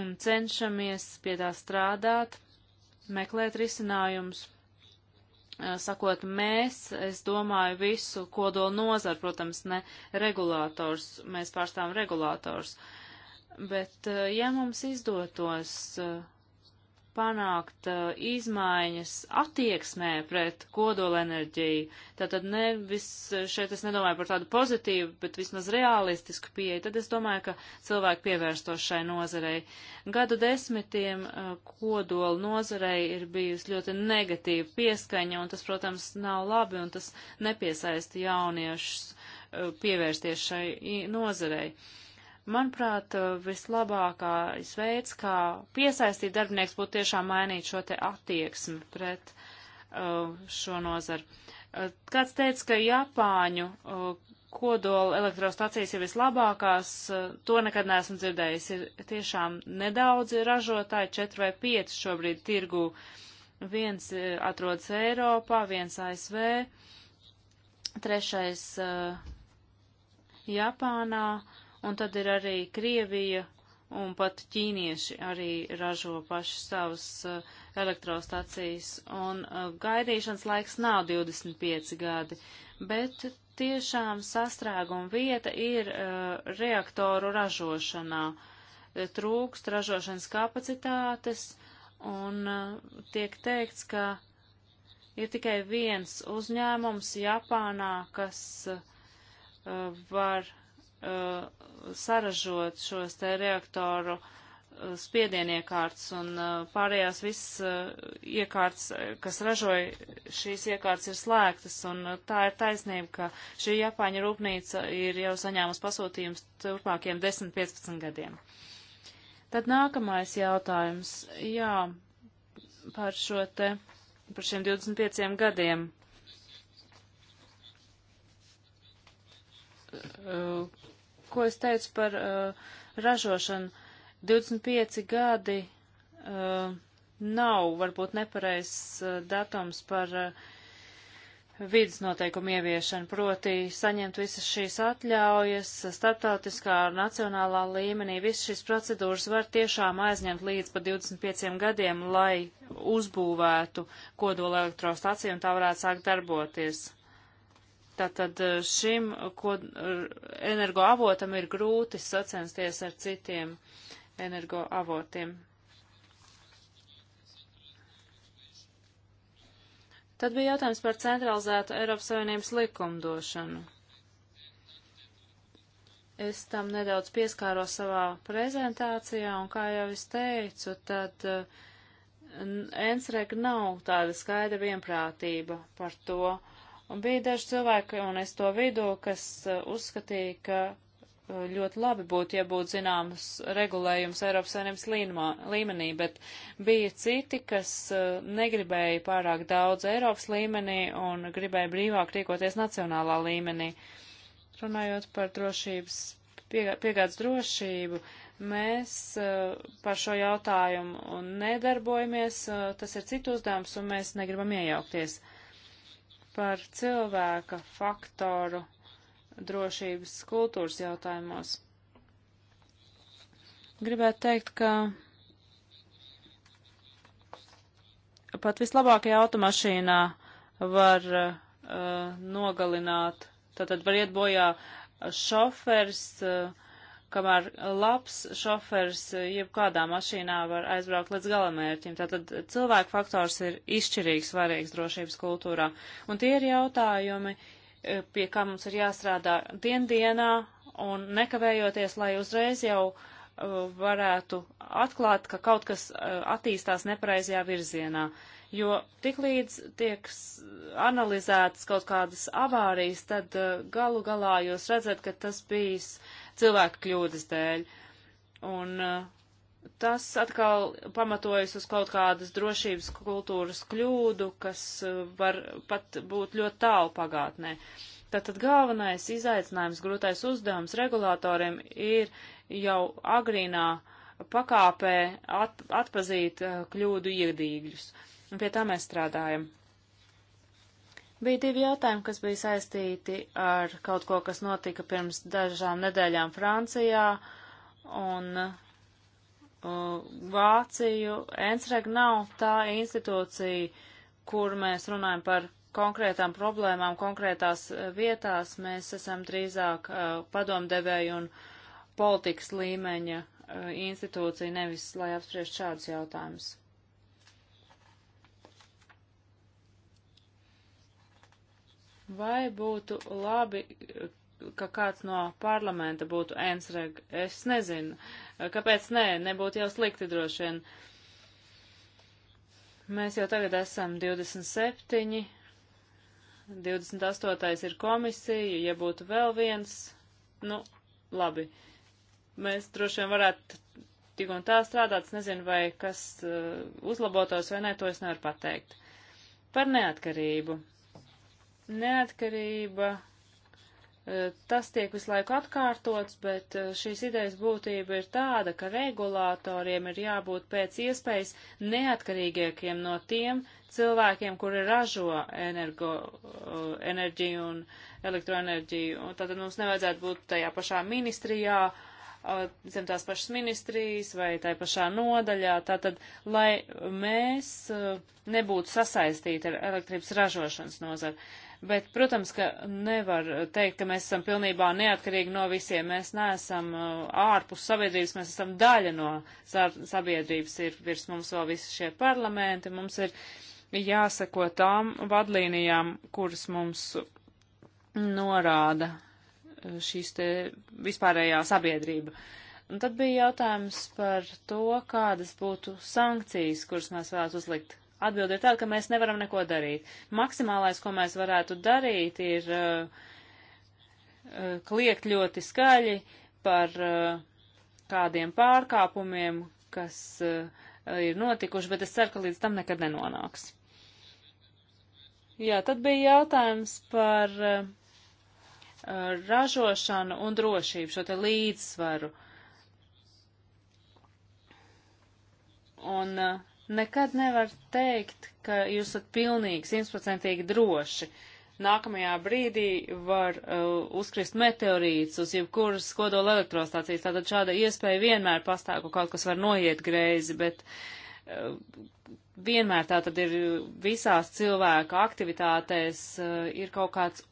[SPEAKER 2] un cenšamies pie tā strādāt meklēt risinājumus. Sakot, mēs, es domāju, visu kodolu nozar, protams, ne regulators, mēs pārstāvam regulators. Bet, ja mums izdotos uh, panākt uh, izmaiņas attieksmē pret kodolenerģiju. Tātad nevis uh, šeit es nedomāju par tādu pozitīvu, bet vismaz realistisku pieeju. Tad es domāju, ka cilvēki pievērstos šai nozarei. Gadu desmitiem uh, kodola nozarei ir bijusi ļoti negatīva pieskaņa, un tas, protams, nav labi, un tas nepiesaista jauniešus uh, pievērsties šai nozarei. Uh, Manuprāt, eh, vislabākais veids, kā piesaistīt darbinieks, būtu tiešām mainīt šo te attieksmi pret uh, šo nozaru. Uh, kāds teica, ka Japāņu uh, kodola elektrostacijas ir vislabākās, to nekad neesmu dzirdējis. Ir tiešām nedaudzi ražotāji, četri vai pieci šobrīd tirgu. Viens atrodas Eiropā, viens ASV, trešais Japānā un tad ir arī Krievija un pat ķīnieši arī ražo paši savas uh, elektrostacijas, un uh, gaidīšanas laiks nav 25 gadi, bet tiešām sastrēguma vieta ir uh, reaktoru ražošanā, trūkst ražošanas kapacitātes, un tiek teikts, ka ir tikai viens uzņēmums Japānā, kas var Uh, saražot šos te reaktoru uh, spiedieniekārtas un uh, pārējās visas iekārtas, kas ražoja šīs iekārtas, ir slēgtas. Un tā ir taisnība, ka šī Japāņa rūpnīca ir jau saņēmusi pasūtījums turpmākiem 10-15 gadiem. Tad nākamais jautājums. Jā, par šo te, par šiem 25 gadiem ko es teicu par uh, ražošanu. 25 gadi uh, nav varbūt nepareizs uh, datums par uh, vidas noteikumu ieviešanu, proti saņemt visas šīs atļaujas starptautiskā, nacionālā līmenī. Visas šīs procedūras var tiešām aizņemt līdz pat 25 gadiem, lai uzbūvētu kodola elektrostāciju un tā varētu sākt darboties. Tātad eh, šim ko, eh, energoavotam ir grūti sacensties ar citiem energoavotiem. Tad bija jautājums par centralizētu Eiropas Savienības likumdošanu. Es tam nedaudz pieskāros savā prezentācijā, un kā jau es teicu, tad uh, eh, NSREG nav tāda skaidra vienprātība par to, uh, Un bija daži cilvēki, un es to vidū, kas uh, uzskatīja, ka uh, ļoti labi būtu, ja būtu zināmas regulējums Eiropas Savienības līmenī, bet bija citi, kas uh, negribēja pārāk daudz Eiropas līmenī un gribēja brīvāk rīkoties nacionālā līmenī. Runājot par drošības, piegā, piegādes drošību, mēs par šo jautājumu nedarbojamies, tas ir citu uzdevums, un mēs negribam iejaukties par cilvēka faktoru drošības kultūras jautājumos. Gribētu teikt, ka pat vislabākajā automašīnā var uh, nogalināt, tātad var iet bojā šoferis, uh, kamēr labs šofers eh, jebkādā mašīnā var aizbraukt līdz galamērķim. Tātad cilvēku faktors ir izšķirīgs svarīgs drošības kultūrā. Un tie ir jautājumi, eh, pie kā mums ir jāstrādā diendienā un nekavējoties, lai uzreiz jau eh, varētu atklāt, ka kaut kas attīstās nepareizajā virzienā. Jo tiklīdz tiek analizētas kaut kādas avārijas, tad galu galā jūs redzat, ka tas bijis uh, cilvēku kļūdas dēļ. Un uh, tas atkal pamatojas uz kaut kādas drošības kultūras kļūdu, kas uh, var pat būt ļoti tālu pagātnē. Tātad galvenais izaicinājums, grūtais uzdevums regulātoriem ir jau agrīnā pakāpē at, atpazīt uh, kļūdu iedīgļus. Un pie tā mēs strādājam. Bija divi jautājumi, kas bija saistīti ar kaut ko, kas notika pirms dažām nedēļām Francijā un uh, Vāciju. Ensreg nav tā institūcija, kur mēs runājam par konkrētām problēmām, konkrētās uh, vietās. Mēs esam drīzāk uh, padomdevēji un politikas līmeņa uh, institūcija, nevis lai apspriest šādus jautājumus. Vai būtu labi, ka kāds no parlamenta būtu ensreg? Es nezinu. Kāpēc nē? Nebūtu jau slikti droši vien. Mēs jau tagad esam 27. 28. ir komisija, ja būtu vēl viens, nu, labi. Mēs droši vien varētu tik un tā strādāt, es nezinu, vai kas uh, uzlabotos vai nē, to es nevaru pateikt. Par neatkarību neatkarība, e, tas tiek visu laiku atkārtots, bet e, šīs idejas būtība ir tāda, ka regulātoriem ir jābūt pēc iespējas neatkarīgākiem no tiem cilvēkiem, kuri ražo energo, e, enerģiju un elektroenerģiju. Un tad mums nevajadzētu būt tajā pašā ministrijā, zem tās pašas ministrijas vai tai pašā nodaļā. Tātad, lai mēs nebūtu sasaistīti ar elektrības ražošanas nozaru. Bet, protams, ka nevar teikt, ka mēs esam pilnībā neatkarīgi no visiem. Mēs neesam uh, ārpus sabiedrības, mēs esam daļa no sabiedrības. Ir virs mums vēl visi šie parlamenti. Mums ir jāseko tām vadlīnijām, kuras mums norāda uh, šīs te vispārējā sabiedrība. Un tad bija jautājums par to, kādas būtu sankcijas, kuras mēs varētu uzlikt Atbilde ir tāda, ka mēs nevaram neko darīt. Maksimālais, ko mēs varētu darīt, ir uh, uh, kliegt ļoti skaļi par uh, kādiem pārkāpumiem, kas uh, ir notikuši, bet es ceru, ka līdz tam nekad nenonāks. Jā, tad bija jautājums par uh, ražošanu un drošību, šo te līdzsvaru. Un uh, Nekad nevar teikt, ka jūs esat pilnīgi, simtprocentīgi droši. Nākamajā brīdī var uh, uzkrist meteorīts uz jebkuras kodola elektrostācijas, tātad šāda iespēja vienmēr pastāv, ka kaut kas var noiet greizi, bet uh, vienmēr tā tad ir visās cilvēku aktivitātēs uh, ir kaut kāds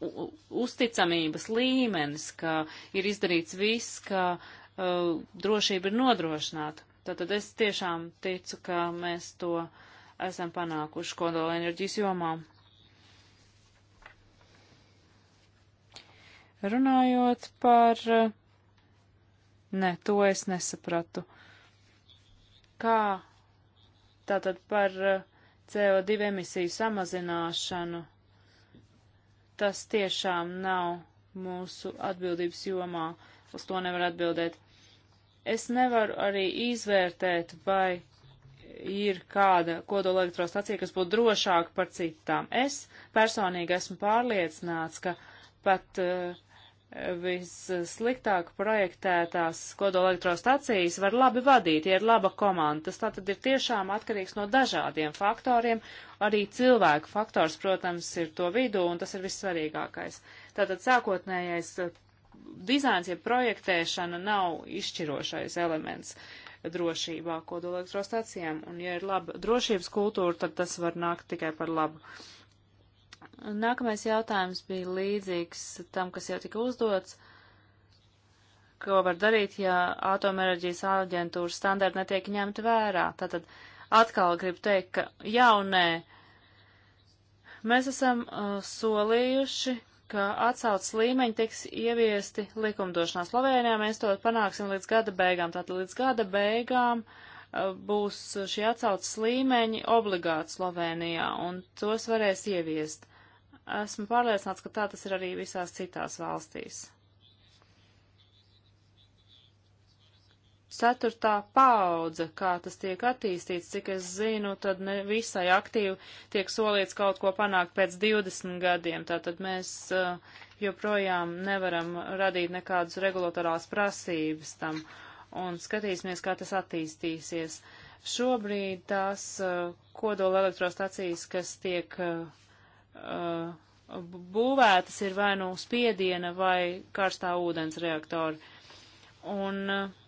[SPEAKER 2] uzticamības līmenis, ka ir izdarīts viss, ka uh, drošība ir nodrošināta. Tātad es tiešām ticu, ka mēs to esam panākuši kodolenerģijas jomā. Runājot par. Nē, to es nesapratu. Kā tātad par CO2 emisiju samazināšanu? Tas tiešām nav mūsu atbildības jomā. Uz to nevar atbildēt. Es nevaru arī izvērtēt, vai ir kāda kodola elektrostacija, kas būtu drošāka par citām. Es personīgi esmu pārliecināts, ka pat uh, eh, vissliktāk projektētās kodolelektrostacijas var labi vadīt, ja ir laba komanda. Tas tātad ir tiešām atkarīgs no dažādiem faktoriem. Arī cilvēku faktors, protams, ir to vidū, un tas ir vissvarīgākais. Tātad sākotnējais eh, dizains, ja projektēšana nav izšķirošais elements drošībā kodolelektrostacijām, un ja ir laba drošības kultūra, tad tas var nākt tikai par labu. Nākamais jautājums bija līdzīgs tam, kas jau tika uzdots. Ko var darīt, ja atomenerģijas aģentūras standarti netiek ņemti vērā? Tātad atkal gribu teikt, ka jaunē mēs esam uh, solījuši, ka atsaucas līmeņi tiks ieviesti likumdošanā. Slovēnijā mēs to panāksim līdz gada beigām. Tātad līdz gada beigām uh, būs šie atsaucas līmeņi obligāti Slovēnijā, un tos varēs ieviest. Esmu pārliecināts, ka tā tas ir arī visās citās valstīs. ceturtā paudze, kā tas tiek attīstīts, cik es zinu, tad ne visai aktīvi tiek solīts kaut ko panākt pēc 20 gadiem, tātad mēs uh, joprojām nevaram radīt nekādas regulatorās prasības tam un skatīsimies, kā tas attīstīsies. Šobrīd tās uh, kodola elektrostacijas, kas tiek uh, būvētas, ir vai nu spiediena vai karstā ūdens reaktori. Un uh,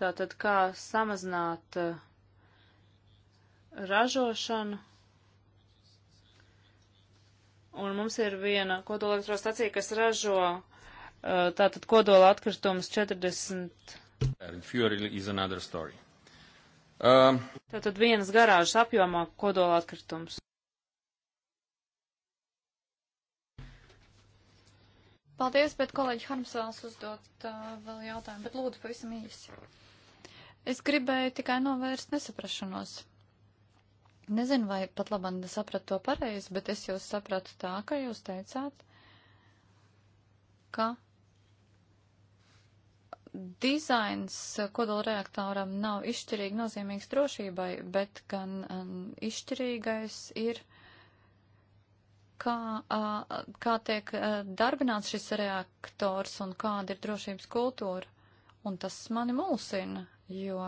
[SPEAKER 2] Tātad kā samazināt eh, ražošanu. Un mums ir viena kodolelektrostacija, kas ražo eh, tātad kodola atkritumus 40. Um. Tātad vienas garāžas apjomā kodola atkritums.
[SPEAKER 3] Paldies, bet kolēģi Harms vēlas uzdot uh, vēl jautājumu, bet lūdzu pavisam īsi. Es gribēju tikai novērst nesaprašanos. Nezinu, vai pat labam sapratu to pareizi, bet es jūs sapratu tā, ka jūs teicāt, ka dizains kodolreaktoram nav izšķirīgi nozīmīgs drošībai, bet gan um, izšķirīgais ir, kā, uh, kā tiek uh, darbināts šis reaktors un kāda ir drošības kultūra. Un tas mani mulsina jo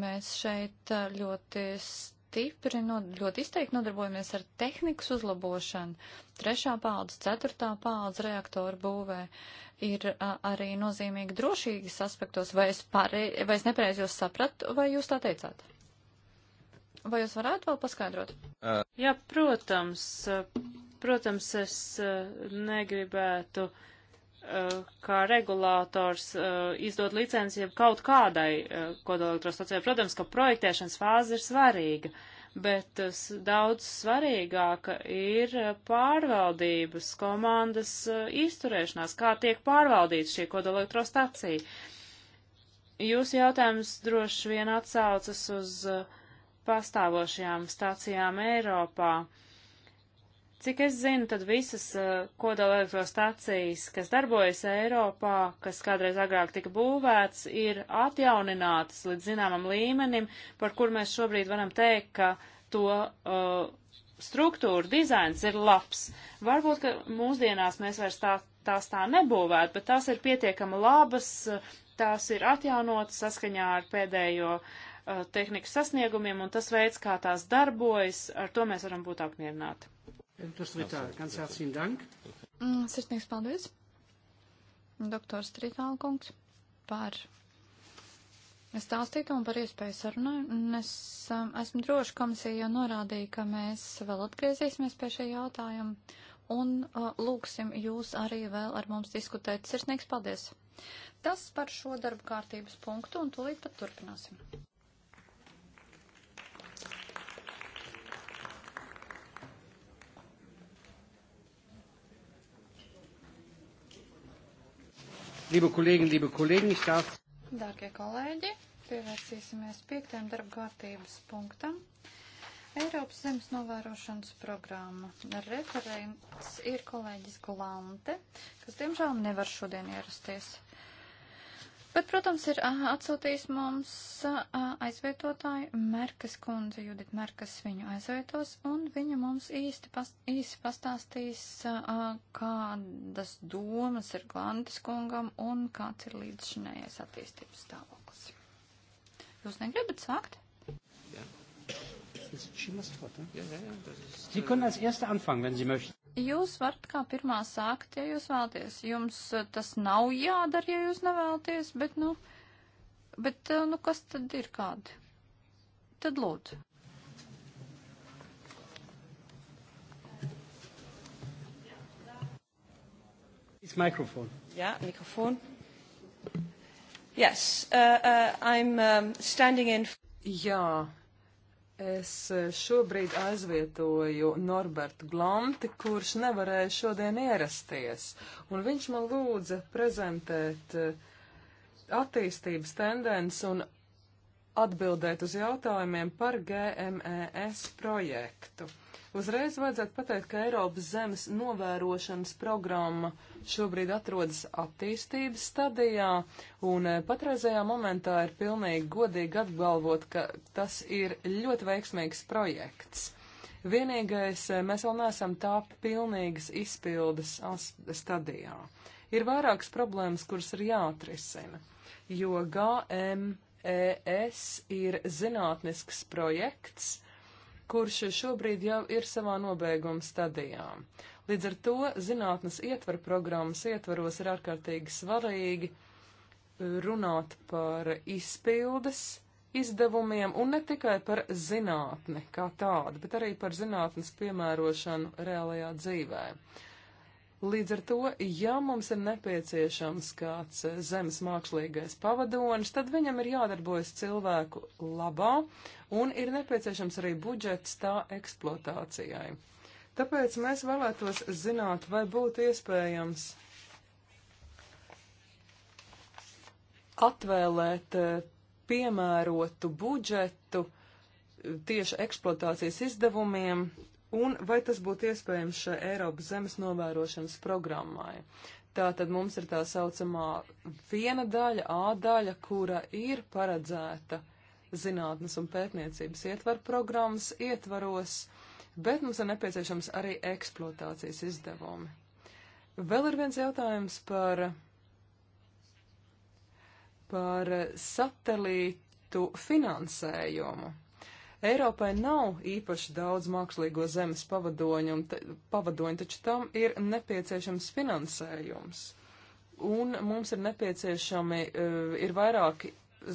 [SPEAKER 3] mēs šeit eh, ļoti stipri, no, ļoti izteikti nodarbojamies ar tehnikas uzlabošanu. Trešā paudze, ceturtā paudze reaktoru būvē ir a, eh, arī nozīmīgi drošīgas aspektos. Vai es, pārē, vai es nepareiz jūs sapratu, vai jūs tā teicāt? Vai jūs varētu vēl paskaidrot? Jā, protams.
[SPEAKER 2] Protams, es eh, negribētu uh, Eh, kā regulators eh, izdod licenci kaut kādai eh, kodolelektrostacijai. Protams, ka projektēšanas fāze ir svarīga, bet daudz svarīgāka ir pārvaldības komandas izturēšanās, kā tiek pārvaldīts šī kodolelektrostacija. Jūsu jautājums droši vien atsaucas uz pastāvošajām stacijām Eiropā. Uh, Cik es zinu, tad visas uh, kodolelektrostacijas, kas darbojas Eiropā, kas kādreiz agrāk tika būvēts, ir atjauninātas līdz zināmam līmenim, par kur mēs šobrīd varam teikt, ka to uh, struktūra, dizains ir labs. Varbūt, ka mūsdienās mēs vairs tā, tās tā nebūvētu, bet tās ir pietiekami labas, uh, tās ir atjaunotas saskaņā ar pēdējo uh, tehnikas sasniegumiem, un tas veids, kā tās darbojas, ar to mēs varam būt apmierināti.
[SPEAKER 1] Mm,
[SPEAKER 3] sirsnīgs paldies, doktors Tritālkungs, par stāstīto un par iespēju sarunai. Es um, esmu droši, komisija jau norādīja, ka mēs vēl atgriezīsimies pie šī jautājuma un uh, lūksim jūs arī vēl ar mums diskutēt. Sirsnīgs paldies! Tas par šo darbu kārtības punktu un tūlīt pat turpināsim.
[SPEAKER 1] Liebe kolēģi, liebe kolēģi, ich darf.
[SPEAKER 3] Dārgie kolēģi, pievērsīsimies piektajam darba kārtības punktam. Eiropas zemes novērošanas programma. Referents ir kolēģis Glante, kas diemžēl nevar šodien ierasties. Bet, protams, ir atsūtījis mums aizvietotāju Merkas kundze, Judit Merkas viņu aizvietos, un viņa mums īsti past, īsi pastāstīs, kādas domas ir Glantis kungam un kāds ir līdzšinējais attīstības stāvoklis. Jūs negribat sākt?
[SPEAKER 1] Jā. Sie können äh, als
[SPEAKER 3] Erste
[SPEAKER 2] anfangen, wenn Sie möchten
[SPEAKER 3] jūs varat kā pirmā sākt, ja jūs vēlaties. Jums eh, tas nav jādara, ja jūs nevēlaties, bet, nu, bet, eh, nu, kas tad ir kādi? Tad lūdzu.
[SPEAKER 1] It's microphone. Yeah, microphone. Yes, uh, uh, I'm um, standing in. Jā, Es šobrīd aizvietoju Norbertu Glanti, kurš nevarēja šodien ierasties, un viņš man lūdza prezentēt eh, attīstības tendenci un atbildēt uz jautājumiem par GMES projektu. Uzreiz vajadzētu pateikt, ka Eiropas zemes novērošanas programma šobrīd atrodas attīstības stadijā, un eh, patreizajā momentā ir pilnīgi godīgi apgalvot, ka tas ir ļoti veiksmīgs projekts. Vienīgais, eh, mēs vēl neesam tā pilnīgas izpildes stadijā. Ir vairākas problēmas, kuras ir jāatrisina, jo GMES ir zinātnisks projekts, kurš šobrīd jau ir savā nobeiguma stadijā. Līdz ar to zinātnes ietver programmas ietvaros ir ārkārtīgi svarīgi runāt par izpildes izdevumiem un ne tikai par zinātni kā tādu, bet arī par zinātnes piemērošanu reālajā dzīvē. Līdz ar to, ja mums ir nepieciešams kāds zemes mākslīgais pavadonis, tad viņam ir jādarbojas cilvēku labā un ir nepieciešams arī budžets tā eksploatācijai. Tāpēc mēs vēlētos zināt, vai būtu iespējams atvēlēt eh, piemērotu budžetu eh, tieši eksploatācijas izdevumiem un vai tas būtu iespējams šai Eiropas zemes novērošanas programmai. Tā tad mums ir tā saucamā viena daļa, A daļa, kura ir paredzēta zinātnes un pētniecības ietvaru programmas ietvaros, bet mums ir nepieciešams arī eksploatācijas izdevumi. Vēl ir viens jautājums par, par satelītu finansējumu. Eiropai nav īpaši daudz mākslīgo zemes pavadoņu, pavadoņu taču tam ir nepieciešams finansējums. Un mums ir nepieciešami, eh, ir vairāki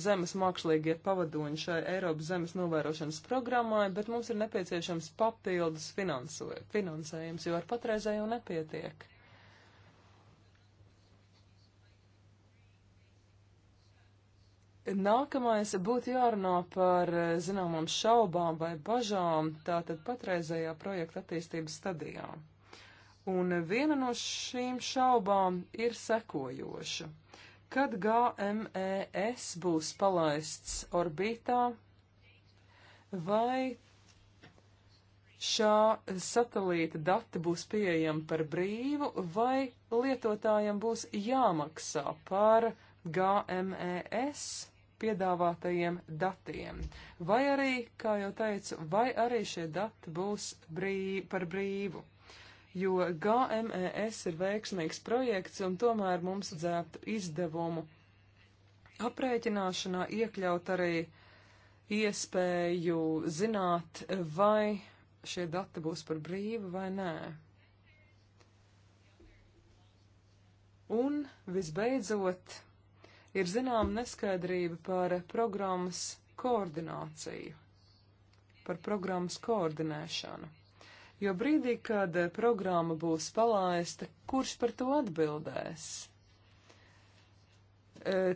[SPEAKER 1] zemes mākslīgie pavadoņi šai Eiropas zemes novērošanas programmai, bet mums ir nepieciešams papildus finansējums, jo ar patreizējo nepietiek. Nākamais būtu jārunā par eh, zināmām šaubām vai bažām tātad patreizējā projekta attīstības stadijā. Un viena no šīm šaubām ir sekojoša. Kad GMES būs palaists orbītā, vai šā satelīta dati būs pieejami par brīvu, vai lietotājiem būs jāmaksā par GMES? piedāvātajiem datiem. Vai arī, kā jau teicu, vai arī šie dati būs brīv, par brīvu. Jo GMES ir veiksmīgs projekts un tomēr mums dzētu izdevumu aprēķināšanā iekļaut arī iespēju zināt, vai šie dati būs par brīvu vai nē. Un visbeidzot, ir zinām neskaidrība par programmas koordināciju, par programmas koordinēšanu. Jo brīdī, kad programma būs palaista, kurš par to atbildēs? E,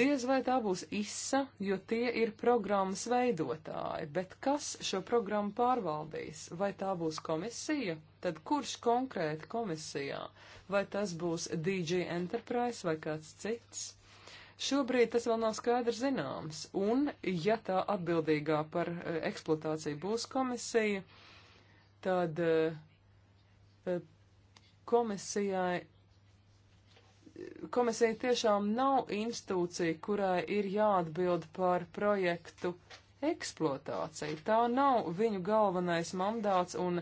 [SPEAKER 1] diez vai tā būs ISA, jo tie ir programmas veidotāji, bet kas šo programmu pārvaldīs? Vai tā būs komisija? Tad kurš konkrēti komisijā? Vai tas būs DG Enterprise vai kāds cits? Šobrīd tas vēl nav skaidrs zināms, un ja tā atbildīgā par eh, eksploatāciju būs komisija, tad eh, komisijai. Komisija tiešām nav institūcija, kurai ir jāatbild par projektu eksploatācija. Tā nav viņu galvenais mandāts, un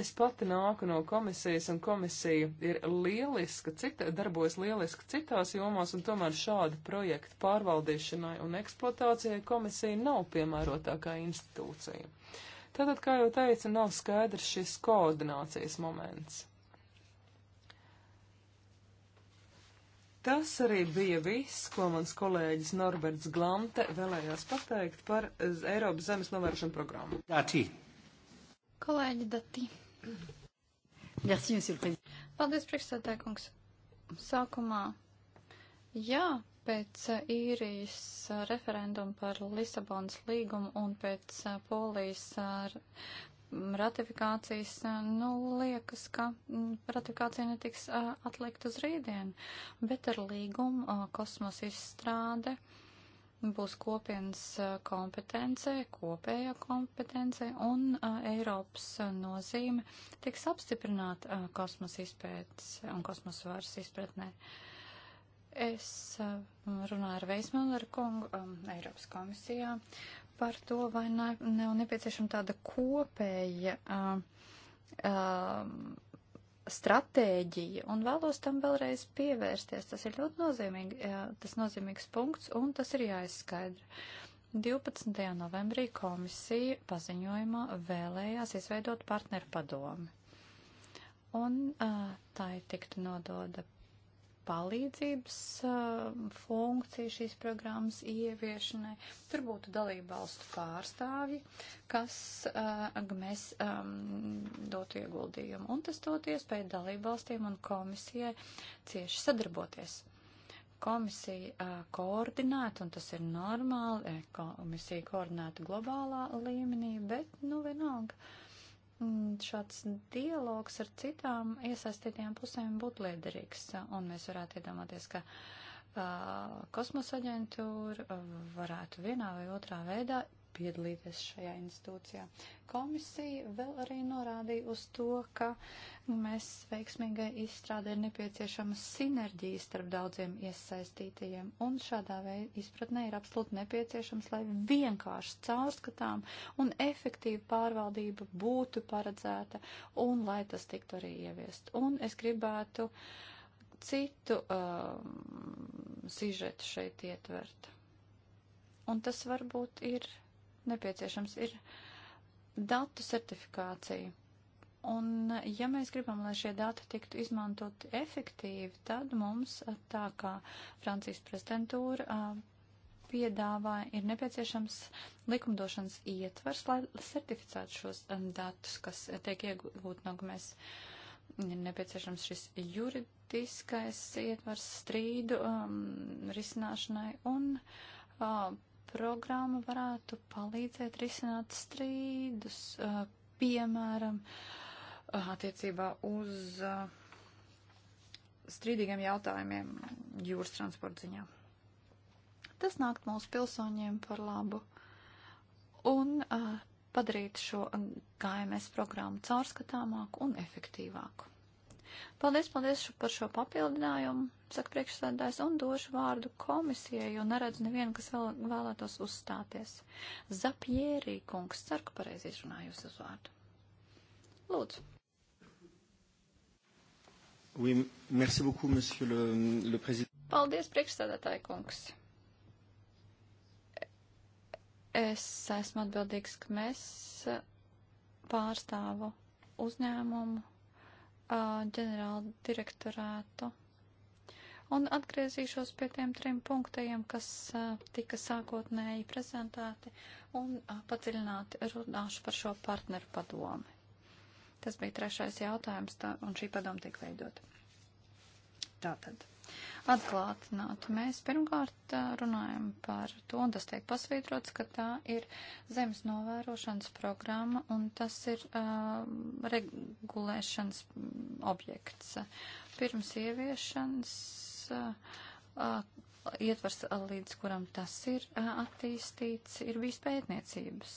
[SPEAKER 1] es pati nāku no komisijas, un komisija ir lieliska, cita, darbojas lieliski citās jomās, un tomēr šādu projektu pārvaldīšanai un eksploatācijai komisija nav piemērotākā institūcija. Tātad, kā jau teicu, nav skaidrs šis koordinācijas moments. Tas arī bija viss, ko mans kolēģis Norberts Glante vēlējās pateikt par Eiropas zemes novēršanu programmu. Dati.
[SPEAKER 3] Kolēģi Dati.
[SPEAKER 1] Merci, monsieur le président.
[SPEAKER 3] Paldies, priekšsēdētāj, kungs. Sākumā, jā, pēc īrijas referenduma par Lisabonas līgumu un pēc polijas ratifikācijas, nu, liekas, ka mm, ratifikācija netiks atlikt uz rītdienu, bet ar līgumu kosmos izstrāde būs kopienas kompetencē, kopējā kompetencē, un Eiropas nozīme tiks apstiprināta kosmos izpētes un kosmos varas izpratnē. Es runāju ar Veismilleru kungu Eiropas komisijā, par to, vai ne, nav nepieciešama tāda kopēja uh, uh, stratēģija, un vēlos tam vēlreiz pievērsties. Tas ir ļoti nozīmīgi, uh, tas nozīmīgs punkts, un tas ir jāizskaidra. 12. novembrī komisija paziņojumā vēlējās izveidot partneru padomi. Un uh, tā ir tiktu nododa palīdzības uh, um, funkcija šīs programmas ieviešanai. Tur būtu dalība valstu pārstāvji, kas uh, mēs um, dotu ieguldījumu. Un tas dotu iespēju dalību valstīm un komisijai cieši sadarboties. Komisija uh, koordinēta, un tas ir normāli, eh, komisija koordinēta globālā līmenī, bet, nu, vienalga. Uh, Mm, šāds dialogs ar citām iesaistītajām pusēm būtu liederīgs, un mēs varētu iedomāties, ka uh, kosmosa aģentūra varētu vienā vai otrā veidā piedalīties šajā institūcijā. Komisija vēl arī norādīja uz to, ka mēs veiksmīgai izstrādē ir nepieciešama sinerģija starp daudziem iesaistītajiem, un šādā veidā izpratnē ir absolūti nepieciešams, lai vienkārši caurskatām un efektīva pārvaldība būtu paredzēta, un lai tas tiktu arī ieviest. Un es gribētu citu uh, sižetu šeit ietvert. Un tas varbūt ir nepieciešams ir datu certifikācija. Un, ja mēs gribam, lai šie dati tiktu izmantot efektīvi, tad mums, tā kā Francijas prezidentūra piedāvā, ir nepieciešams likumdošanas ietvars, lai certificētu šos datus, kas tiek iegūti no mēs. Ir nepieciešams šis juridiskais ietvars strīdu um, risināšanai un uh, programma varētu palīdzēt risināt strīdus, piemēram, attiecībā uz strīdīgiem jautājumiem jūras transporta ziņā. Tas nākt mūsu pilsoņiem par labu un padarīt šo KMS programmu caurskatāmāku un efektīvāku. Paldies, paldies par šo papildinājumu, saka priekšsēdājs, un došu vārdu komisijai, jo neredzu nevienu, kas vēl, vēlētos uzstāties. Zapjērī kungs, ceru, ka pareizi izrunāju jūsu uzvārdu. Lūdzu.
[SPEAKER 1] Oui, merci beaucoup, monsieur le, le président.
[SPEAKER 3] Paldies, priekšsēdētāji kungs. Es esmu atbildīgs, ka mēs pārstāvu uzņēmumu ģenerāla direktorātu. Un atgriezīšos pie tiem trim punktiem, kas tika sākotnēji prezentēti un padziļināti runāšu par šo partneru padomi. Tas bija trešais jautājums, tā, un šī padoma tika veidota. Tātad atklātinātu. Mēs pirmkārt runājam par to, un tas tiek pasvītrots, ka tā ir zemes novērošanas programma, un tas ir uh, regulēšanas objekts. Pirms ieviešanas. Uh, ietvars, līdz kuram tas ir attīstīts, ir bijis pētniecības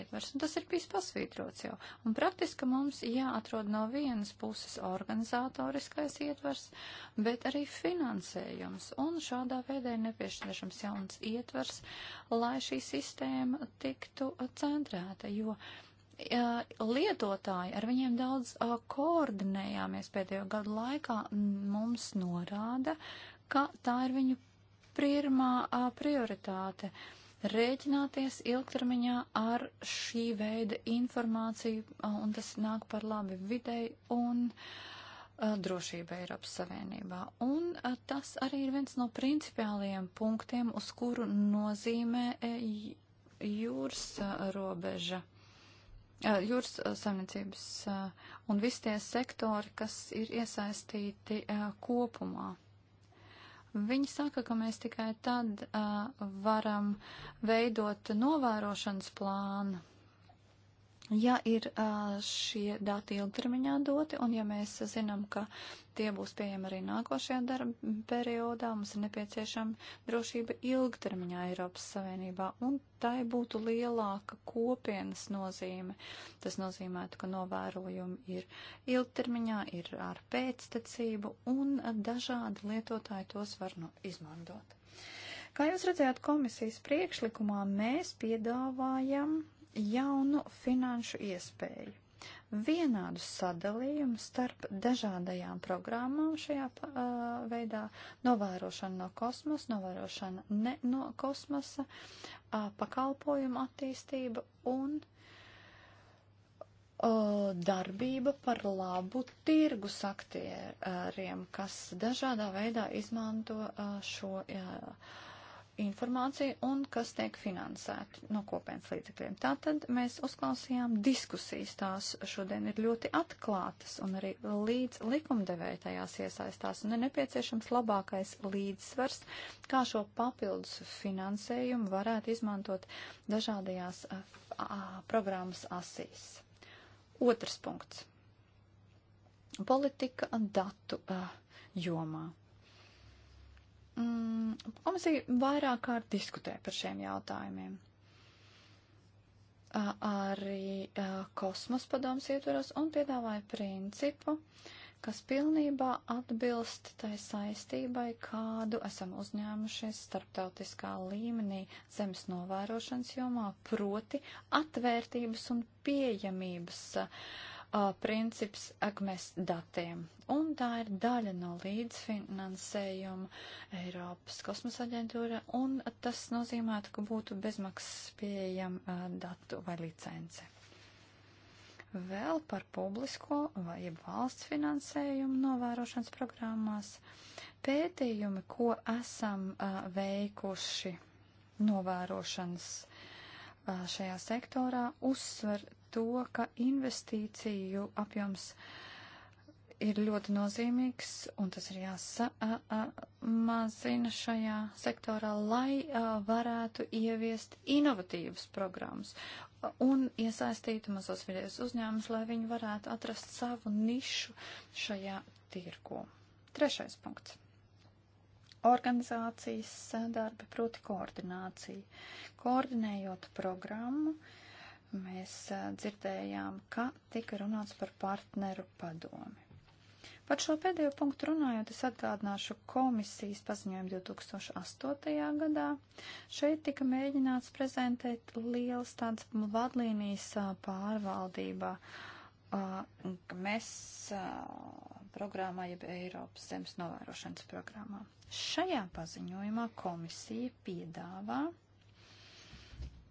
[SPEAKER 3] ietvars, un tas ir bijis pasvītrots jau. Un praktiski mums jāatrod no vienas puses organizatoriskais ietvars, bet arī finansējums, un šādā veidā ir nepieciešams jauns ietvars, lai šī sistēma tiktu centrēta, jo lietotāji, ar viņiem daudz uh, koordinējāmies pēdējo gadu laikā, mums norāda, ka tā ir viņu pirmā a, prioritāte - rēķināties ilgtermiņā ar šī veida informāciju, a, un tas nāk par labi videi un a, drošība Eiropas Savienībā. Un a, tas arī ir viens no principiālajiem punktiem, uz kuru nozīmē e, jūras a, robeža jūras saimniecības un visi tie sektori, kas ir iesaistīti kopumā. Viņi saka, ka mēs tikai tad uh, varam veidot novērošanas plānu Ja ir šie dati ilgtermiņā doti, un ja mēs zinām, ka tie būs pieejami arī nākošajā darba periodā, mums ir nepieciešama drošība ilgtermiņā Eiropas Savienībā, un tai būtu lielāka kopienas nozīme. Tas nozīmētu, ka novērojumi ir ilgtermiņā, ir ar pēctecību, un dažādi lietotāji tos var no nu izmantot. Kā jūs redzējāt komisijas priekšlikumā, mēs piedāvājam jaunu finanšu iespēju. Vienādu sadalījumu starp dažādajām programmām šajā uh, veidā - novērošana no kosmosa, novērošana ne no kosmosa, uh, pakalpojumu attīstība un uh, darbība par labu tirgus aktieriem, kas dažādā veidā izmanto uh, šo. Uh, informāciju un kas tiek finansēta no kopienas līdzekļiem. Tātad mēs uzklausījām diskusijas, tās šodien ir ļoti atklātas un arī līdz likumdevēja tajās iesaistās un ir nepieciešams labākais līdzsvars, kā šo papildus finansējumu varētu izmantot dažādajās a, a, programmas asīs. Otrs punkts. Politika datu a, jomā. Mm, komisija vairāk kārt diskutē par šiem jautājumiem. Arī kosmos padoms ietveros un piedāvāja principu, kas pilnībā atbilst tai saistībai, kādu esam uzņēmušies starptautiskā līmenī zemes novērošanas jomā, proti atvērtības un pieejamības uh, uh, princips agmes datiem. Un tā ir daļa no līdzfinansējuma Eiropas kosmosa aģentūra, un tas nozīmētu, ka būtu bezmaksas pieejama uh, datu vai licence. Vēl par publisko vai valsts finansējumu novērošanas programmās pētījumi, ko esam uh, veikuši novērošanas uh, šajā sektorā, uzsver to, ka investīciju apjoms ir ļoti nozīmīgs, un tas ir jāsamazina šajā sektorā, lai a, varētu ieviest inovatīvas programmas un iesaistīt mazos vidējos uzņēmumus, lai viņi varētu atrast savu nišu šajā tirgu. Trešais punkts. Organizācijas sadarbe, proti koordinācija. Koordinējot programmu, uh, mēs dzirdējām, ka tika runāts par partneru padomi. Par šo pēdējo punktu runājot, es atgādināšu komisijas paziņojumu 2008. gadā. Šeit tika mēģināts prezentēt lielas tādas vadlīnijas pārvaldībā. Mēs programmā, jeb Eiropas zemes novērošanas programmā. Šajā paziņojumā komisija piedāvā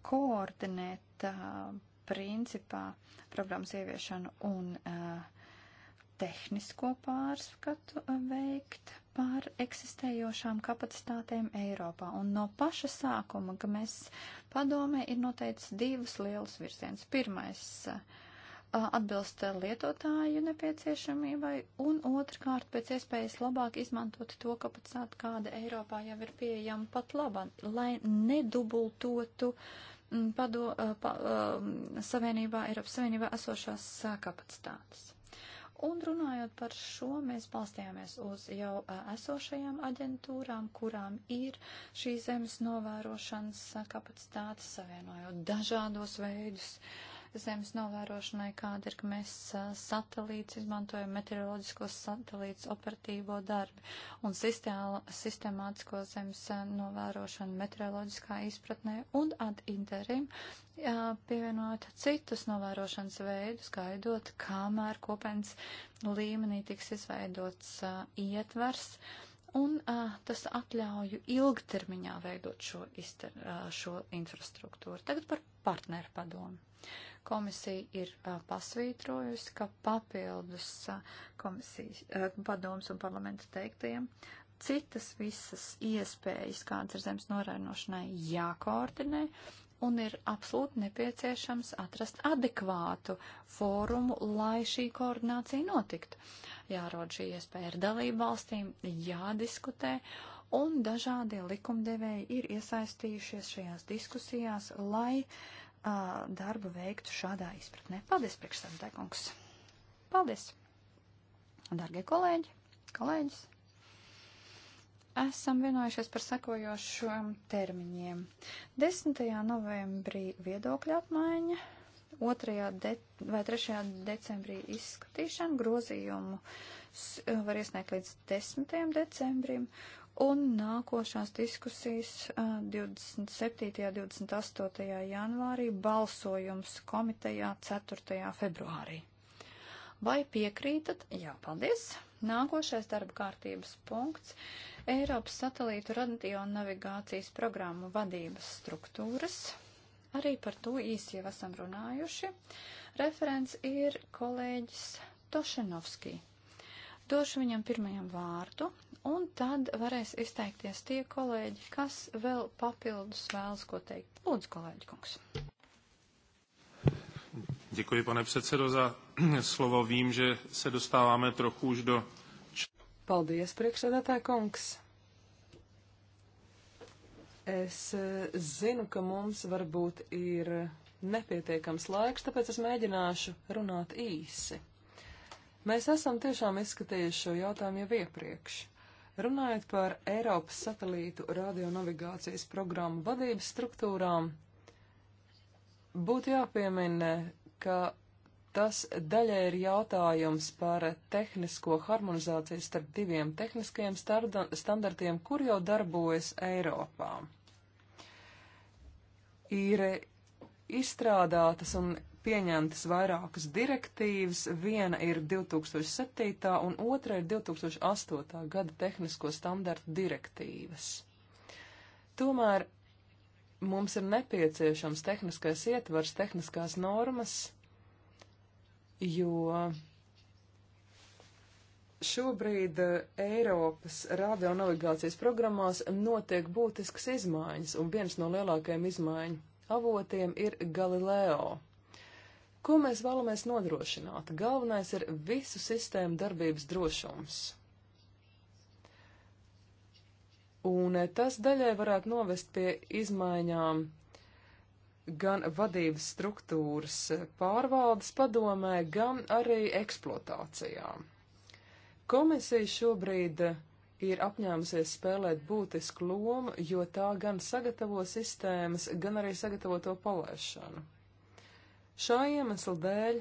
[SPEAKER 3] koordinēt uh, principā programmas ieviešanu un uh, tehnisko pārskatu eh, veikt par eksistējošām kapacitātēm Eiropā. Un no paša sākuma, ka mēs padomē ir noteicis divus lielus virziens. Pirmais eh, atbilst lietotāju nepieciešamībai, un otrkārt pēc iespējas labāk izmantot to kapacitāti, kāda Eiropā jau ir pieejama pat labāk, lai nedubultotu uh, Mm, pado, eh, pa, eh, savienībā, Eiropas Savienībā esošās eh, kapacitātes. Un runājot par šo, mēs balstījāmies uz jau esošajām aģentūrām, kurām ir šīs zemes novērošanas kapacitātes, savienojot dažādos veidus uh, zemes novērošanai, kāda ir, ka mēs satelītus izmantojam, meteoroloģiskos satelītus, operatīvo darbi un sistēla, sistemātisko zemes novērošanu meteoroloģiskā izpratnē un ad interim pievienot citus novērošanas veidus, gaidot, kamēr kopens līmenī tiks izveidots a, ietvers. Un uh, tas atļauju ilgtermiņā veidot šo, izter, uh, šo infrastruktūru. Tagad par partneru padomu. Komisija ir uh, pasvītrojusi, ka papildus uh, komisijas uh, padoms un parlamenta teiktajiem citas visas iespējas, kādas ir zemes norainošanai, jākoordinē un ir absolūti nepieciešams atrast adekvātu fórumu, lai šī koordinācija notiktu. Jārod šī iespēja ar dalību valstīm, jādiskutē, un dažādie likumdevēji ir iesaistījušies šajās diskusijās, lai uh, darbu veiktu šādā izpratnē. Paldies, priekšsēdētāj kungs! Paldies! Dargie kolēģi, kolēģis! Esam vienojušies par sekojošiem termiņiem. 10. novembrī viedokļa apmaiņa, 2. De vai 3. decembrī izskatīšana grozījumu var iesniegt līdz 10. decembrim, Un nākošās diskusijas 27. un 28. janvārī balsojums komitejā 4. februārī. Vai piekrītat? Jā, paldies. Nākošais darba kārtības punkts - Eiropas satelītu radio navigācijas programmu vadības struktūras. Arī par to īsi jau esam runājuši. Referents ir kolēģis Tošenovskijs. Došu viņam pirmajam vārdu, un tad varēs izteikties tie kolēģi, kas vēl papildus vēlas ko teikt. Lūdzu, kolēģi kungs.
[SPEAKER 1] Děkuji, pane předsedo, za slovo. Vím, že se dostáváme trochu už do. Paldies, priekšsēdētāj kungs. Es e, zinu, ka mums varbūt ir nepietiekams laiks, tāpēc es mēģināšu runāt īsi. Mēs esam tiešām izskatījuši šo jautājumu jau iepriekš. Runājot par Eiropas satelītu radionavigācijas programmu vadības struktūrām, būtu jāpiemina, ka tas daļai ir jautājums par tehnisko harmonizāciju starp diviem tehniskajiem standartiem, kur jau darbojas Eiropā. Ir izstrādātas un pieņemtas vairākas direktīvas, viena ir 2007. un otra ir 2008. gada tehnisko standartu direktīvas. Tomēr mums ir nepieciešams tehniskais ietvars, tehniskās normas, jo šobrīd eh, Eiropas radionavigācijas programmās notiek būtiskas izmaiņas, un viens no lielākajiem izmaiņu avotiem ir Galileo. Ko mēs vēlamies nodrošināt? Galvenais ir visu sistēmu darbības drošums. Un eh, tas daļai varētu novest pie izmaiņām gan vadības struktūras eh, pārvaldes padomē, gan arī eksploatācijām. Komisija šobrīd eh, ir apņēmusies spēlēt būtisku lomu, jo tā gan sagatavo sistēmas, gan arī sagatavo to palaišanu. Šā iemesla dēļ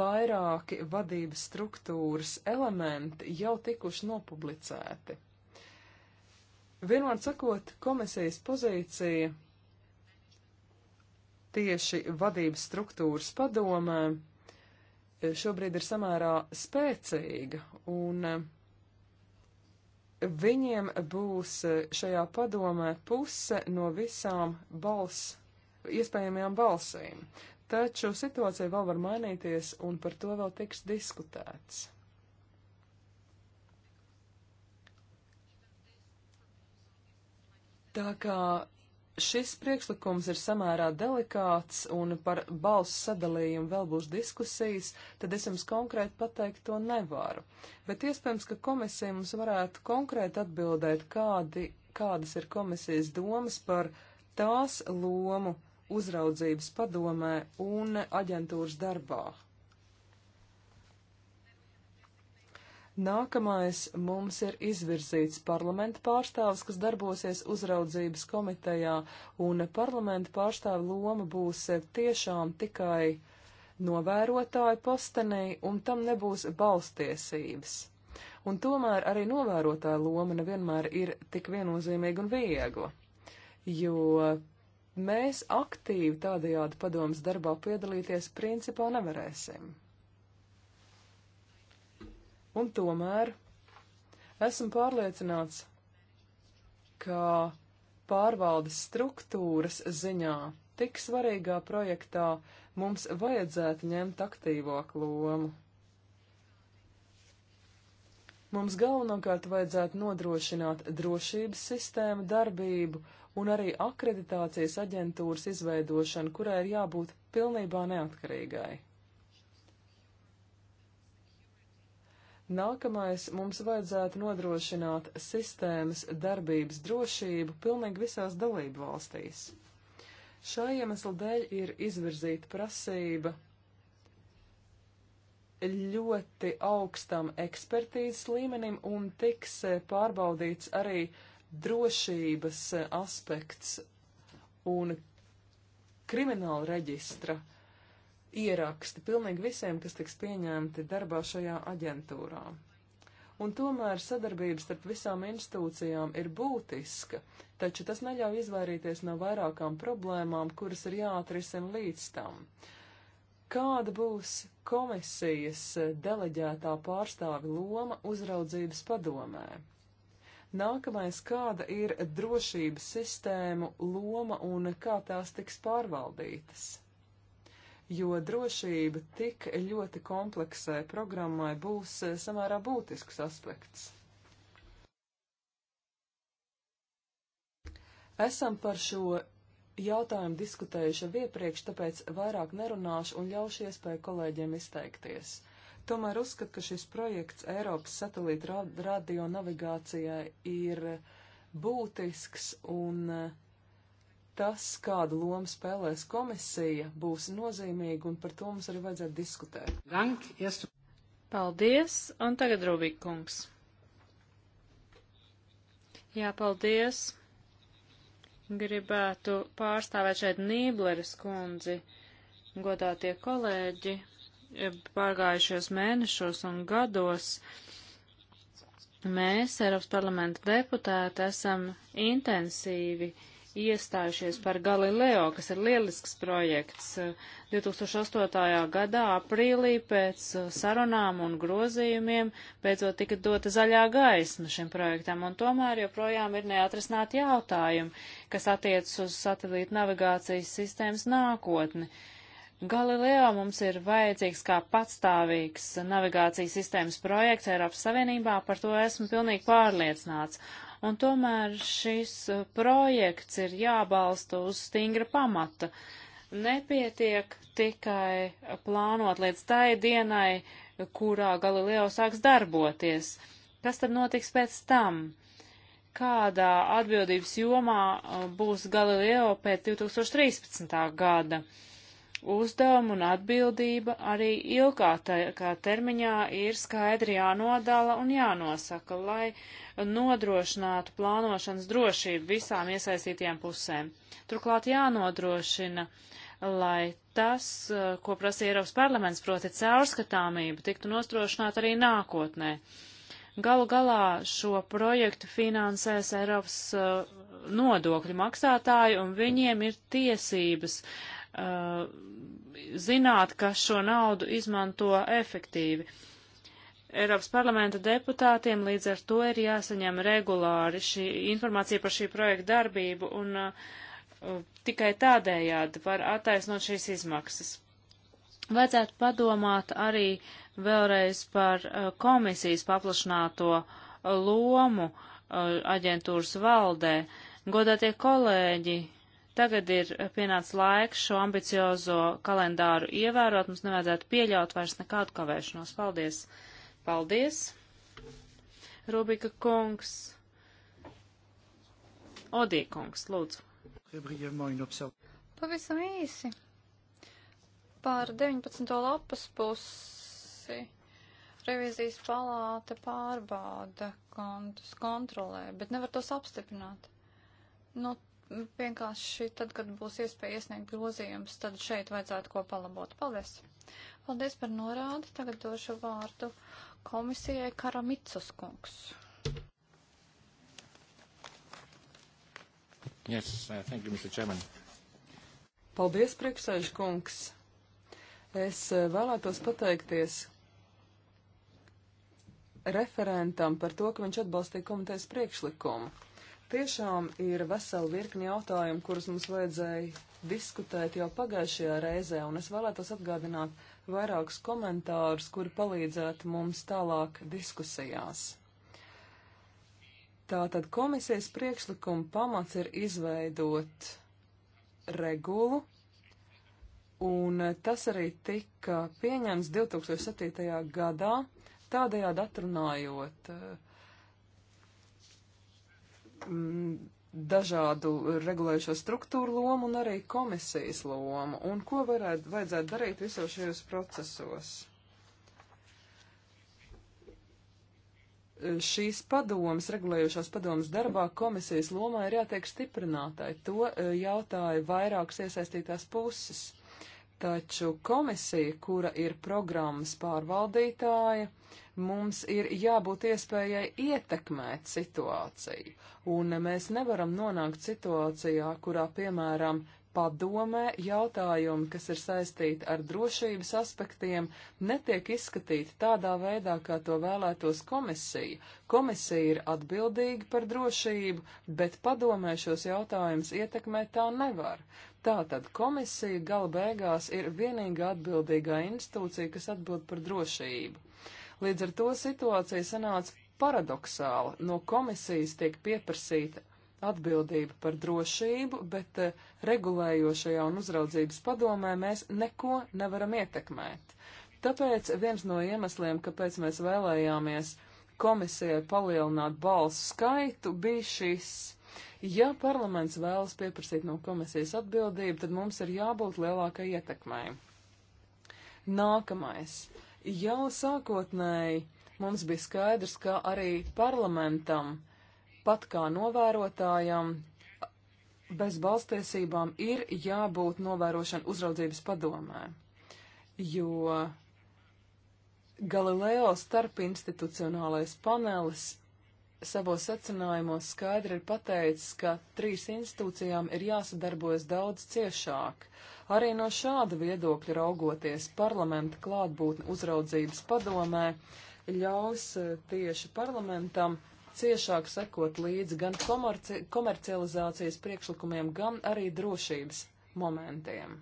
[SPEAKER 1] vairāki vadības struktūras elementi jau tikuši nopublicēti. Vienmēr sakot, komisijas pozīcija tieši vadības struktūras padomē šobrīd ir samērā spēcīga, un viņiem būs šajā padomē puse no visām balss iespējamajām balsīm. Taču situācija vēl var mainīties, un par to vēl tiks diskutēts. Tā kā šis priekšlikums ir samērā delikāts un par balsu sadalījumu vēl būs diskusijas, tad es jums konkrēti pateikt to nevaru. Bet iespējams, ka komisija mums varētu konkrēti atbildēt, kādi, kādas ir komisijas domas par tās lomu uzraudzības padomē un aģentūras darbā. Nākamais mums ir izvirzīts parlamenta pārstāvis, kas darbosies uzraudzības komitejā, un parlamenta pārstāvi loma būs tiešām tikai novērotāju postenī, un tam nebūs balstiesības. Un tomēr arī novērotāja loma nevienmēr ir tik viennozīmīga un viegla, jo mēs aktīvi tādajādi padomas darbā piedalīties principā nevarēsim. Un tomēr esmu pārliecināts, ka pārvaldes struktūras ziņā tik svarīgā projektā mums vajadzētu ņemt aktīvāku lomu. Mums galvenokārt vajadzētu nodrošināt drošības sistēmu darbību un arī akreditācijas aģentūras izveidošanu, kurai ir jābūt pilnībā neatkarīgai. Nākamais mums vajadzētu nodrošināt sistēmas darbības drošību pilnīgi visās dalību valstīs. Šā iemesla dēļ ir izvirzīta prasība ļoti augstam ekspertīzes līmenim un tiks eh, pārbaudīts arī drošības eh, aspekts un krimināla reģistra ieraksti pilnīgi visiem, kas tiks pieņemti darbā šajā aģentūrā. Un tomēr sadarbības starp visām institūcijām ir būtiska, taču tas neļauj izvairīties no vairākām problēmām, kuras ir jāatrisina līdz tam. Uh, Kāda būs komisijas eh, deleģētā pārstāvi loma uzraudzības padomē? Nākamais, kāda ir drošības sistēmu loma un kā tās tiks pārvaldītas? Jo drošība tik ļoti kompleksai programmai būs eh, samērā būtisks aspekts. Esam par šo jautājumu diskutējuši jau iepriekš, tāpēc vairāk nerunāšu un ļaušu iespēju kolēģiem izteikties. Tomēr uzskatu, ka šis projekts Eiropas satelīta radionavigācijai ir būtisks un eh, tas, kādu lomu spēlēs komisija, būs nozīmīgi un par to mums arī vajadzētu diskutēt. Paldies, un tagad Rubīkungs.
[SPEAKER 2] Jā, paldies gribētu pārstāvēt šeit Nībleres kundzi, godātie kolēģi, pārgājušos mēnešos un gados. Mēs, Eiropas parlamenta deputāti, esam intensīvi uh, iestājušies par Galileo, kas ir lielisks projekts. 2008. gadā aprīlī pēc uh, sarunām un grozījumiem beidzot tika dota zaļā gaisma šim projektam, un tomēr joprojām ir neatrisināti jautājumi, kas attiecas uz satelīta navigācijas sistēmas nākotni. Galileo mums ir vajadzīgs kā patstāvīgs navigācijas sistēmas projekts Eiropas Savienībā, par to esmu pilnīgi pārliecināts un tomēr šis uh, projekts ir jābalsta uz stingra pamata. Nepietiek tikai plānot līdz tai dienai, kurā Galileo sāks darboties. Kas tad notiks pēc tam? Kādā atbildības jomā uh, būs Galileo pēc 2013. gada? uzdevumi un atbildība arī ilgākā termiņā ir skaidri jānodala un jānosaka, lai nodrošinātu plānošanas drošību visām iesaistītajām pusēm. Turklāt jānodrošina, lai tas, ko prasa Eiropas parlaments, proti caurskatāmība, tiktu nostrošināta arī nākotnē. Galu galā šo projektu finansēs Eiropas uh, nodokļu maksātāji, un viņiem ir tiesības uh, zināt, ka šo naudu izmanto efektīvi. Eiropas parlamenta deputātiem līdz ar to ir jāsaņem regulāri šī informācija par šī projekta darbību un uh, uh tikai tādējādi var attaisnot šīs izmaksas. Vajadzētu padomāt arī vēlreiz par uh, komisijas paplašināto uh, lomu uh, aģentūras valdē. Godātie kolēģi, Tagad ir pienācis laiks šo ambiciozo kalendāru ievērot. Mums nevajadzētu pieļaut vairs nekādu kavēšanos. Paldies! Paldies! Rubika kungs! Odī kungs, lūdzu!
[SPEAKER 3] Pavisam īsi. Pār 19. lapas pusi revizijas palāta pārbauda kontus, kontrolē, bet nevar tos apstiprināt. Nu, vienkārši tad, kad būs iespēja iesniegt grozījums, tad šeit vajadzētu ko palabot. Paldies! Paldies par norādi. Tagad došu vārdu komisijai Karamicus kungs.
[SPEAKER 2] Yes, uh, thank you, Mr. Chairman.
[SPEAKER 1] Paldies, priekšsēž kungs. Es uh, vēlētos pateikties referentam par to, ka viņš atbalstīja komitejas priekšlikumu tiešām ir vesela virkni jautājumu, kurus mums vajadzēja diskutēt jau pagājušajā reizē, un es vēlētos atgādināt vairākus komentārus, kuri palīdzētu mums tālāk diskusijās. Tātad komisijas priekšlikuma pamats ir izveidot regulu, un tas arī tika pieņemts 2007. gadā, tādējādi atrunājot uh, Mm, dažādu regulējušo struktūru lomu un arī komisijas lomu, un ko varētu, vajadzētu darīt visos šajos procesos. Šīs padomas, regulējušās padomas darbā komisijas lomā ir jātiek stiprinātai. To eh, jautāja vairākas iesaistītās puses. Taču komisija, kura ir programmas pārvaldītāja, uh, Mums ir jābūt iespējai ietekmēt situāciju, un mēs nevaram nonākt situācijā, kurā, piemēram, padomē jautājumi, kas ir saistīti ar drošības aspektiem, netiek izskatīti tādā veidā, kā to vēlētos komisija. Komisija ir atbildīga par drošību, bet padomē šos jautājumus ietekmēt tā nevar. Tātad komisija gala beigās ir vienīgā atbildīgā institūcija, kas atbild par drošību. Līdz ar to situācija sanāca paradoxāla. No komisijas tiek pieprasīta atbildība par drošību, bet eh, regulējošajā un uzraudzības padomē mēs neko nevaram ietekmēt. Tāpēc viens no iemesliem, kāpēc mēs vēlējāmies komisijai palielināt balsu skaitu, bija šis. Ja parlaments vēlas pieprasīt no komisijas atbildību, tad mums ir jābūt lielākai ietekmai. Nākamais. Jau sākotnēji mums bija skaidrs, ka arī parlamentam, pat kā novērotājam, bez balstiesībām ir jābūt novērošana uzraudzības padomē, jo Galileo starpinstitucionālais panelis savos secinājumos skaidri ir pateicis, ka trīs institūcijām ir jāsadarbojas daudz ciešāk, Arī no šāda viedokļa raugoties parlamenta klātbūtne uzraudzības padomē ļaus e, tieši parlamentam ciešāk sekot līdzi gan komerci komercializācijas priekšlikumiem, gan arī drošības momentiem.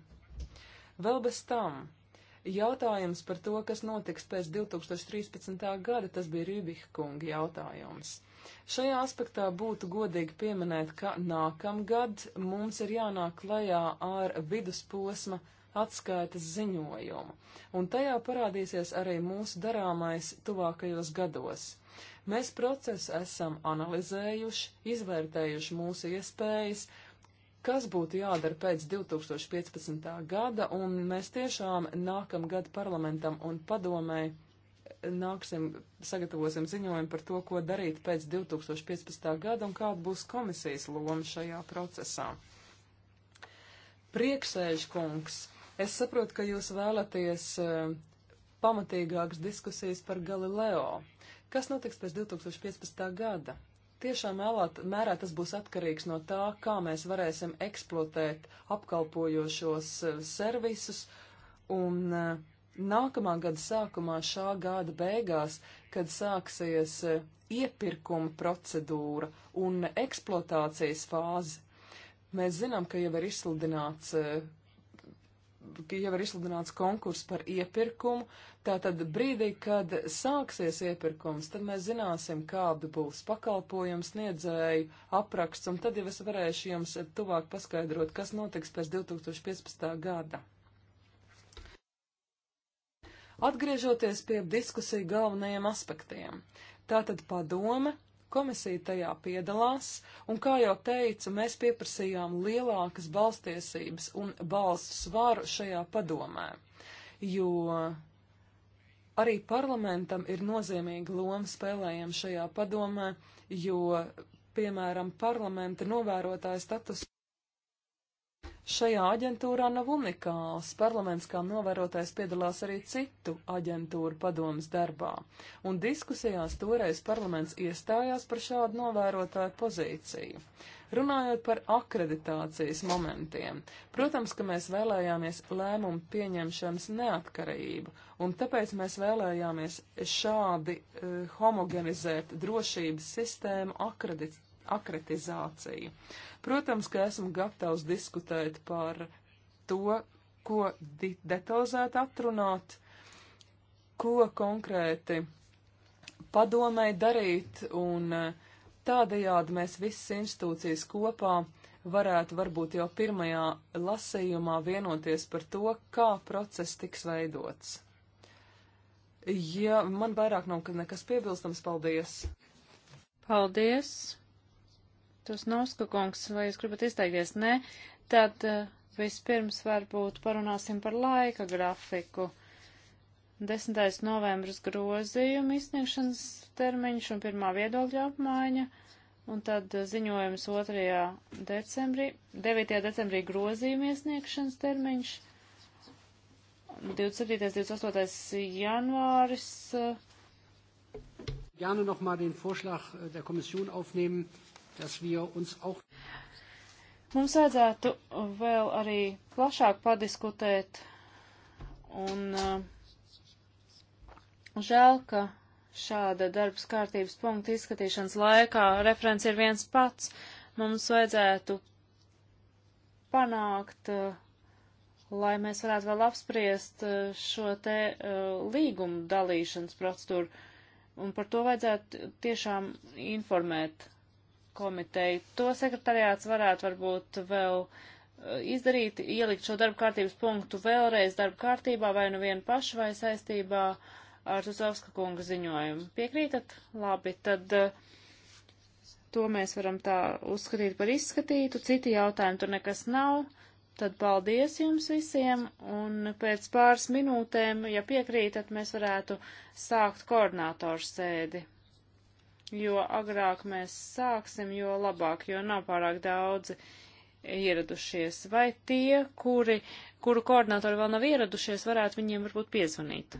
[SPEAKER 1] Vēl bez tam jautājums par to, kas notiks pēc 2013. gada, tas bija Rībika kunga jautājums. Šajā aspektā būtu godīgi pieminēt, ka nākamgad mums ir jānāk klajā ar vidusposma atskaitas ziņojumu, un tajā parādīsies arī mūsu darāmais tuvākajos gados. Mēs procesu esam analizējuši, izvērtējuši mūsu iespējas, kas būtu jādara pēc 2015. gada, un mēs tiešām nākamgad parlamentam un padomēji nāksim, sagatavosim ziņojumu par to, ko darīt pēc 2015. gada un kāda būs komisijas loma šajā procesā. Prieksēžkungs, es saprotu, ka jūs vēlaties uh, pamatīgākas diskusijas par Galileo. Kas notiks pēc 2015. gada? Tiešām mēlāt, mērā tas būs atkarīgs no tā, kā mēs varēsim eksploatēt apkalpojošos uh, servisus un uh, nākamā gada sākumā, šā gada beigās, kad sāksies eh, iepirkuma procedūra un eksploatācijas fāze. Mēs zinām, ka jau ir izsludināts eh, ka jau ir izsludināts konkurss par iepirkumu, tātad brīdī, kad sāksies iepirkums, tad mēs zināsim, kāda būs pakalpojums, sniedzēju apraksts, un tad jau es varēšu jums tuvāk paskaidrot, kas notiks pēc 2015. gada. Atgriežoties pie diskusiju galvenajiem aspektiem, tātad padome, komisija tajā piedalās, un, kā jau teicu, mēs pieprasījām lielākas balstiesības un balstu svaru šajā padomē, jo arī parlamentam ir nozīmīga loma spēlējama šajā padomē, jo, piemēram, parlamenta novērotāja status. Šajā aģentūrā nav unikāls. Parlaments kā novērotais piedalās arī citu aģentūru padomas darbā, un diskusijās toreiz parlaments iestājās par šādu novērotāju pozīciju. Runājot par akreditācijas momentiem, protams, ka mēs vēlējāmies lēmumu pieņemšanas neatkarību, un tāpēc mēs vēlējāmies šādi uh, homogenizēt drošības sistēmu akreditāciju akretizāciju. Protams, ka esmu gatavs diskutēt par to, ko detalizēt atrunāt, ko konkrēti padomē darīt, un eh, tādējādi mēs visas institūcijas kopā varētu varbūt jau pirmajā lasījumā vienoties par to, kā process tiks veidots. Ja man vairāk nav nekas piebilstams, paldies! Paldies!
[SPEAKER 2] Tos Nauskakungs, vai jūs gribat izteikties? Nē, tad eh, vispirms varbūt parunāsim par laika grafiku. 10. novembris grozījuma izsniegšanas termiņš un pirmā viedokļa apmaiņa, un tad eh, ziņojums 2. decembrī, 9. decembrī grozījuma iesniegšanas termiņš, 27. 28. janvāris. Eh, Gerne nochmal den Vorschlag äh, der Kommission aufnehmen, Mums vajadzētu vēl arī plašāk padiskutēt, un eh, žēl, ka šāda darbs kārtības punkta izskatīšanas laikā referents ir viens pats. Mums vajadzētu panākt, eh, lai mēs varētu vēl apspriest eh, šo te līgumu dalīšanas procedūru, un par to vajadzētu tiešām informēt komiteju. To sekretariāts varētu varbūt vēl eh, izdarīt, ielikt šo darba kārtības punktu vēlreiz darba kārtībā vai nu vienu pašu vai saistībā ar Tuzovska kunga ziņojumu. Piekrītat? Labi, tad eh, to mēs varam tā uzskatīt par izskatītu. Citi jautājumi tur nekas nav. Tad paldies jums visiem, un pēc pāris minūtēm, ja piekrītat, mēs varētu sākt koordinātoru sēdi jo agrāk mēs sāksim, jo labāk, jo nav pārāk daudzi ieradušies. Vai tie, kuri, kuru koordinatori vēl nav ieradušies, varētu viņiem varbūt piezvanīt?